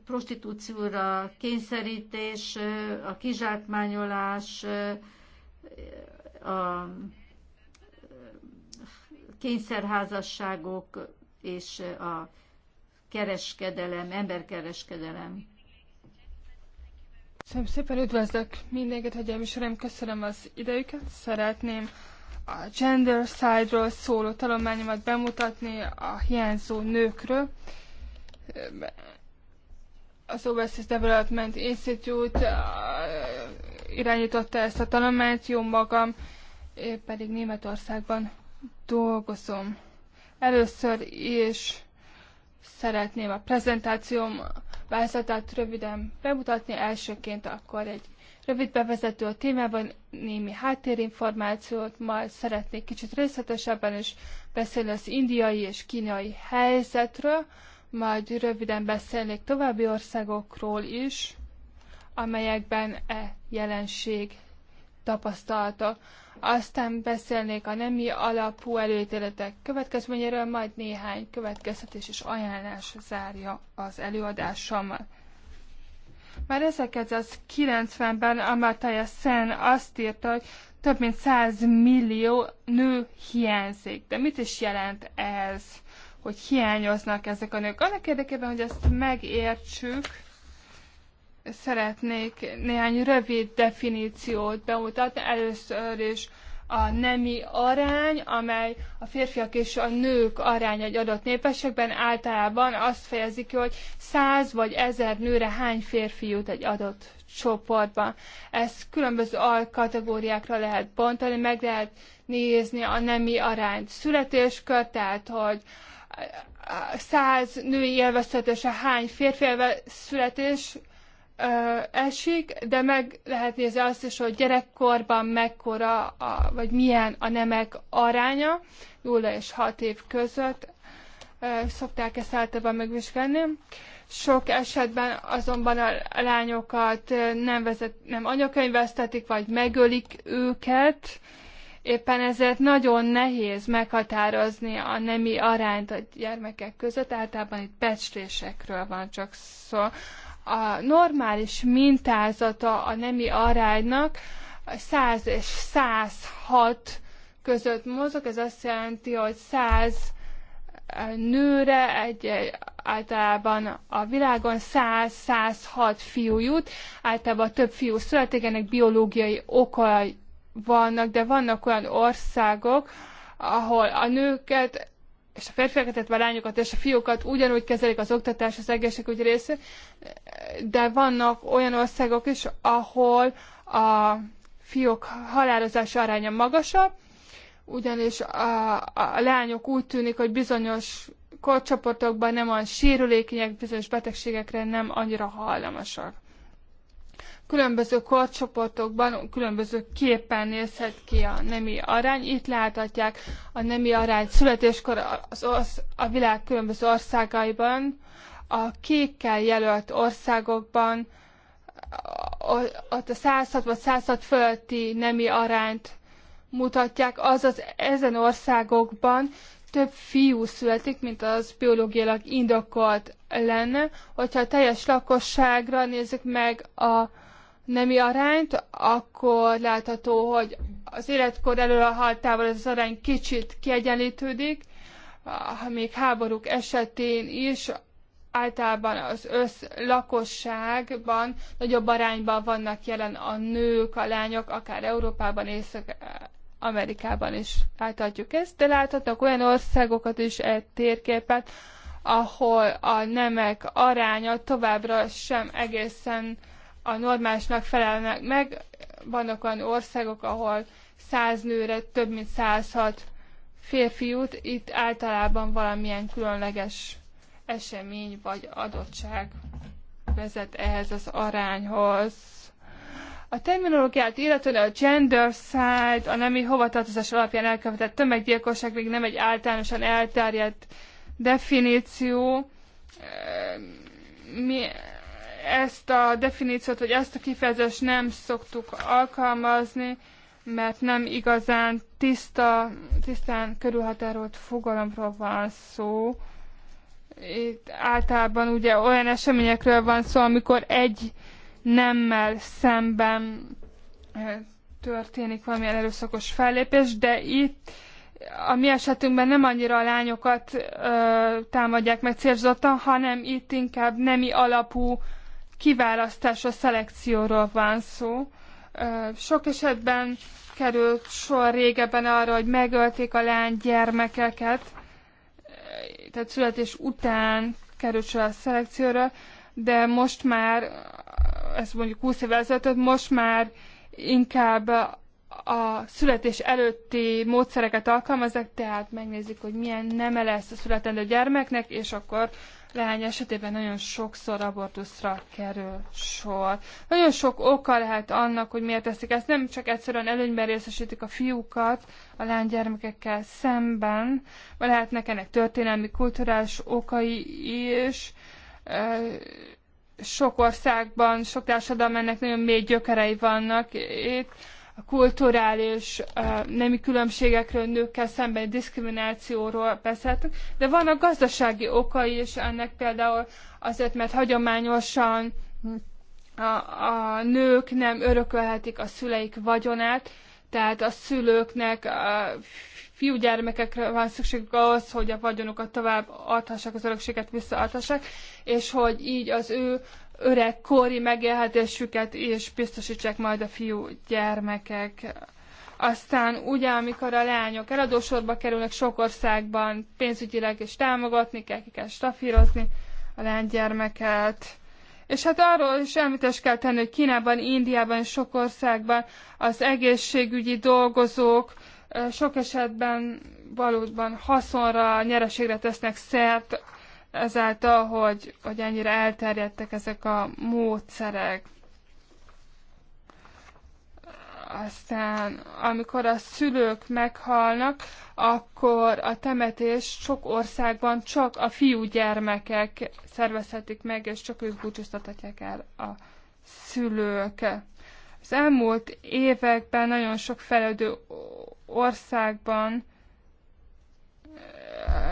prostitúcióra kényszerítés, a kizsákmányolás, a kényszerházasságok és a kereskedelem, emberkereskedelem. Köszönöm szépen, üdvözlök mindenkit, hogy és uram, köszönöm az idejüket. Szeretném a gender side-ról szóló tanulmányomat bemutatni a hiányzó nőkről. Az Overseas Development Institute irányította ezt a tanulmányt, jó magam, én pedig Németországban dolgozom. Először is szeretném a prezentációm vázlatát röviden bemutatni. Elsőként akkor egy rövid bevezető a témában, némi háttérinformációt, majd szeretnék kicsit részletesebben is beszélni az indiai és kínai helyzetről, majd röviden beszélnék további országokról is, amelyekben e jelenség tapasztalta aztán beszélnék a nemi alapú előítéletek következményéről, majd néhány következtetés és ajánlás zárja az előadásomat. Már 1990-ben Amataya Sen azt írta, hogy több mint 100 millió nő hiányzik. De mit is jelent ez, hogy hiányoznak ezek a nők? Annak érdekében, hogy ezt megértsük, szeretnék néhány rövid definíciót bemutatni. Először is a nemi arány, amely a férfiak és a nők aránya egy adott népességben általában azt fejezi ki, hogy száz vagy ezer nőre hány férfi jut egy adott csoportban. Ezt különböző alkategóriákra lehet bontani, meg lehet nézni a nemi arányt születéskör, tehát hogy száz női élvezhetése hány férfi születés ö, esik, de meg lehet nézni azt is, hogy gyerekkorban mekkora, a, vagy milyen a nemek aránya 0 és 6 év között. Ö, szokták ezt általában megvizsgálni. Sok esetben azonban a lányokat nem, vezet, nem anyakönyvesztetik, vagy megölik őket. Éppen ezért nagyon nehéz meghatározni a nemi arányt a gyermekek között, általában itt pecslésekről van csak szó a normális mintázata a nemi aránynak 100 és 106 között mozog, ez azt jelenti, hogy 100 nőre egy, egy általában a világon 100-106 fiú jut, általában több fiú születik, ennek biológiai okai vannak, de vannak olyan országok, ahol a nőket és a férfiakat, tehát a lányokat és a fiúkat ugyanúgy kezelik az oktatás, az egészségügy része, de vannak olyan országok is, ahol a fiúk halálozási aránya magasabb, ugyanis a, a lányok úgy tűnik, hogy bizonyos korcsoportokban nem olyan sérülékenyek, bizonyos betegségekre nem annyira hajlamosak különböző korcsoportokban különböző képen nézhet ki a nemi arány. Itt láthatják a nemi arány születéskor az orsz, a világ különböző országaiban, a kékkel jelölt országokban, ott a 106 vagy 106 fölötti nemi arányt mutatják, azaz ezen országokban több fiú születik, mint az biológiailag indokolt lenne. Hogyha a teljes lakosságra nézzük meg a nemi arányt, akkor látható, hogy az életkor elől a haltával ez az arány kicsit kiegyenlítődik, ah, még háborúk esetén is általában az össz lakosságban nagyobb arányban vannak jelen a nők, a lányok, akár Európában, Észak-Amerikában is láthatjuk ezt, de láthatnak olyan országokat is egy térképet, ahol a nemek aránya továbbra sem egészen a normálisnak felelnek meg. Vannak olyan országok, ahol száz nőre több mint 106 férfi itt általában valamilyen különleges esemény vagy adottság vezet ehhez az arányhoz. A terminológiát illetően a gender side, a nemi hovatartozás alapján elkövetett tömeggyilkosság még nem egy általánosan elterjedt definíció. Ehm, mi ezt a definíciót, vagy ezt a kifejezést nem szoktuk alkalmazni, mert nem igazán tiszta, tisztán körülhatárolt fogalomról van szó. Itt általában ugye olyan eseményekről van szó, amikor egy nemmel szemben történik valamilyen erőszakos fellépés, de itt a mi esetünkben nem annyira a lányokat ö, támadják meg célzottan, hanem itt inkább nemi alapú kiválasztásról, szelekcióról van szó. Sok esetben került sor régebben arra, hogy megölték a lány gyermekeket, tehát születés után került sor a szelekcióra, de most már, ez mondjuk 20 évvel ezelőtt, most már inkább a születés előtti módszereket alkalmazzák, tehát megnézik, hogy milyen neme lesz a születendő gyermeknek, és akkor leány esetében nagyon sokszor abortuszra kerül sor. Nagyon sok oka lehet annak, hogy miért teszik ezt. Nem csak egyszerűen előnyben részesítik a fiúkat a lánygyermekekkel szemben, vagy lehetnek ennek történelmi, kulturális okai is. Sok országban, sok társadalom ennek nagyon mély gyökerei vannak itt a kulturális nemi különbségekről, nőkkel szembeni diszkriminációról beszéltünk, de vannak gazdasági okai is ennek például azért, mert hagyományosan a, a nők nem örökölhetik a szüleik vagyonát, tehát a szülőknek a fiúgyermekekre van szükségük ahhoz, hogy a vagyonukat tovább adhassák, az örökséget visszaadhassák, és hogy így az ő öreg kori megélhetésüket is biztosítsák majd a fiú gyermekek. Aztán ugye, amikor a lányok eladósorba kerülnek sok országban, pénzügyileg is támogatni kell, ki kell stafírozni a lánygyermeket. És hát arról is említést kell tenni, hogy Kínában, Indiában és sok országban az egészségügyi dolgozók eh, sok esetben valóban haszonra, nyereségre tesznek szert ezáltal, hogy, hogy ennyire elterjedtek ezek a módszerek. Aztán, amikor a szülők meghalnak, akkor a temetés sok országban csak a fiú gyermekek szervezhetik meg, és csak ők búcsúztathatják el a szülők. Az elmúlt években nagyon sok felelődő országban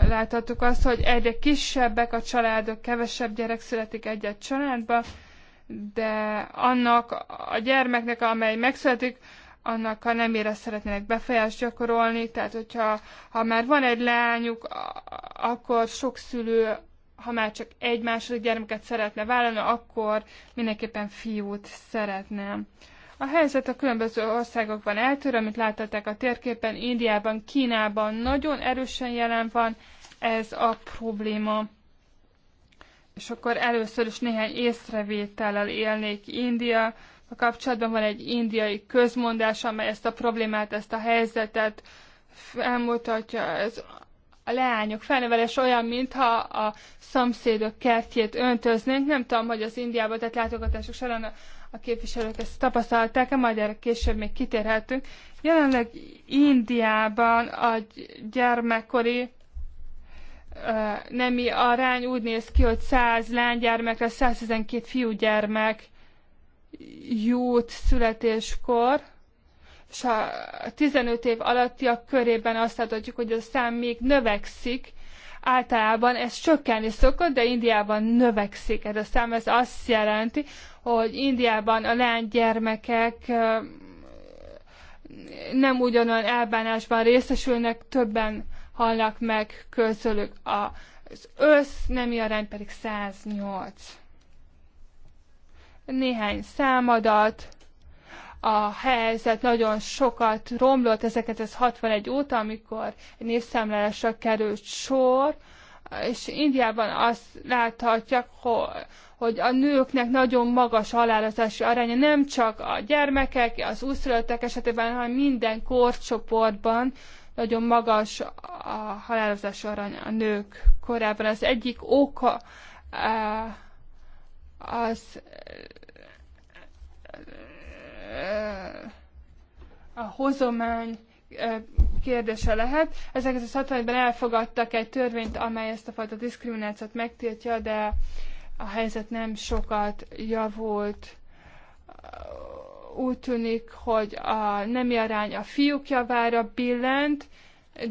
láthattuk azt, hogy egyre kisebbek a családok, kevesebb gyerek születik egy-egy családba, de annak a gyermeknek, amely megszületik, annak a nemére szeretnének befolyást gyakorolni, tehát hogyha ha már van egy lányuk, akkor sok szülő, ha már csak egy második gyermeket szeretne vállalni, akkor mindenképpen fiút szeretne. A helyzet a különböző országokban eltör, amit láthatják a térképen, Indiában, Kínában nagyon erősen jelen van ez a probléma. És akkor először is néhány észrevétellel élnék India. A kapcsolatban van egy indiai közmondás, amely ezt a problémát, ezt a helyzetet felmutatja. Ez a leányok felnevelés olyan, mintha a szomszédok kertjét öntöznénk. Nem tudom, hogy az Indiában, tehát látogatások során a képviselők ezt tapasztalták, -e, majd erre később még kitérhetünk. Jelenleg Indiában a gyermekkori nemi arány úgy néz ki, hogy 100 lánygyermekre 112 fiúgyermek jut születéskor, és a 15 év alattiak körében azt adhatjuk, hogy a szám még növekszik, általában ez csökkenni szokott, de Indiában növekszik ez a szám. Ez azt jelenti, hogy Indiában a lánygyermekek nem ugyanolyan elbánásban részesülnek, többen halnak meg közülük. Az össz nemi arány pedig 108. Néhány számadat a helyzet nagyon sokat romlott ezeket 61 óta, amikor népszámlálásra került sor, és Indiában azt láthatják, hogy a nőknek nagyon magas halálozási aránya nem csak a gyermekek, az úszülöttek esetében, hanem minden korcsoportban nagyon magas a halálozási aránya a nők korábban. Az egyik oka eh, az a hozomány kérdése lehet. 1961-ben elfogadtak egy törvényt, amely ezt a fajta diszkriminációt megtiltja, de a helyzet nem sokat javult. Úgy tűnik, hogy a nemi arány a fiúk javára billent,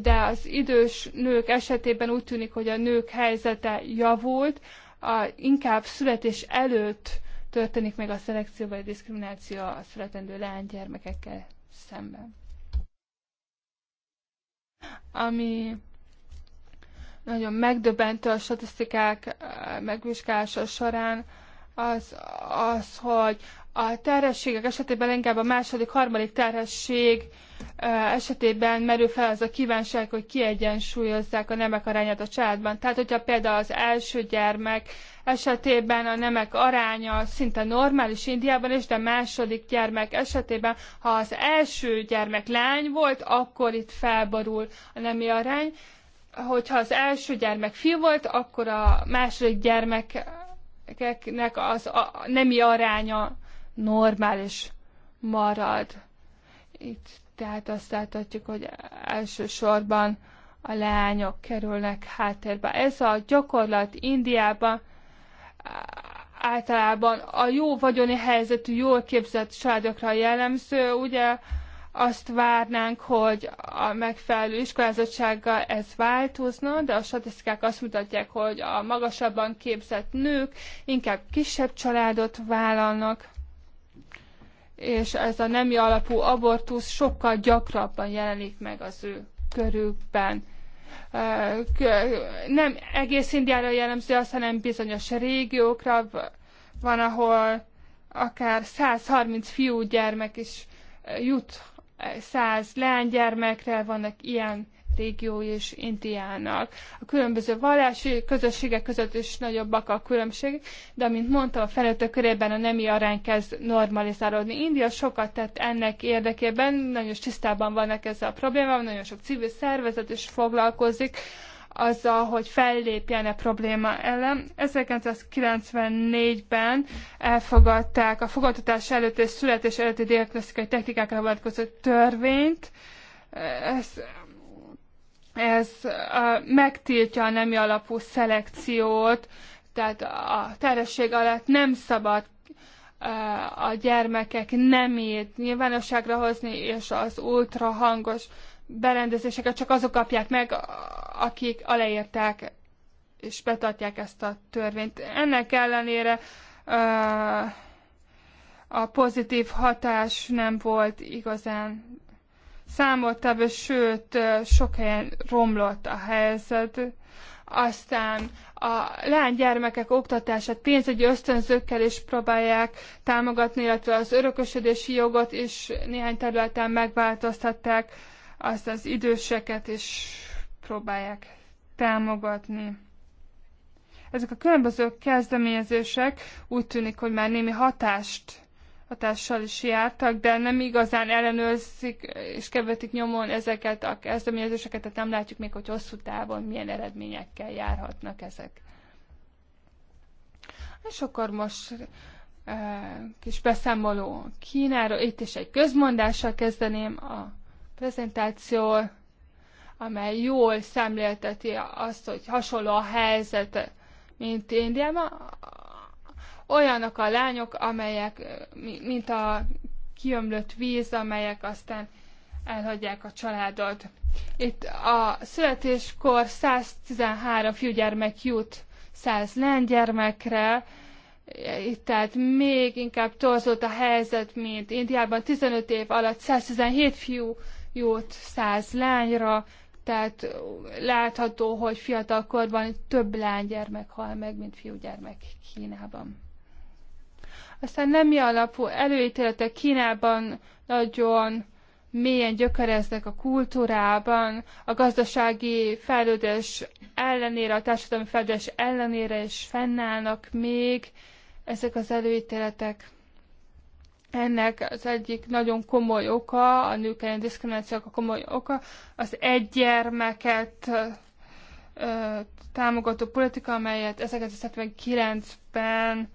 de az idős nők esetében úgy tűnik, hogy a nők helyzete javult, a, inkább születés előtt történik meg a szelekció vagy a diszkrimináció a születendő leánygyermekekkel szemben. Ami nagyon megdöbbentő a statisztikák eh, megvizsgálása során, az, az, hogy a terhességek esetében inkább a második, harmadik terhesség esetében merül fel az a kívánság, hogy kiegyensúlyozzák a nemek arányát a családban. Tehát, hogyha például az első gyermek esetében a nemek aránya szinte normális Indiában is, de második gyermek esetében, ha az első gyermek lány volt, akkor itt felborul a nemi arány. Hogyha az első gyermek fiú volt, akkor a második gyermekeknek az a nemi aránya normális marad. Itt tehát azt láthatjuk, hogy elsősorban a leányok kerülnek háttérbe. Ez a gyakorlat Indiában általában a jó vagyoni helyzetű, jól képzett családokra jellemző, ugye azt várnánk, hogy a megfelelő iskolázottsággal ez változna, de a statisztikák azt mutatják, hogy a magasabban képzett nők inkább kisebb családot vállalnak, és ez a nemi alapú abortusz sokkal gyakrabban jelenik meg az ő körükben. Nem egész Indiára jellemző az, hanem bizonyos régiókra van, ahol akár 130 fiúgyermek is jut 100 leánygyermekre, vannak ilyen régió és Indiának. A különböző vallási közösségek között is nagyobbak a különbségek, de amint mondtam a felnőttek körében a nemi arány kezd normalizálódni. India sokat tett ennek érdekében, nagyon tisztában vannak ezzel a problémával, nagyon sok civil szervezet is foglalkozik azzal, hogy fellépjen a e probléma ellen. 1994-ben elfogadták a fogadtatás előtt és születés előtti diagnosztikai technikákra vonatkozó törvényt. Ez ez megtiltja a nemi alapú szelekciót, tehát a terhesség alatt nem szabad a gyermekek nemét nyilvánosságra hozni, és az ultrahangos berendezéseket csak azok kapják meg, akik aláírták és betartják ezt a törvényt. Ennek ellenére a pozitív hatás nem volt igazán számottabb, sőt, sok helyen romlott a helyzet. Aztán a lánygyermekek oktatását pénzügyi ösztönzőkkel is próbálják támogatni, illetve az örökösödési jogot is néhány területen megváltoztatták, azt az időseket is próbálják támogatni. Ezek a különböző kezdeményezések úgy tűnik, hogy már némi hatást hatással is jártak, de nem igazán ellenőrzik és követik nyomon ezeket a kezdeményezéseket, tehát nem látjuk még, hogy hosszú távon milyen eredményekkel járhatnak ezek. És akkor most e, kis beszámoló Kínáról, itt is egy közmondással kezdeném a prezentáció, amely jól szemlélteti azt, hogy hasonló a helyzet, mint Indiában olyanok a lányok, amelyek, mint a kiömlött víz, amelyek aztán elhagyják a családot. Itt a születéskor 113 fiúgyermek jut 100 lánygyermekre, itt tehát még inkább torzult a helyzet, mint Indiában 15 év alatt 117 fiú jut 100 lányra, tehát látható, hogy fiatalkorban több lánygyermek hal meg, mint fiúgyermek Kínában. Aztán nemi alapú előítéletek Kínában nagyon mélyen gyökereznek a kultúrában, a gazdasági fejlődés ellenére, a társadalmi fejlődés ellenére is fennállnak még ezek az előítéletek. Ennek az egyik nagyon komoly oka, a nők elleni diszkriminációk a komoly oka, az gyermeket ö, támogató politika, amelyet 1979-ben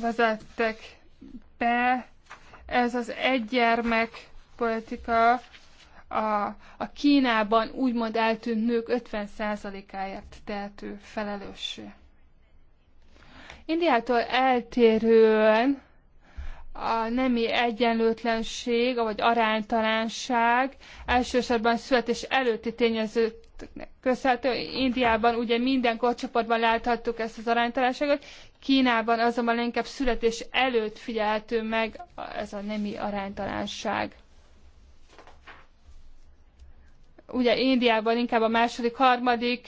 vezettek be. Ez az egygyermek politika a, a Kínában úgymond eltűnt nők 50%-áért tehető felelőssé. Indiától eltérően a nemi egyenlőtlenség, vagy aránytalanság elsősorban születés előtti tényezőknek köszönhető. Indiában ugye minden korcsoportban láthattuk ezt az aránytalanságot, Kínában azonban inkább születés előtt figyelhető meg ez a nemi aránytalanság. Ugye Indiában inkább a második, harmadik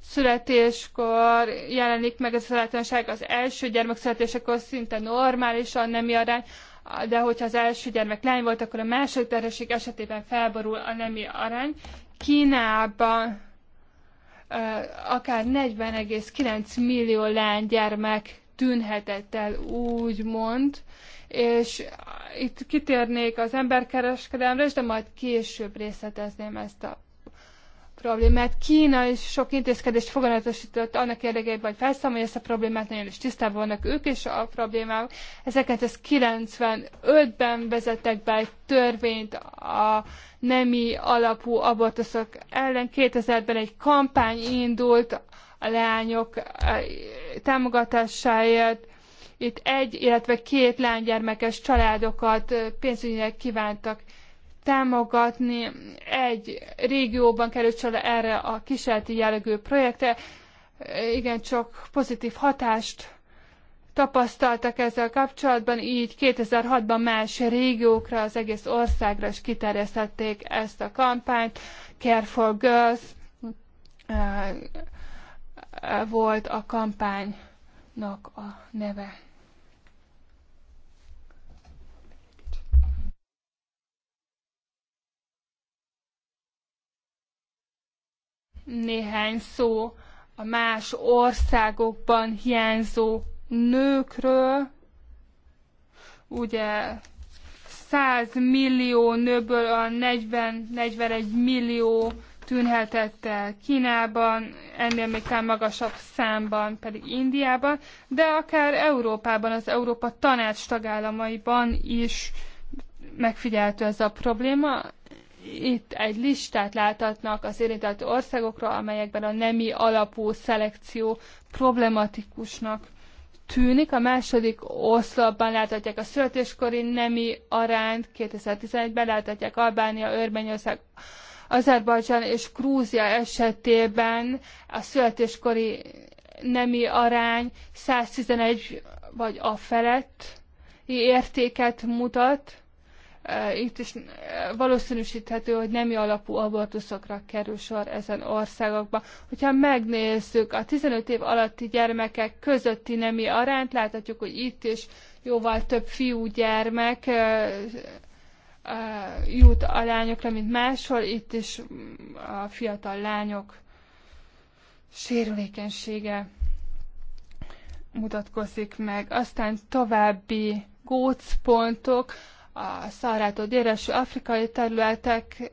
születéskor jelenik meg ez a születőség, az első gyermek születésekor szinte normálisan nemi arány, de hogyha az első gyermek lány volt, akkor a második terhesség esetében felborul a nemi arány. Kínában akár 40,9 millió lánygyermek tűnhetett el, úgy mond, és itt kitérnék az emberkereskedelemre, és de majd később részletezném ezt a problémát. Kína is sok intézkedést foganatosított annak érdekében, hogy felszámolja ezt a problémát, nagyon is tisztában vannak ők is a problémával. 95 ben vezettek be egy törvényt a nemi alapú abortuszok ellen. 2000-ben egy kampány indult a leányok eh, támogatásáért. Itt egy, illetve két lánygyermekes családokat eh, pénzügyileg kívántak támogatni. Egy régióban került sor erre a kísérleti jellegű projektre. Igen, csak pozitív hatást tapasztaltak ezzel kapcsolatban, így 2006-ban más régiókra, az egész országra is kiterjesztették ezt a kampányt. Care for Girls eh, eh, volt a kampánynak a neve. néhány szó a más országokban hiányzó nőkről. Ugye 100 millió nőből a 40-41 millió tűnhetett el Kínában, ennél még talán magasabb számban pedig Indiában, de akár Európában, az Európa tanács tagállamaiban is megfigyeltő ez a probléma itt egy listát láthatnak az érintett országokra, amelyekben a nemi alapú szelekció problematikusnak tűnik. A második oszlopban láthatják a születéskori nemi arányt, 2011-ben láthatják Albánia, Örményország, Azerbajdzsán és Grúzia esetében a születéskori nemi arány 111 vagy a felett értéket mutat Eh, itt is eh, valószínűsíthető, hogy nemi alapú abortuszokra kerül sor ezen országokban. Hogyha megnézzük a 15 év alatti gyermekek közötti nemi arányt, láthatjuk, hogy itt is jóval több fiú gyermek eh, jut a lányokra, mint máshol, itt is mm, a fiatal lányok sérülékenysége mutatkozik meg. Aztán további gócpontok, a Szarától déreső afrikai területek,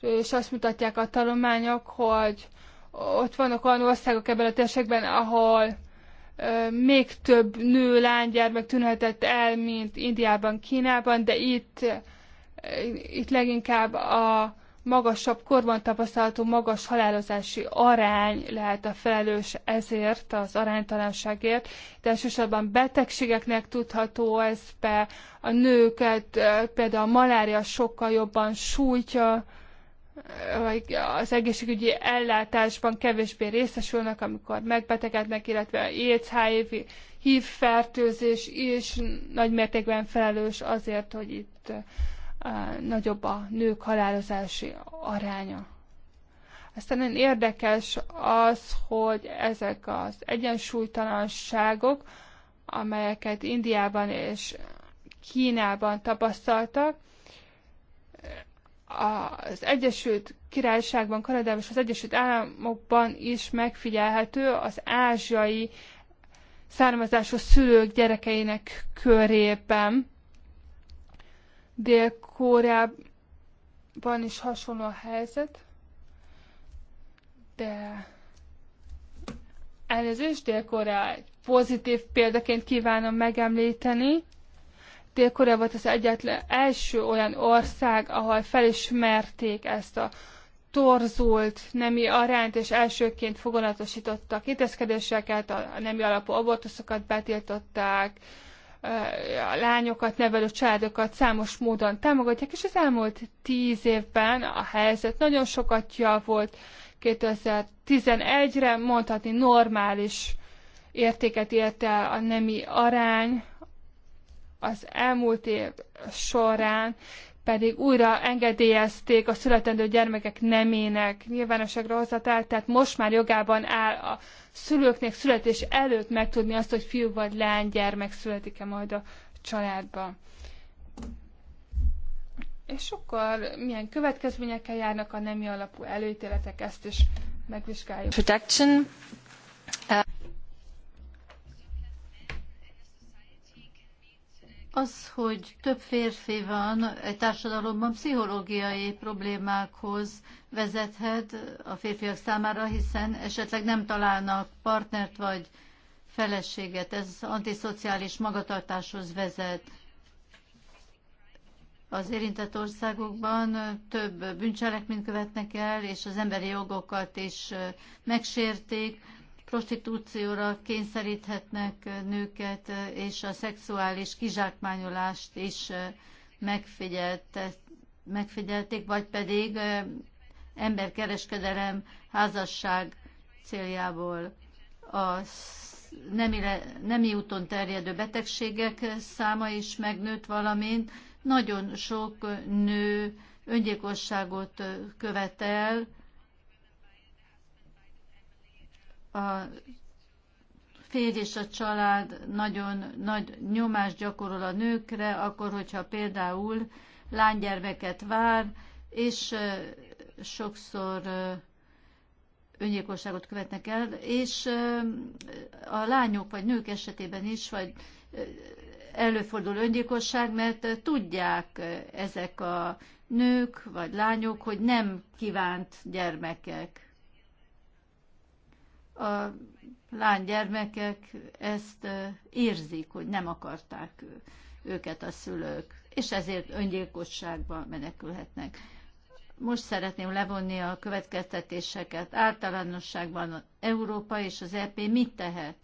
és azt mutatják a tanulmányok, hogy ott vannak olyan országok ebben a térségben, ahol még több nő, lány, gyermek tűnhetett el, mint Indiában, Kínában, de itt, itt leginkább a magasabb korban tapasztalható magas halálozási arány lehet a felelős ezért, az aránytalanságért. De elsősorban betegségeknek tudható ez be, a nőket például a malária sokkal jobban sújtja, vagy az egészségügyi ellátásban kevésbé részesülnek, amikor megbetegednek, illetve AIDS, HIV, HIV fertőzés is nagy mértékben felelős azért, hogy itt nagyobb a nők halálozási aránya. Aztán nagyon érdekes az, hogy ezek az egyensúlytalanságok, amelyeket Indiában és Kínában tapasztaltak, az Egyesült Királyságban, Kanadában és az Egyesült Államokban is megfigyelhető az ázsiai származású szülők gyerekeinek körében dél van is hasonló a helyzet, de elnézést, dél egy pozitív példaként kívánom megemlíteni. dél volt az egyetlen első olyan ország, ahol felismerték ezt a torzult nemi arányt, és elsőként fogonatosítottak intézkedéseket, a nemi alapú abortuszokat betiltották, a lányokat nevelő családokat számos módon támogatják, és az elmúlt tíz évben a helyzet nagyon sokat javult. 2011-re mondhatni normális értéket ért el a nemi arány az elmúlt év során pedig újra engedélyezték a születendő gyermekek nemének nyilvánosságra hozatát, tehát most már jogában áll a szülőknek születés előtt megtudni azt, hogy fiú vagy lány gyermek születik-e majd a családban. És akkor milyen következményekkel járnak a nemi alapú előítéletek, ezt is megvizsgáljuk. Protection. Az, hogy több férfi van egy társadalomban, pszichológiai problémákhoz vezethet a férfiak számára, hiszen esetleg nem találnak partnert vagy feleséget. Ez antiszociális magatartáshoz vezet. Az érintett országokban több bűncselekményt követnek el, és az emberi jogokat is megsérték prostitúcióra kényszeríthetnek nőket, és a szexuális kizsákmányolást is megfigyelték, vagy pedig emberkereskedelem házasság céljából a nemire, nemi úton terjedő betegségek száma is megnőtt, valamint nagyon sok nő öngyilkosságot követel, a férj és a család nagyon nagy nyomást gyakorol a nőkre, akkor, hogyha például lánygyermeket vár, és sokszor öngyilkosságot követnek el, és a lányok vagy nők esetében is, vagy előfordul öngyilkosság, mert tudják ezek a nők vagy lányok, hogy nem kívánt gyermekek a lánygyermekek ezt érzik, hogy nem akarták őket a szülők, és ezért öngyilkosságba menekülhetnek. Most szeretném levonni a következtetéseket. Általánosságban Európa és az EP mit tehet?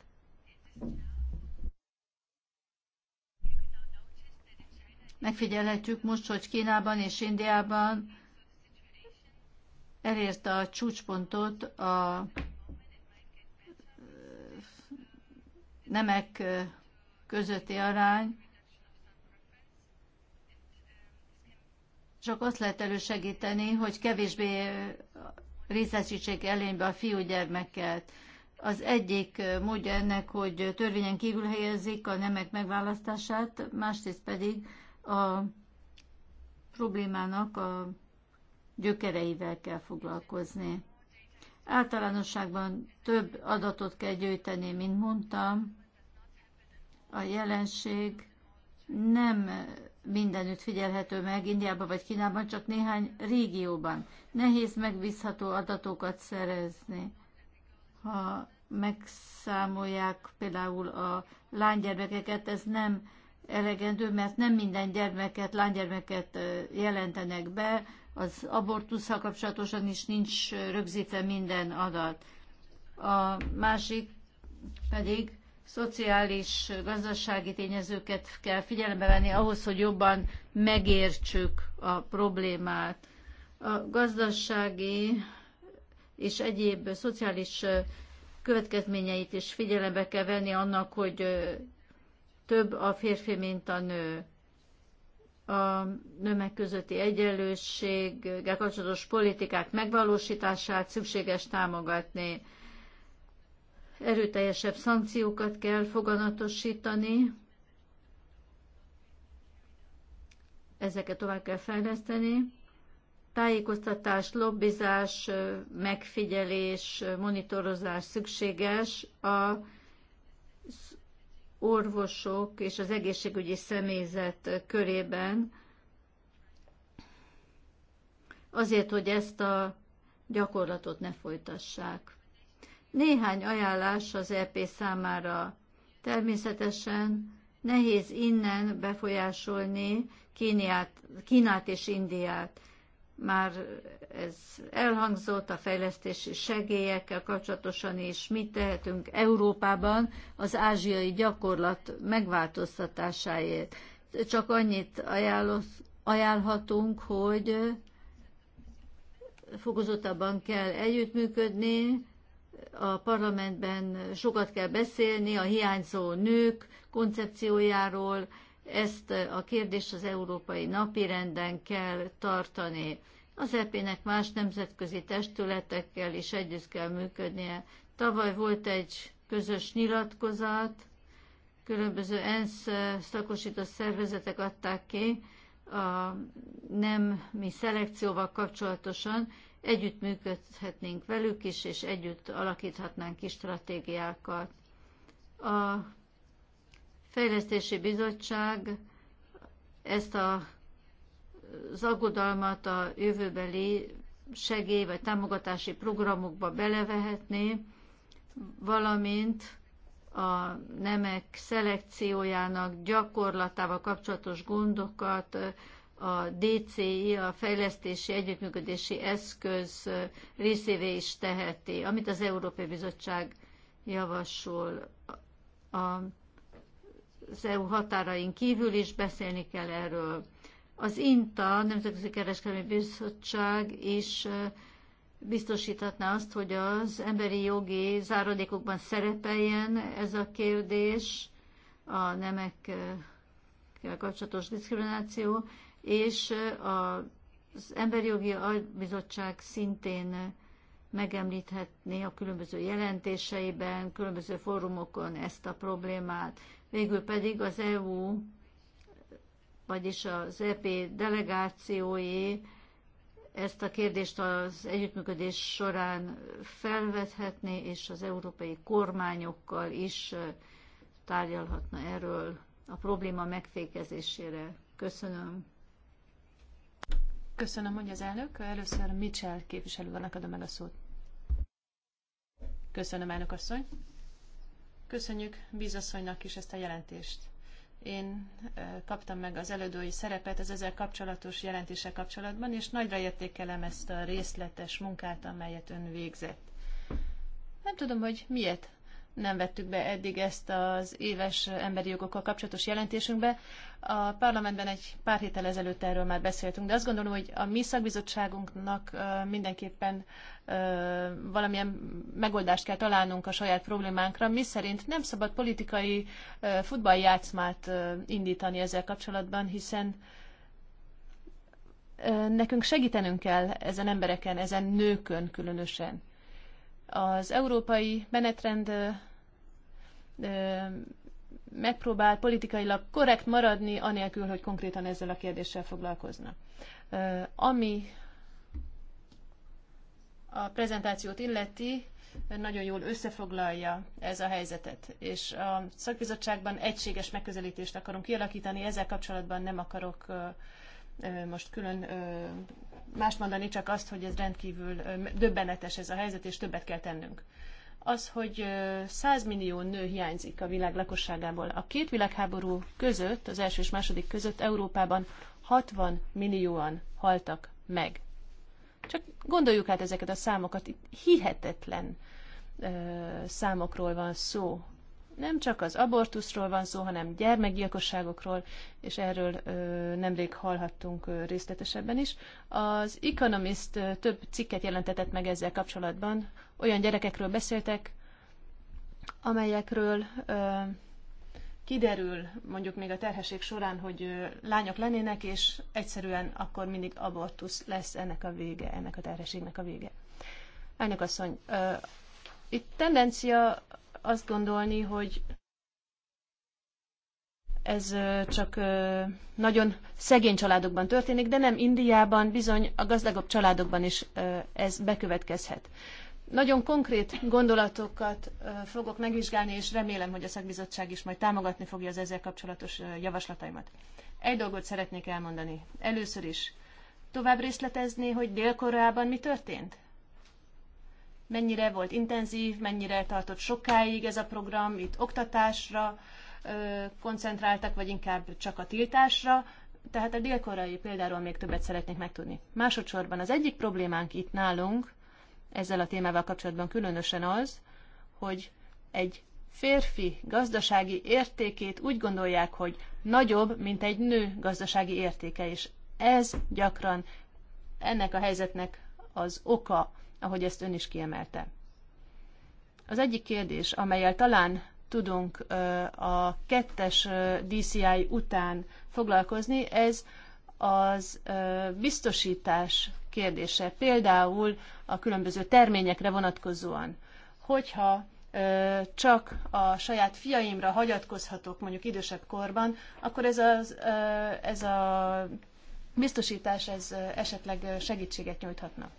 Megfigyelhetjük most, hogy Kínában és Indiában elérte a csúcspontot a nemek közötti arány, csak azt lehet elősegíteni, hogy kevésbé részesítsék elénybe a fiúgyermeket. Az egyik módja ennek, hogy törvényen kívül helyezik a nemek megválasztását, másrészt pedig a problémának a gyökereivel kell foglalkozni. Általánosságban több adatot kell gyűjteni, mint mondtam, a jelenség nem mindenütt figyelhető meg, Indiában vagy Kínában, csak néhány régióban. Nehéz megbízható adatokat szerezni. Ha megszámolják például a lánygyermekeket, ez nem elegendő, mert nem minden gyermeket, lánygyermeket jelentenek be, az abortusz kapcsolatosan is nincs rögzítve minden adat. A másik pedig szociális, gazdasági tényezőket kell figyelembe venni ahhoz, hogy jobban megértsük a problémát. A gazdasági és egyéb szociális következményeit is figyelembe kell venni annak, hogy több a férfi, mint a nő. A nőmek közötti egyenlőséggel kapcsolatos politikák megvalósítását szükséges támogatni erőteljesebb szankciókat kell foganatosítani, ezeket tovább kell fejleszteni, tájékoztatás, lobbizás, megfigyelés, monitorozás szükséges a orvosok és az egészségügyi személyzet körében, azért, hogy ezt a gyakorlatot ne folytassák. Néhány ajánlás az EP számára. Természetesen nehéz innen befolyásolni Kíniát, Kínát és Indiát. Már ez elhangzott a fejlesztési segélyekkel kapcsolatosan is, mit tehetünk Európában az ázsiai gyakorlat megváltoztatásáért. Csak annyit ajánlott, ajánlhatunk, hogy fokozottabban kell együttműködni, a parlamentben sokat kell beszélni a hiányzó nők koncepciójáról, ezt a kérdést az európai napirenden kell tartani. Az EP-nek más nemzetközi testületekkel is együtt kell működnie. Tavaly volt egy közös nyilatkozat, különböző ENSZ szakosított szervezetek adták ki a mi szelekcióval kapcsolatosan, együttműködhetnénk velük is, és együtt alakíthatnánk ki stratégiákat. A Fejlesztési Bizottság ezt a, az aggodalmat a jövőbeli segély vagy támogatási programokba belevehetné, valamint a nemek szelekciójának gyakorlatával kapcsolatos gondokat, a DCI, a Fejlesztési Együttműködési Eszköz részévé is teheti, amit az Európai Bizottság javasol. A, az EU határain kívül is beszélni kell erről. Az INTA, Nemzetközi Kereskedelmi Bizottság is biztosíthatná azt, hogy az emberi jogi záradékokban szerepeljen ez a kérdés, a nemekkel kapcsolatos diszkrimináció, és az Jogi Bizottság szintén megemlíthetné a különböző jelentéseiben, különböző fórumokon ezt a problémát. Végül pedig az EU, vagyis az EP delegációi ezt a kérdést az együttműködés során felvethetné, és az európai kormányokkal is tárgyalhatna erről a probléma megfékezésére. Köszönöm. Köszönöm, hogy az elnök. Először Mitchell képviselő vannak, adom meg a szót. Köszönöm, elnök asszony. Köszönjük bizasszonynak is ezt a jelentést. Én kaptam meg az elődői szerepet az ezzel kapcsolatos jelentése kapcsolatban, és nagyra értékelem ezt a részletes munkát, amelyet ön végzett. Nem tudom, hogy miért nem vettük be eddig ezt az éves emberi jogokkal kapcsolatos jelentésünkbe. A parlamentben egy pár héttel ezelőtt erről már beszéltünk, de azt gondolom, hogy a mi szakbizottságunknak mindenképpen valamilyen megoldást kell találnunk a saját problémánkra, mi szerint nem szabad politikai futballjátszmát indítani ezzel kapcsolatban, hiszen nekünk segítenünk kell ezen embereken, ezen nőkön különösen az európai menetrend megpróbál politikailag korrekt maradni, anélkül, hogy konkrétan ezzel a kérdéssel foglalkozna. Ami a prezentációt illeti, nagyon jól összefoglalja ez a helyzetet, és a szakbizottságban egységes megközelítést akarunk kialakítani, ezzel kapcsolatban nem akarok most külön más mondani, csak azt, hogy ez rendkívül döbbenetes ez a helyzet, és többet kell tennünk. Az, hogy 100 millió nő hiányzik a világ lakosságából. A két világháború között, az első és második között Európában 60 millióan haltak meg. Csak gondoljuk át ezeket a számokat, itt hihetetlen számokról van szó nem csak az abortuszról van szó, hanem gyermekgyilkosságokról, és erről ö, nemrég hallhattunk ö, részletesebben is. Az Economist ö, több cikket jelentetett meg ezzel kapcsolatban. Olyan gyerekekről beszéltek, amelyekről ö, kiderül mondjuk még a terhesség során, hogy ö, lányok lennének, és egyszerűen akkor mindig abortusz lesz ennek a vége, ennek a terhességnek a vége. Elnök asszony, ö, itt tendencia azt gondolni, hogy ez csak nagyon szegény családokban történik, de nem Indiában, bizony a gazdagabb családokban is ez bekövetkezhet. Nagyon konkrét gondolatokat fogok megvizsgálni, és remélem, hogy a szakbizottság is majd támogatni fogja az ezzel kapcsolatos javaslataimat. Egy dolgot szeretnék elmondani. Először is tovább részletezni, hogy dél mi történt? mennyire volt intenzív, mennyire tartott sokáig ez a program, itt oktatásra koncentráltak, vagy inkább csak a tiltásra. Tehát a délkorai példáról még többet szeretnék megtudni. Másodszorban az egyik problémánk itt nálunk, ezzel a témával kapcsolatban különösen az, hogy egy férfi gazdasági értékét úgy gondolják, hogy nagyobb, mint egy nő gazdasági értéke, és ez gyakran ennek a helyzetnek az oka ahogy ezt ön is kiemelte. Az egyik kérdés, amelyel talán tudunk a kettes DCI után foglalkozni, ez az biztosítás kérdése, például a különböző terményekre vonatkozóan. Hogyha csak a saját fiaimra hagyatkozhatok mondjuk idősebb korban, akkor ez, a, ez a biztosítás ez esetleg segítséget nyújthatna.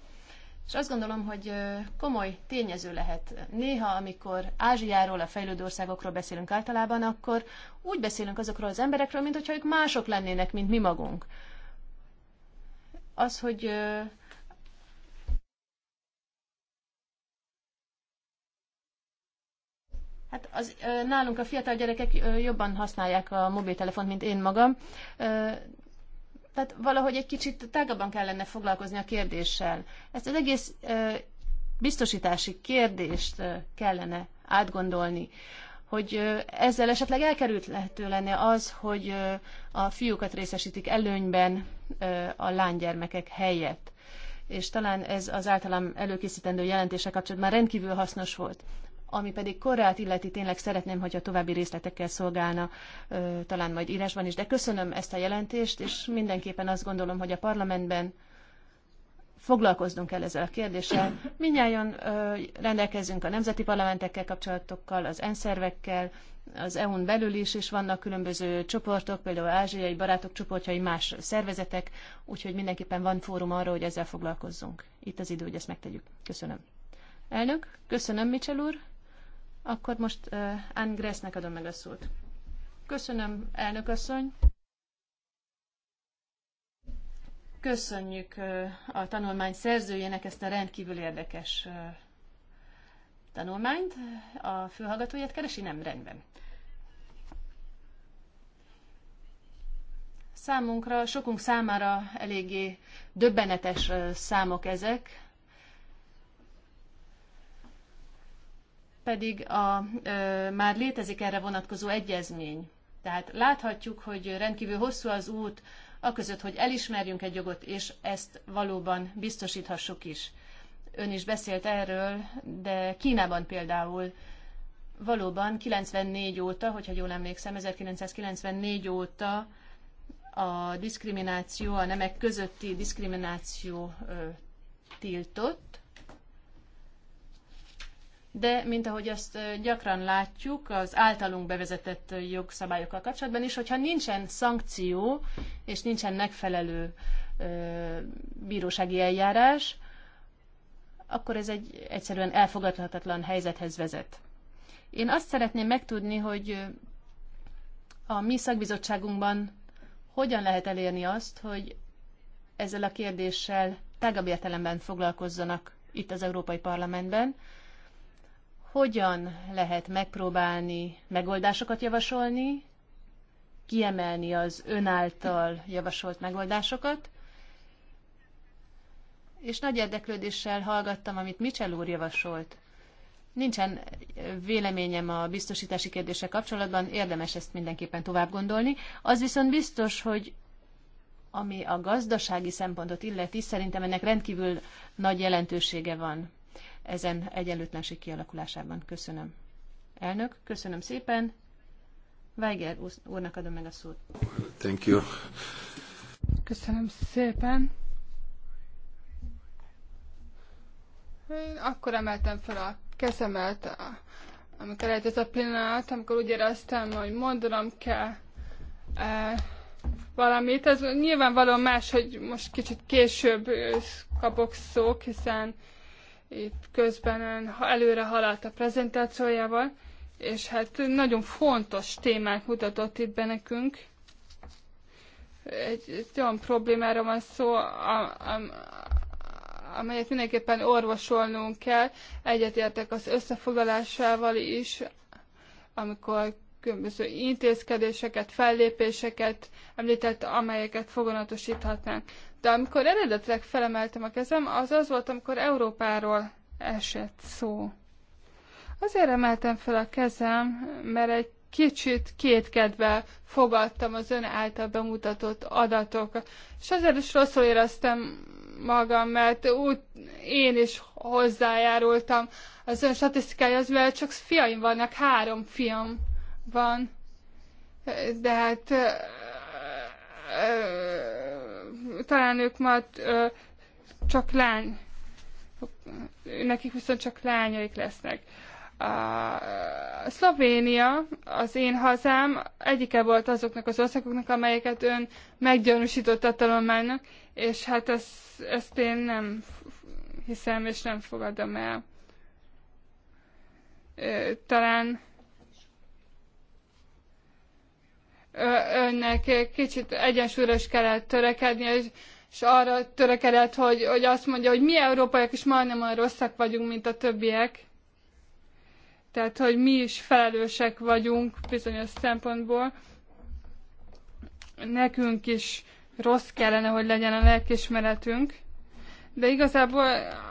És azt gondolom, hogy komoly tényező lehet. Néha, amikor Ázsiáról, a fejlődő országokról beszélünk általában, akkor úgy beszélünk azokról az emberekről, mint hogyha ők mások lennének, mint mi magunk. Az, hogy Hát az, nálunk a fiatal gyerekek jobban használják a mobiltelefont, mint én magam, tehát valahogy egy kicsit tágabban kellene foglalkozni a kérdéssel. Ezt az egész biztosítási kérdést kellene átgondolni, hogy ezzel esetleg elkerülhető lenne az, hogy a fiúkat részesítik előnyben a lánygyermekek helyett és talán ez az általam előkészítendő jelentése kapcsolatban rendkívül hasznos volt. Ami pedig korát illeti, tényleg szeretném, hogyha további részletekkel szolgálna, talán majd írásban is, de köszönöm ezt a jelentést, és mindenképpen azt gondolom, hogy a parlamentben foglalkoznunk el ezzel a kérdéssel. Mindjárt rendelkezünk a nemzeti parlamentekkel kapcsolatokkal, az enszervekkel, az EU-n belül is, és vannak különböző csoportok, például ázsiai barátok csoportjai, más szervezetek, úgyhogy mindenképpen van fórum arra, hogy ezzel foglalkozzunk. Itt az idő, hogy ezt megtegyük. Köszönöm. Elnök, köszönöm, Michel úr. Akkor most uh, Anne Gressnek adom meg a szót. Köszönöm, elnök asszony. Köszönjük uh, a tanulmány szerzőjének ezt a rendkívül érdekes uh, tanulmányt. A főhallgatóját keresi? Nem, rendben. Számunkra, sokunk számára eléggé döbbenetes számok ezek, pedig a, ö, már létezik erre vonatkozó egyezmény. Tehát láthatjuk, hogy rendkívül hosszú az út, aközött, hogy elismerjünk egy jogot, és ezt valóban biztosíthassuk is. Ön is beszélt erről, de Kínában például valóban 94 óta, hogyha jól emlékszem, 1994 óta a diszkrimináció, a nemek közötti diszkrimináció ö, tiltott, de mint ahogy azt gyakran látjuk az általunk bevezetett jogszabályokkal kapcsolatban is, hogyha nincsen szankció és nincsen megfelelő bírósági eljárás, akkor ez egy egyszerűen elfogadhatatlan helyzethez vezet. Én azt szeretném megtudni, hogy a mi szakbizottságunkban hogyan lehet elérni azt, hogy ezzel a kérdéssel tágabb értelemben foglalkozzanak itt az Európai Parlamentben, hogyan lehet megpróbálni megoldásokat javasolni, kiemelni az ön által javasolt megoldásokat, és nagy érdeklődéssel hallgattam, amit Michel úr javasolt. Nincsen véleményem a biztosítási kérdése kapcsolatban, érdemes ezt mindenképpen tovább gondolni. Az viszont biztos, hogy ami a gazdasági szempontot illeti, szerintem ennek rendkívül nagy jelentősége van ezen egyenlőtlenség kialakulásában. Köszönöm. Elnök, köszönöm szépen. Weiger úrnak adom meg a szót. Thank you. Köszönöm szépen. Én akkor emeltem fel a kezemet, amikor ez a pillanat, amikor úgy éreztem, hogy mondanom kell e, valamit. Ez nyilvánvalóan más, hogy most kicsit később kapok szók, hiszen itt közben ön előre haladt a prezentációjával, és hát nagyon fontos témát mutatott itt be nekünk. Egy, egy olyan problémára van szó, a, a, amelyet mindenképpen orvosolnunk kell. Egyetértek az összefoglalásával is, amikor különböző intézkedéseket, fellépéseket említett, amelyeket foganatosíthatnánk. De amikor eredetileg felemeltem a kezem, az az volt, amikor Európáról esett szó. Azért emeltem fel a kezem, mert egy kicsit kétkedve fogadtam az ön által bemutatott adatokat. És azért is rosszul éreztem magam, mert úgy én is hozzájárultam az ön statisztikájához, mert csak fiaim vannak, három fiam van. De hát talán ők ma ö, csak lány, nekik viszont csak lányaik lesznek. A Szlovénia, az én hazám, egyike volt azoknak az országoknak, amelyeket ön meggyanúsított a tanulmánynak, és hát ezt, ezt én nem hiszem és nem fogadom el. Talán önnek kicsit egyensúlyra is kellett törekedni, és, és arra törekedett, hogy, hogy azt mondja, hogy mi európaiak is majdnem olyan rosszak vagyunk, mint a többiek. Tehát, hogy mi is felelősek vagyunk bizonyos szempontból. Nekünk is rossz kellene, hogy legyen a lelkismeretünk. De igazából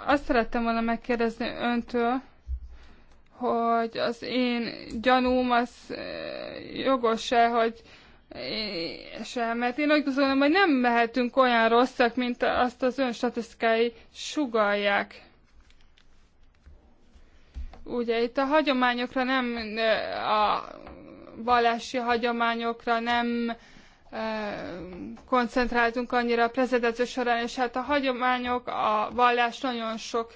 azt szerettem volna megkérdezni öntől, hogy az én gyanúm az jogos-e, hogy sem, mert én úgy gondolom, hogy nem lehetünk olyan rosszak, mint azt az ön statisztikai sugalják. Ugye itt a hagyományokra nem, a vallási hagyományokra nem koncentráltunk annyira a prezentáció során, és hát a hagyományok, a vallás nagyon sok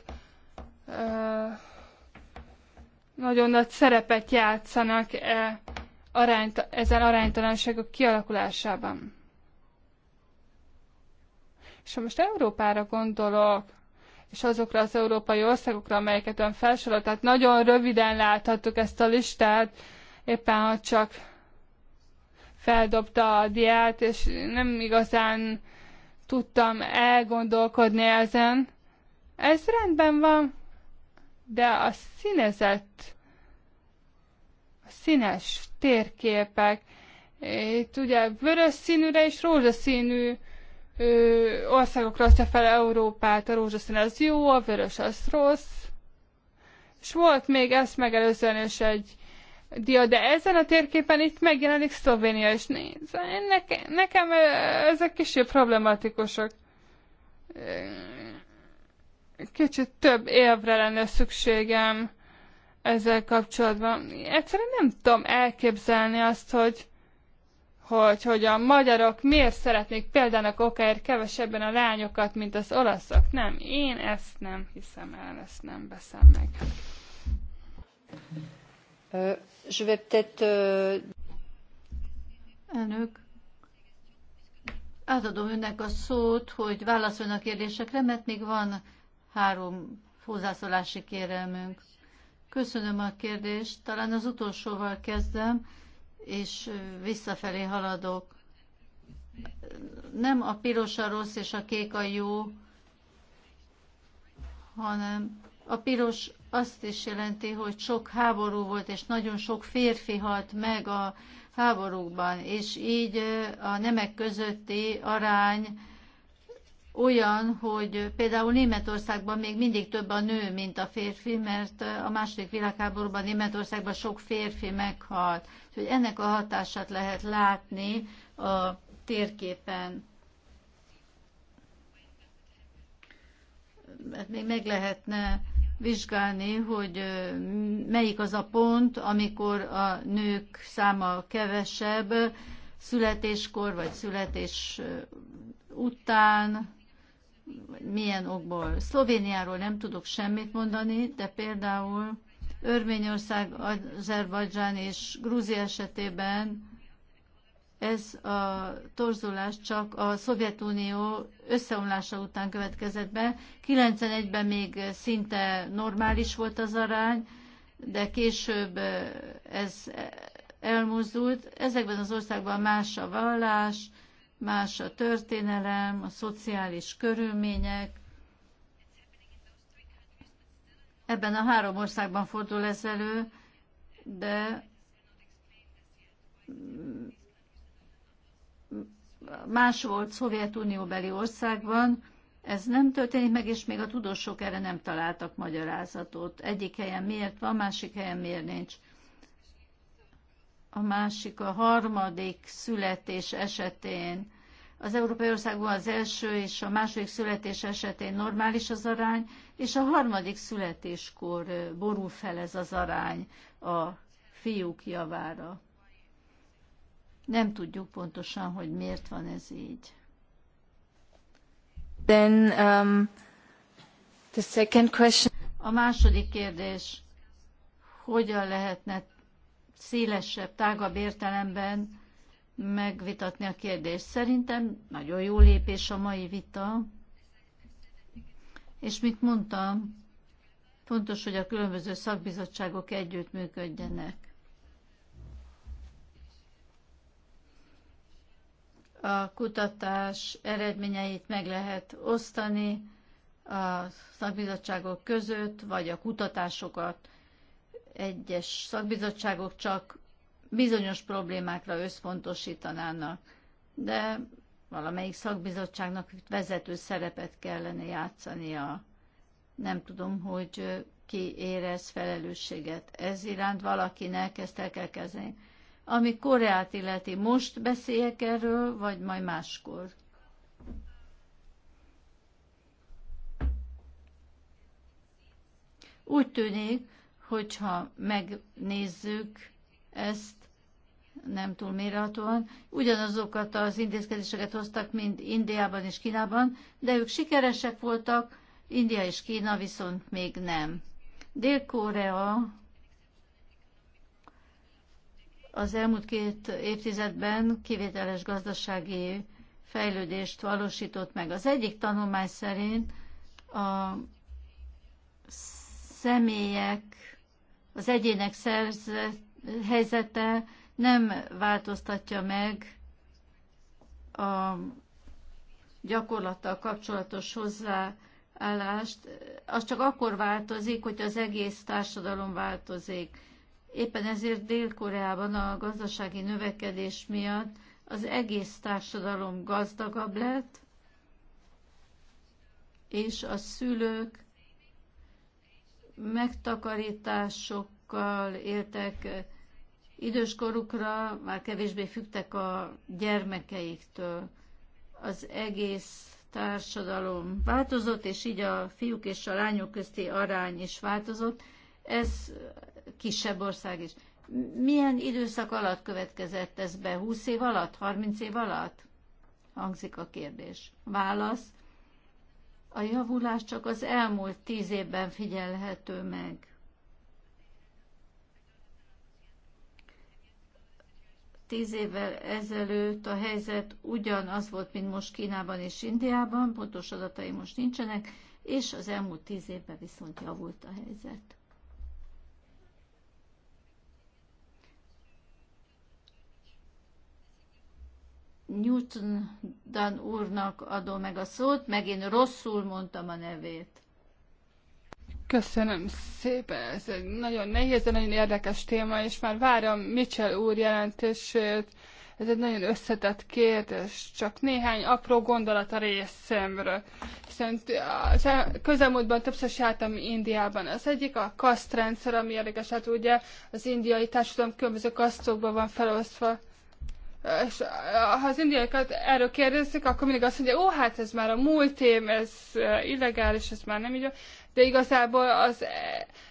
nagyon nagy szerepet játszanak e arányt, ezen aránytalanságok kialakulásában. És ha most Európára gondolok, és azokra az európai országokra, amelyeket ön felsorolt, tehát nagyon röviden láthattuk ezt a listát, éppen ha csak feldobta a diát, és nem igazán tudtam elgondolkodni ezen. Ez rendben van, de a színezett, a színes térképek, itt ugye vörös színűre és rózsaszínű ö, országokra osztja fel Európát, a rózsaszín az jó, a vörös az rossz. És volt még ezt megelőzően is egy dia, de ezen a térképen itt megjelenik Szlovénia, és néz, nekem, nekem ezek kicsit problematikusak kicsit több évre lenne szükségem ezzel kapcsolatban. Egyszerűen nem tudom elképzelni azt, hogy, hogy, hogy a magyarok miért szeretnék példának okáért kevesebben a lányokat, mint az olaszok. Nem, én ezt nem hiszem el, ezt nem veszem meg. je vais peut-être... Elnök, átadom önnek a szót, hogy válaszoljon a kérdésekre, mert még van három hozzászólási kérelmünk. Köszönöm a kérdést, talán az utolsóval kezdem, és visszafelé haladok. Nem a piros a rossz és a kék a jó, hanem a piros azt is jelenti, hogy sok háború volt, és nagyon sok férfi halt meg a háborúkban, és így a nemek közötti arány olyan, hogy például Németországban még mindig több a nő, mint a férfi, mert a második világháborúban Németországban sok férfi meghalt. Úgyhogy ennek a hatását lehet látni a térképen. Mert még meg lehetne vizsgálni, hogy melyik az a pont, amikor a nők száma kevesebb, születéskor vagy születés után, milyen okból. Szlovéniáról nem tudok semmit mondani, de például Örményország, Azerbajdzsán és Grúzia esetében ez a torzulás csak a Szovjetunió összeomlása után következett be. 91-ben még szinte normális volt az arány, de később ez elmozdult. Ezekben az országban más a vallás, más a történelem, a szociális körülmények. Ebben a három országban fordul ez elő, de más volt Szovjetunióbeli országban, ez nem történik meg, és még a tudósok erre nem találtak magyarázatot. Egyik helyen miért van, másik helyen miért nincs. A másik a harmadik születés esetén az európai országban az első és a második születés esetén normális az arány, és a harmadik születéskor borul fel ez az arány a fiúk javára. Nem tudjuk pontosan, hogy miért van ez így. Then, um, the second question. A második kérdés, hogyan lehetne szélesebb, tágabb értelemben megvitatni a kérdést. Szerintem nagyon jó lépés a mai vita, és mint mondtam, fontos, hogy a különböző szakbizottságok együttműködjenek. A kutatás eredményeit meg lehet osztani a szakbizottságok között, vagy a kutatásokat egyes szakbizottságok csak bizonyos problémákra összpontosítanának, de valamelyik szakbizottságnak vezető szerepet kellene játszania. Nem tudom, hogy ki érez felelősséget. Ez iránt valakinek ezt el kell kezdeni. Ami Koreát illeti, most beszéljek erről, vagy majd máskor? Úgy tűnik, hogyha megnézzük ezt, nem túl mérhatóan. Ugyanazokat az intézkedéseket hoztak, mint Indiában és Kínában, de ők sikeresek voltak, India és Kína viszont még nem. Dél-Korea az elmúlt két évtizedben kivételes gazdasági fejlődést valósított meg. Az egyik tanulmány szerint a személyek, az egyének szerzett helyzete nem változtatja meg a gyakorlattal kapcsolatos hozzáállást, az csak akkor változik, hogy az egész társadalom változik. Éppen ezért Dél-Koreában a gazdasági növekedés miatt az egész társadalom gazdagabb lett, és a szülők megtakarításokkal éltek időskorukra már kevésbé fügtek a gyermekeiktől. Az egész társadalom változott, és így a fiúk és a lányok közti arány is változott. Ez kisebb ország is. Milyen időszak alatt következett ez be? 20 év alatt? 30 év alatt? Hangzik a kérdés. Válasz. A javulás csak az elmúlt tíz évben figyelhető meg. Tíz évvel ezelőtt a helyzet ugyanaz volt, mint most Kínában és Indiában, pontos adatai most nincsenek, és az elmúlt tíz évben viszont javult a helyzet. Newton Dan úrnak adom meg a szót, megint rosszul mondtam a nevét. Köszönöm szépen, ez egy nagyon nehéz, de nagyon érdekes téma, és már várom Mitchell úr jelentését. Ez egy nagyon összetett kérdés, csak néhány apró gondolat a részemről. Hiszen a közelmúltban többször is jártam Indiában. Az egyik a kasztrendszer, ami érdekes, hát ugye az indiai társadalom különböző kasztokban van felosztva. És ha az indiaiakat erről kérdezik, akkor mindig azt mondja, ó, hát ez már a múlt év, ez eh, illegális, ez már nem így de igazából az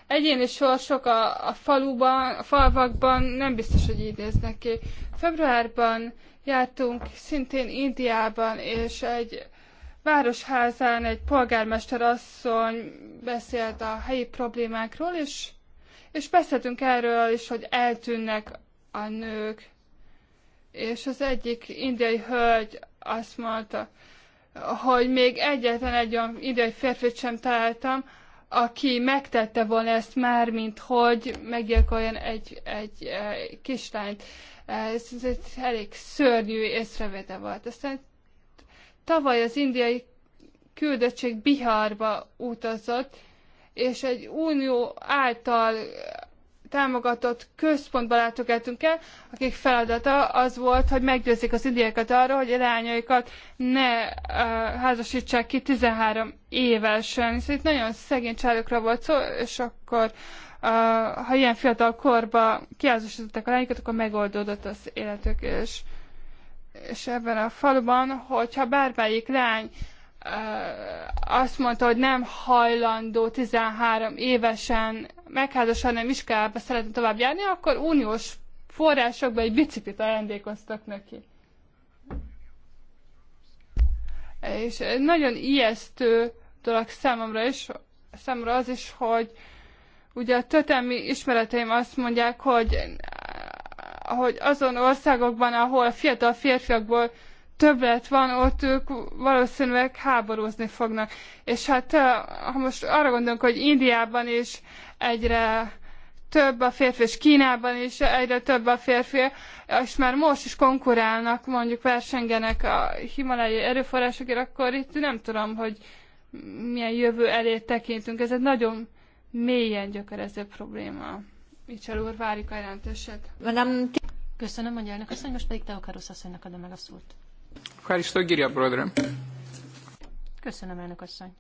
egyéni sorsok a, a faluban, a falvakban nem biztos, hogy így néznek ki. Februárban jártunk szintén Indiában, és egy városházán egy polgármester asszony beszélt a helyi problémákról, és, és beszéltünk erről is, hogy eltűnnek a nők. És az egyik indiai hölgy azt mondta, hogy még egyetlen egy olyan idő, egy férfit sem találtam, aki megtette volna ezt már, mint hogy meggyilkoljon egy, egy, egy kislányt. E, ez, ez egy elég szörnyű észrevétel volt. Aztán tavaly az indiai küldöttség Biharba utazott, és egy unió által támogatott központba látogattunk el, akik feladata az volt, hogy meggyőzzék az indiaiakat arra, hogy lányaikat ne uh, házasítsák ki 13 évesen, hiszen itt nagyon szegény családokra volt szó, és akkor uh, ha ilyen fiatal korba kiházasították a lányokat, akkor megoldódott az életük, és, és ebben a faluban, hogyha bármelyik lány uh, azt mondta, hogy nem hajlandó 13 évesen megházasodni, nem iskolába szeretne tovább járni, akkor uniós forrásokba egy biciklit ajándékoztak neki. És nagyon ijesztő dolog számomra is, számomra az is, hogy ugye a történelmi ismereteim azt mondják, hogy, hogy azon országokban, ahol a fiatal férfiakból többlet van, ott ők valószínűleg háborúzni fognak. És hát ha most arra gondolunk, hogy Indiában is egyre több a férfi, és Kínában is egyre több a férfi, és már most is konkurálnak, mondjuk versengenek a himalai erőforrásokért, akkor itt nem tudom, hogy milyen jövő elé tekintünk. Ez egy nagyon mélyen gyökerező probléma. Michel úr, várjuk a jelentőset. Köszönöm, mondja elnök asszony, most pedig Teokarusz asszonynak adom meg a szót. Köszönöm, elnök asszony.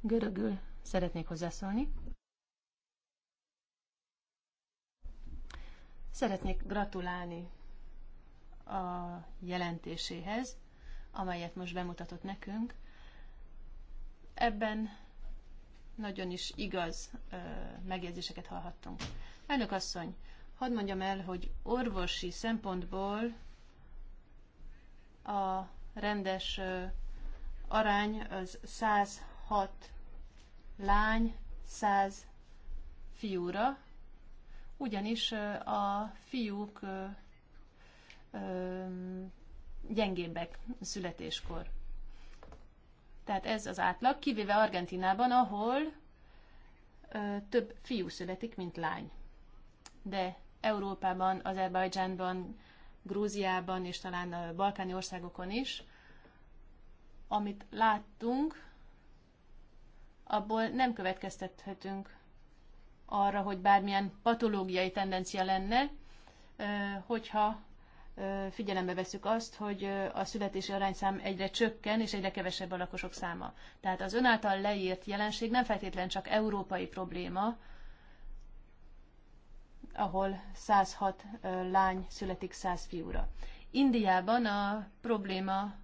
Görögül szeretnék hozzászólni. Szeretnék gratulálni a jelentéséhez, amelyet most bemutatott nekünk. Ebben nagyon is igaz ö, megjegyzéseket hallhattunk. Elnök asszony, hadd mondjam el, hogy orvosi szempontból a rendes ö, arány az 106 lány 100 fiúra, ugyanis ö, a fiúk ö, ö, gyengébbek születéskor. Tehát ez az átlag, kivéve Argentinában, ahol ö, több fiú születik, mint lány. De Európában, Azerbajdzsánban, Grúziában és talán a balkáni országokon is, amit láttunk, abból nem következtethetünk arra, hogy bármilyen patológiai tendencia lenne, hogyha figyelembe veszük azt, hogy a születési arányszám egyre csökken, és egyre kevesebb a lakosok száma. Tehát az önáltal leírt jelenség nem feltétlen csak európai probléma, ahol 106 lány születik 100 fiúra. Indiában a probléma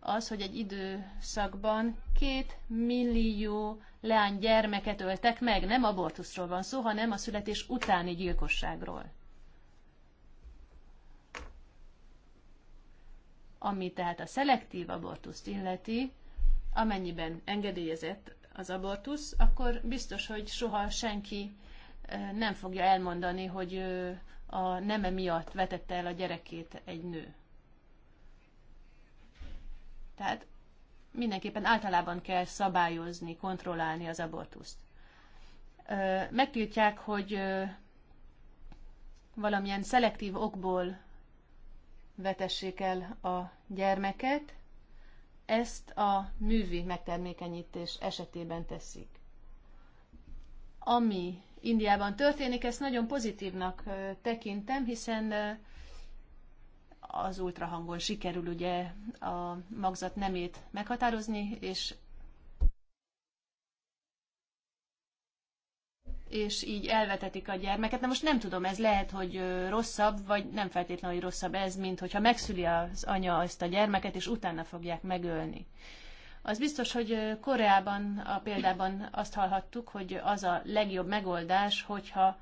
az, hogy egy időszakban két millió leány gyermeket öltek meg. Nem abortuszról van szó, hanem a születés utáni gyilkosságról. Ami tehát a szelektív abortuszt illeti, amennyiben engedélyezett az abortusz, akkor biztos, hogy soha senki nem fogja elmondani, hogy a neme miatt vetette el a gyerekét egy nő. Tehát mindenképpen általában kell szabályozni, kontrollálni az abortuszt. Megtiltják, hogy valamilyen szelektív okból vetessék el a gyermeket, ezt a művi megtermékenyítés esetében teszik. Ami Indiában történik, ezt nagyon pozitívnak tekintem, hiszen az ultrahangon sikerül ugye a magzat nemét meghatározni, és és így elvetetik a gyermeket. Na most nem tudom, ez lehet, hogy rosszabb, vagy nem feltétlenül, hogy rosszabb ez, mint hogyha megszüli az anya ezt a gyermeket, és utána fogják megölni. Az biztos, hogy Koreában a példában azt hallhattuk, hogy az a legjobb megoldás, hogyha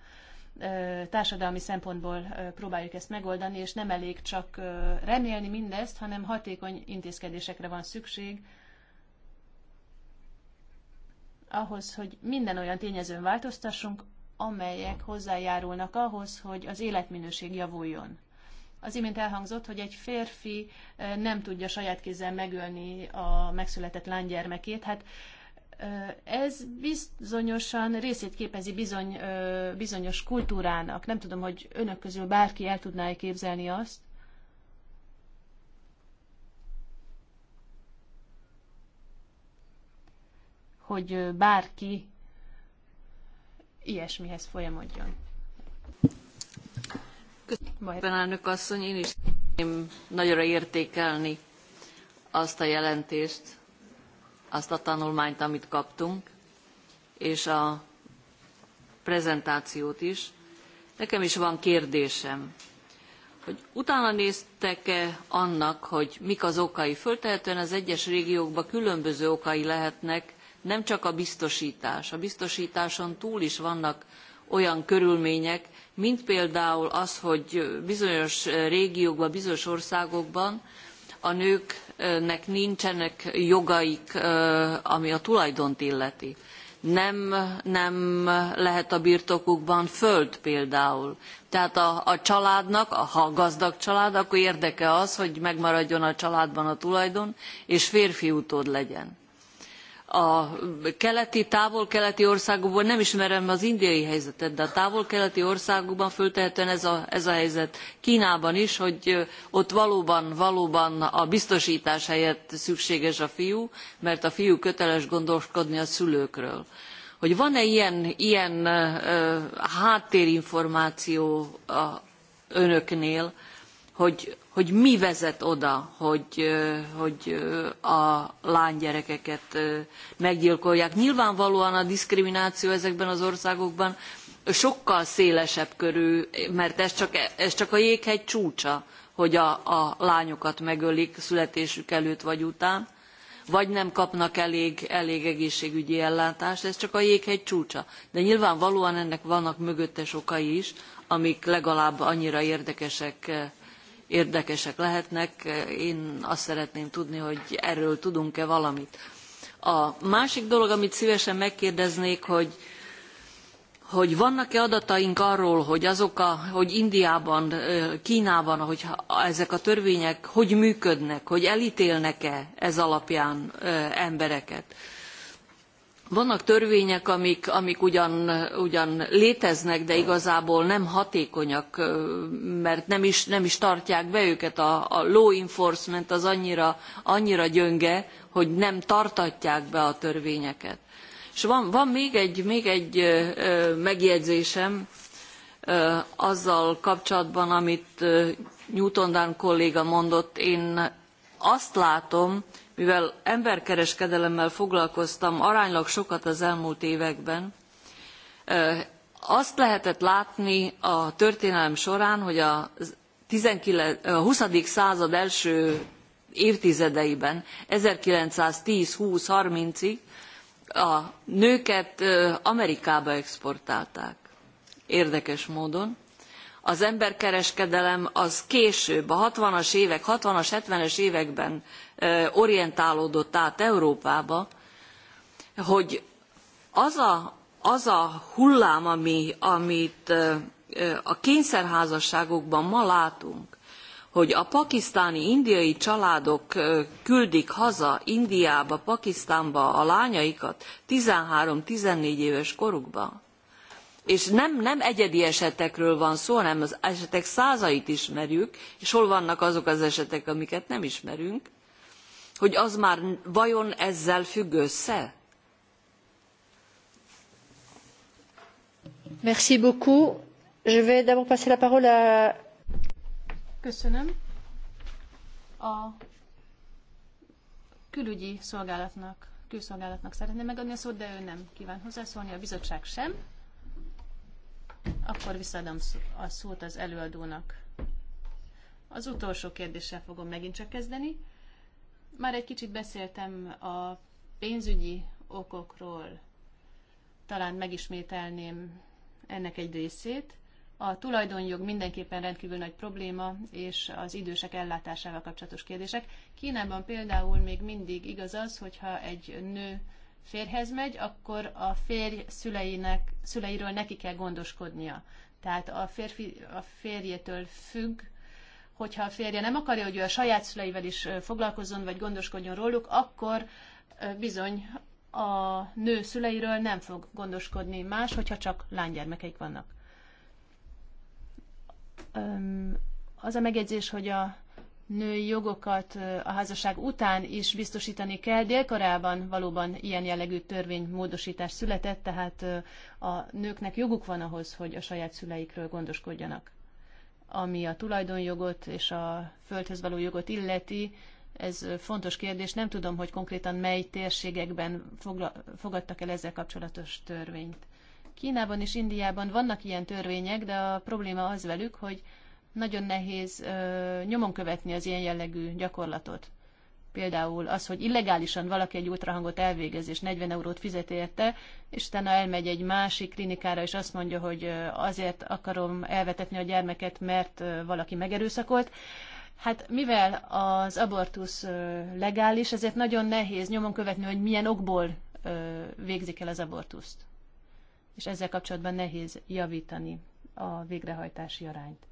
társadalmi szempontból próbáljuk ezt megoldani, és nem elég csak remélni mindezt, hanem hatékony intézkedésekre van szükség, ahhoz, hogy minden olyan tényezőn változtassunk, amelyek hozzájárulnak ahhoz, hogy az életminőség javuljon. Az imént elhangzott, hogy egy férfi nem tudja saját kézzel megölni a megszületett lánygyermekét. Hát ez bizonyosan részét képezi bizony, bizonyos kultúrának. Nem tudom, hogy önök közül bárki el tudná -e képzelni azt, hogy bárki ilyesmihez folyamodjon. Köszönöm, elnök asszony, én is szeretném nagyra értékelni azt a jelentést, azt a tanulmányt, amit kaptunk, és a prezentációt is. Nekem is van kérdésem, hogy utána néztek-e annak, hogy mik az okai? Föltehetően az egyes régiókban különböző okai lehetnek nem csak a biztosítás. A biztosításon túl is vannak olyan körülmények, mint például az, hogy bizonyos régiókban, bizonyos országokban a nőknek nincsenek jogaik, ami a tulajdont illeti. Nem, nem lehet a birtokukban föld például. Tehát a, a családnak, ha gazdag család, akkor érdeke az, hogy megmaradjon a családban a tulajdon, és férfi utód legyen a keleti, távol-keleti országokban, nem ismerem az indiai helyzetet, de a távol-keleti országokban föltehetően ez a, ez a helyzet. Kínában is, hogy ott valóban, valóban a biztosítás helyett szükséges a fiú, mert a fiú köteles gondoskodni a szülőkről hogy van-e ilyen, ilyen háttérinformáció önöknél, hogy, hogy mi vezet oda, hogy, hogy a lánygyerekeket meggyilkolják. Nyilvánvalóan a diszkrimináció ezekben az országokban sokkal szélesebb körű, mert ez csak, ez csak a jéghegy csúcsa, hogy a, a lányokat megölik születésük előtt vagy után, vagy nem kapnak elég, elég egészségügyi ellátást, ez csak a jéghegy csúcsa. De nyilvánvalóan ennek vannak mögöttes okai is, amik legalább annyira érdekesek érdekesek lehetnek. Én azt szeretném tudni, hogy erről tudunk-e valamit. A másik dolog, amit szívesen megkérdeznék, hogy hogy vannak-e adataink arról, hogy azok a, hogy Indiában, Kínában, hogy ezek a törvények hogy működnek, hogy elítélnek-e ez alapján embereket vannak törvények, amik, amik ugyan, ugyan, léteznek, de igazából nem hatékonyak, mert nem is, nem is tartják be őket. A, a law enforcement az annyira, annyira gyönge, hogy nem tartatják be a törvényeket. És van, van még egy, még egy megjegyzésem azzal kapcsolatban, amit Newton Dan kolléga mondott. Én azt látom, mivel emberkereskedelemmel foglalkoztam aránylag sokat az elmúlt években, azt lehetett látni a történelem során, hogy a 19, a 20. század első évtizedeiben, 1910-20-30-ig a nőket Amerikába exportálták. Érdekes módon az emberkereskedelem az később, a 60-as évek, 60-as, 70-es években orientálódott át Európába, hogy az a, az a hullám, ami, amit a kényszerházasságokban ma látunk, hogy a pakisztáni indiai családok küldik haza Indiába, Pakisztánba a lányaikat 13-14 éves korukban, és nem, nem egyedi esetekről van szó, hanem az esetek százait ismerjük, és hol vannak azok az esetek, amiket nem ismerünk, hogy az már vajon ezzel függ össze? Merci beaucoup. Je vais d'abord passer la parole à... Köszönöm. A külügyi szolgálatnak, külszolgálatnak szeretném megadni a szót, de ő nem kíván hozzászólni, a bizottság sem. Akkor visszaadom a szót az előadónak. Az utolsó kérdéssel fogom megint csak kezdeni. Már egy kicsit beszéltem a pénzügyi okokról, talán megismételném ennek egy részét. A tulajdonjog mindenképpen rendkívül nagy probléma, és az idősek ellátásával kapcsolatos kérdések. Kínában például még mindig igaz az, hogyha egy nő férhez megy, akkor a férj szüleinek, szüleiről neki kell gondoskodnia. Tehát a, férfi, a férjétől függ, hogyha a férje nem akarja, hogy ő a saját szüleivel is foglalkozzon, vagy gondoskodjon róluk, akkor bizony a nő szüleiről nem fog gondoskodni más, hogyha csak lánygyermekeik vannak. Az a megjegyzés, hogy a női jogokat a házasság után is biztosítani kell. Dél-Koreában valóban ilyen jellegű törvénymódosítás született, tehát a nőknek joguk van ahhoz, hogy a saját szüleikről gondoskodjanak. Ami a tulajdonjogot és a földhöz való jogot illeti, ez fontos kérdés. Nem tudom, hogy konkrétan mely térségekben fogadtak el ezzel kapcsolatos törvényt. Kínában és Indiában vannak ilyen törvények, de a probléma az velük, hogy nagyon nehéz ö, nyomon követni az ilyen jellegű gyakorlatot. Például az, hogy illegálisan valaki egy ultrahangot elvégez, és 40 eurót fizet érte, és utána elmegy egy másik klinikára, és azt mondja, hogy azért akarom elvetetni a gyermeket, mert valaki megerőszakolt. Hát mivel az abortusz legális, ezért nagyon nehéz nyomon követni, hogy milyen okból végzik el az abortuszt. És ezzel kapcsolatban nehéz javítani a végrehajtási arányt.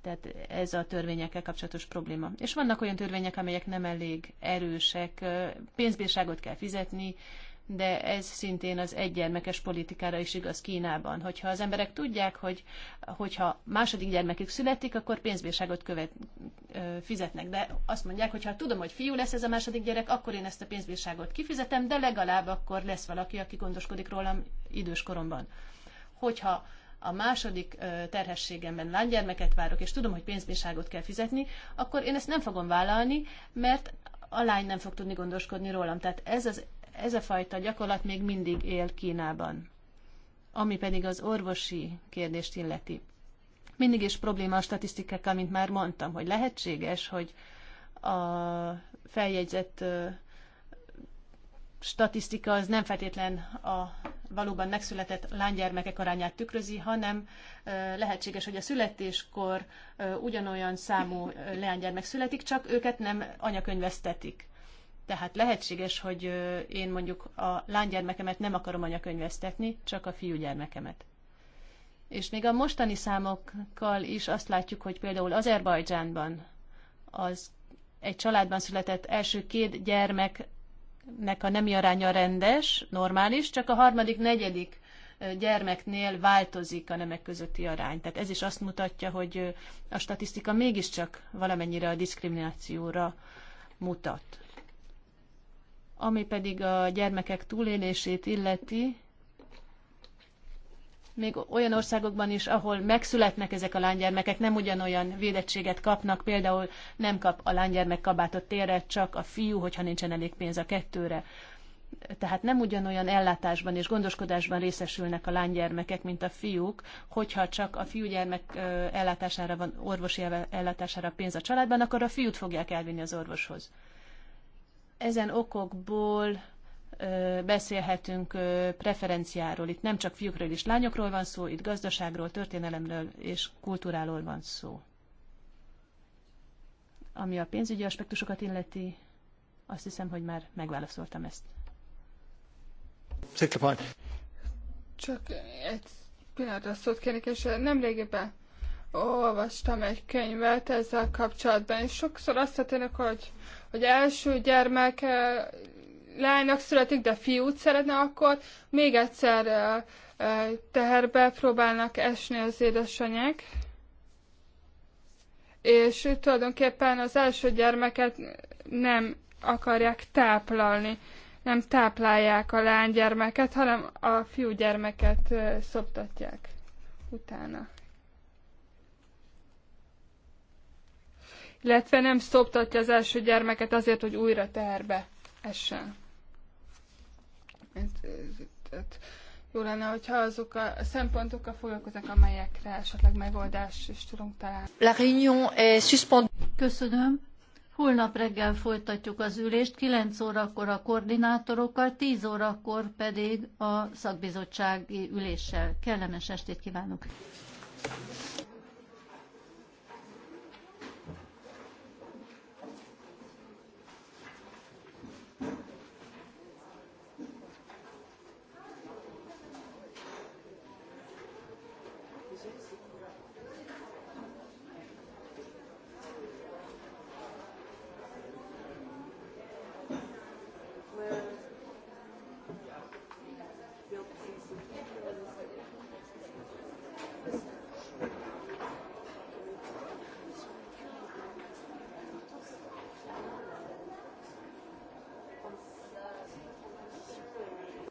Tehát ez a törvényekkel kapcsolatos probléma. És vannak olyan törvények, amelyek nem elég erősek, pénzbírságot kell fizetni, de ez szintén az egygyermekes politikára is igaz Kínában. Hogyha az emberek tudják, hogy hogyha második gyermekük születik, akkor pénzbírságot követ, fizetnek. De azt mondják, hogy ha tudom, hogy fiú lesz ez a második gyerek, akkor én ezt a pénzbírságot kifizetem, de legalább akkor lesz valaki, aki gondoskodik rólam időskoromban. Hogyha a második terhességemben lánygyermeket várok, és tudom, hogy pénzbírságot kell fizetni, akkor én ezt nem fogom vállalni, mert a lány nem fog tudni gondoskodni rólam. Tehát ez, az, ez a fajta gyakorlat még mindig él Kínában. Ami pedig az orvosi kérdést illeti. Mindig is probléma a statisztikákkal, mint már mondtam, hogy lehetséges, hogy a feljegyzett statisztika az nem feltétlen a valóban megszületett lánygyermekek arányát tükrözi, hanem lehetséges, hogy a születéskor ugyanolyan számú leánygyermek születik, csak őket nem anyakönyvesztetik. Tehát lehetséges, hogy én mondjuk a lánygyermekemet nem akarom anyakönyvesztetni, csak a fiúgyermekemet. És még a mostani számokkal is azt látjuk, hogy például Azerbajdzsánban az egy családban született első két gyermek nek a nemi aránya rendes, normális, csak a harmadik, negyedik gyermeknél változik a nemek közötti arány. Tehát ez is azt mutatja, hogy a statisztika mégiscsak valamennyire a diszkriminációra mutat. Ami pedig a gyermekek túlélését illeti, még olyan országokban is, ahol megszületnek ezek a lánygyermekek, nem ugyanolyan védettséget kapnak, például nem kap a lánygyermek kabátot térre, csak a fiú, hogyha nincsen elég pénz a kettőre. Tehát nem ugyanolyan ellátásban és gondoskodásban részesülnek a lánygyermekek, mint a fiúk, hogyha csak a fiúgyermek ellátására van, orvosi ellátására pénz a családban, akkor a fiút fogják elvinni az orvoshoz. Ezen okokból beszélhetünk preferenciáról. Itt nem csak fiúkról és lányokról van szó, itt gazdaságról, történelemről és kultúráról van szó. Ami a pénzügyi aspektusokat illeti, azt hiszem, hogy már megválaszoltam ezt. Csak egy pillanatra szót kérnék, és nem régebben olvastam egy könyvet ezzel kapcsolatban, és sokszor azt történik, hogy, hogy első gyermek lánynak születik, de fiút szeretne, akkor még egyszer teherbe próbálnak esni az édesanyák. És tulajdonképpen az első gyermeket nem akarják táplálni, nem táplálják a lánygyermeket, hanem a fiú gyermeket szoptatják utána. illetve nem szoptatja az első gyermeket azért, hogy újra teherbe essen tehát jó lenne, hogyha azok a szempontokkal foglalkoznak, amelyekre esetleg megoldást is tudunk találni. La réunion est suspend... Köszönöm. Holnap reggel folytatjuk az ülést, 9 órakor a koordinátorokkal, 10 órakor pedig a szakbizottsági üléssel. Kellemes estét kívánok!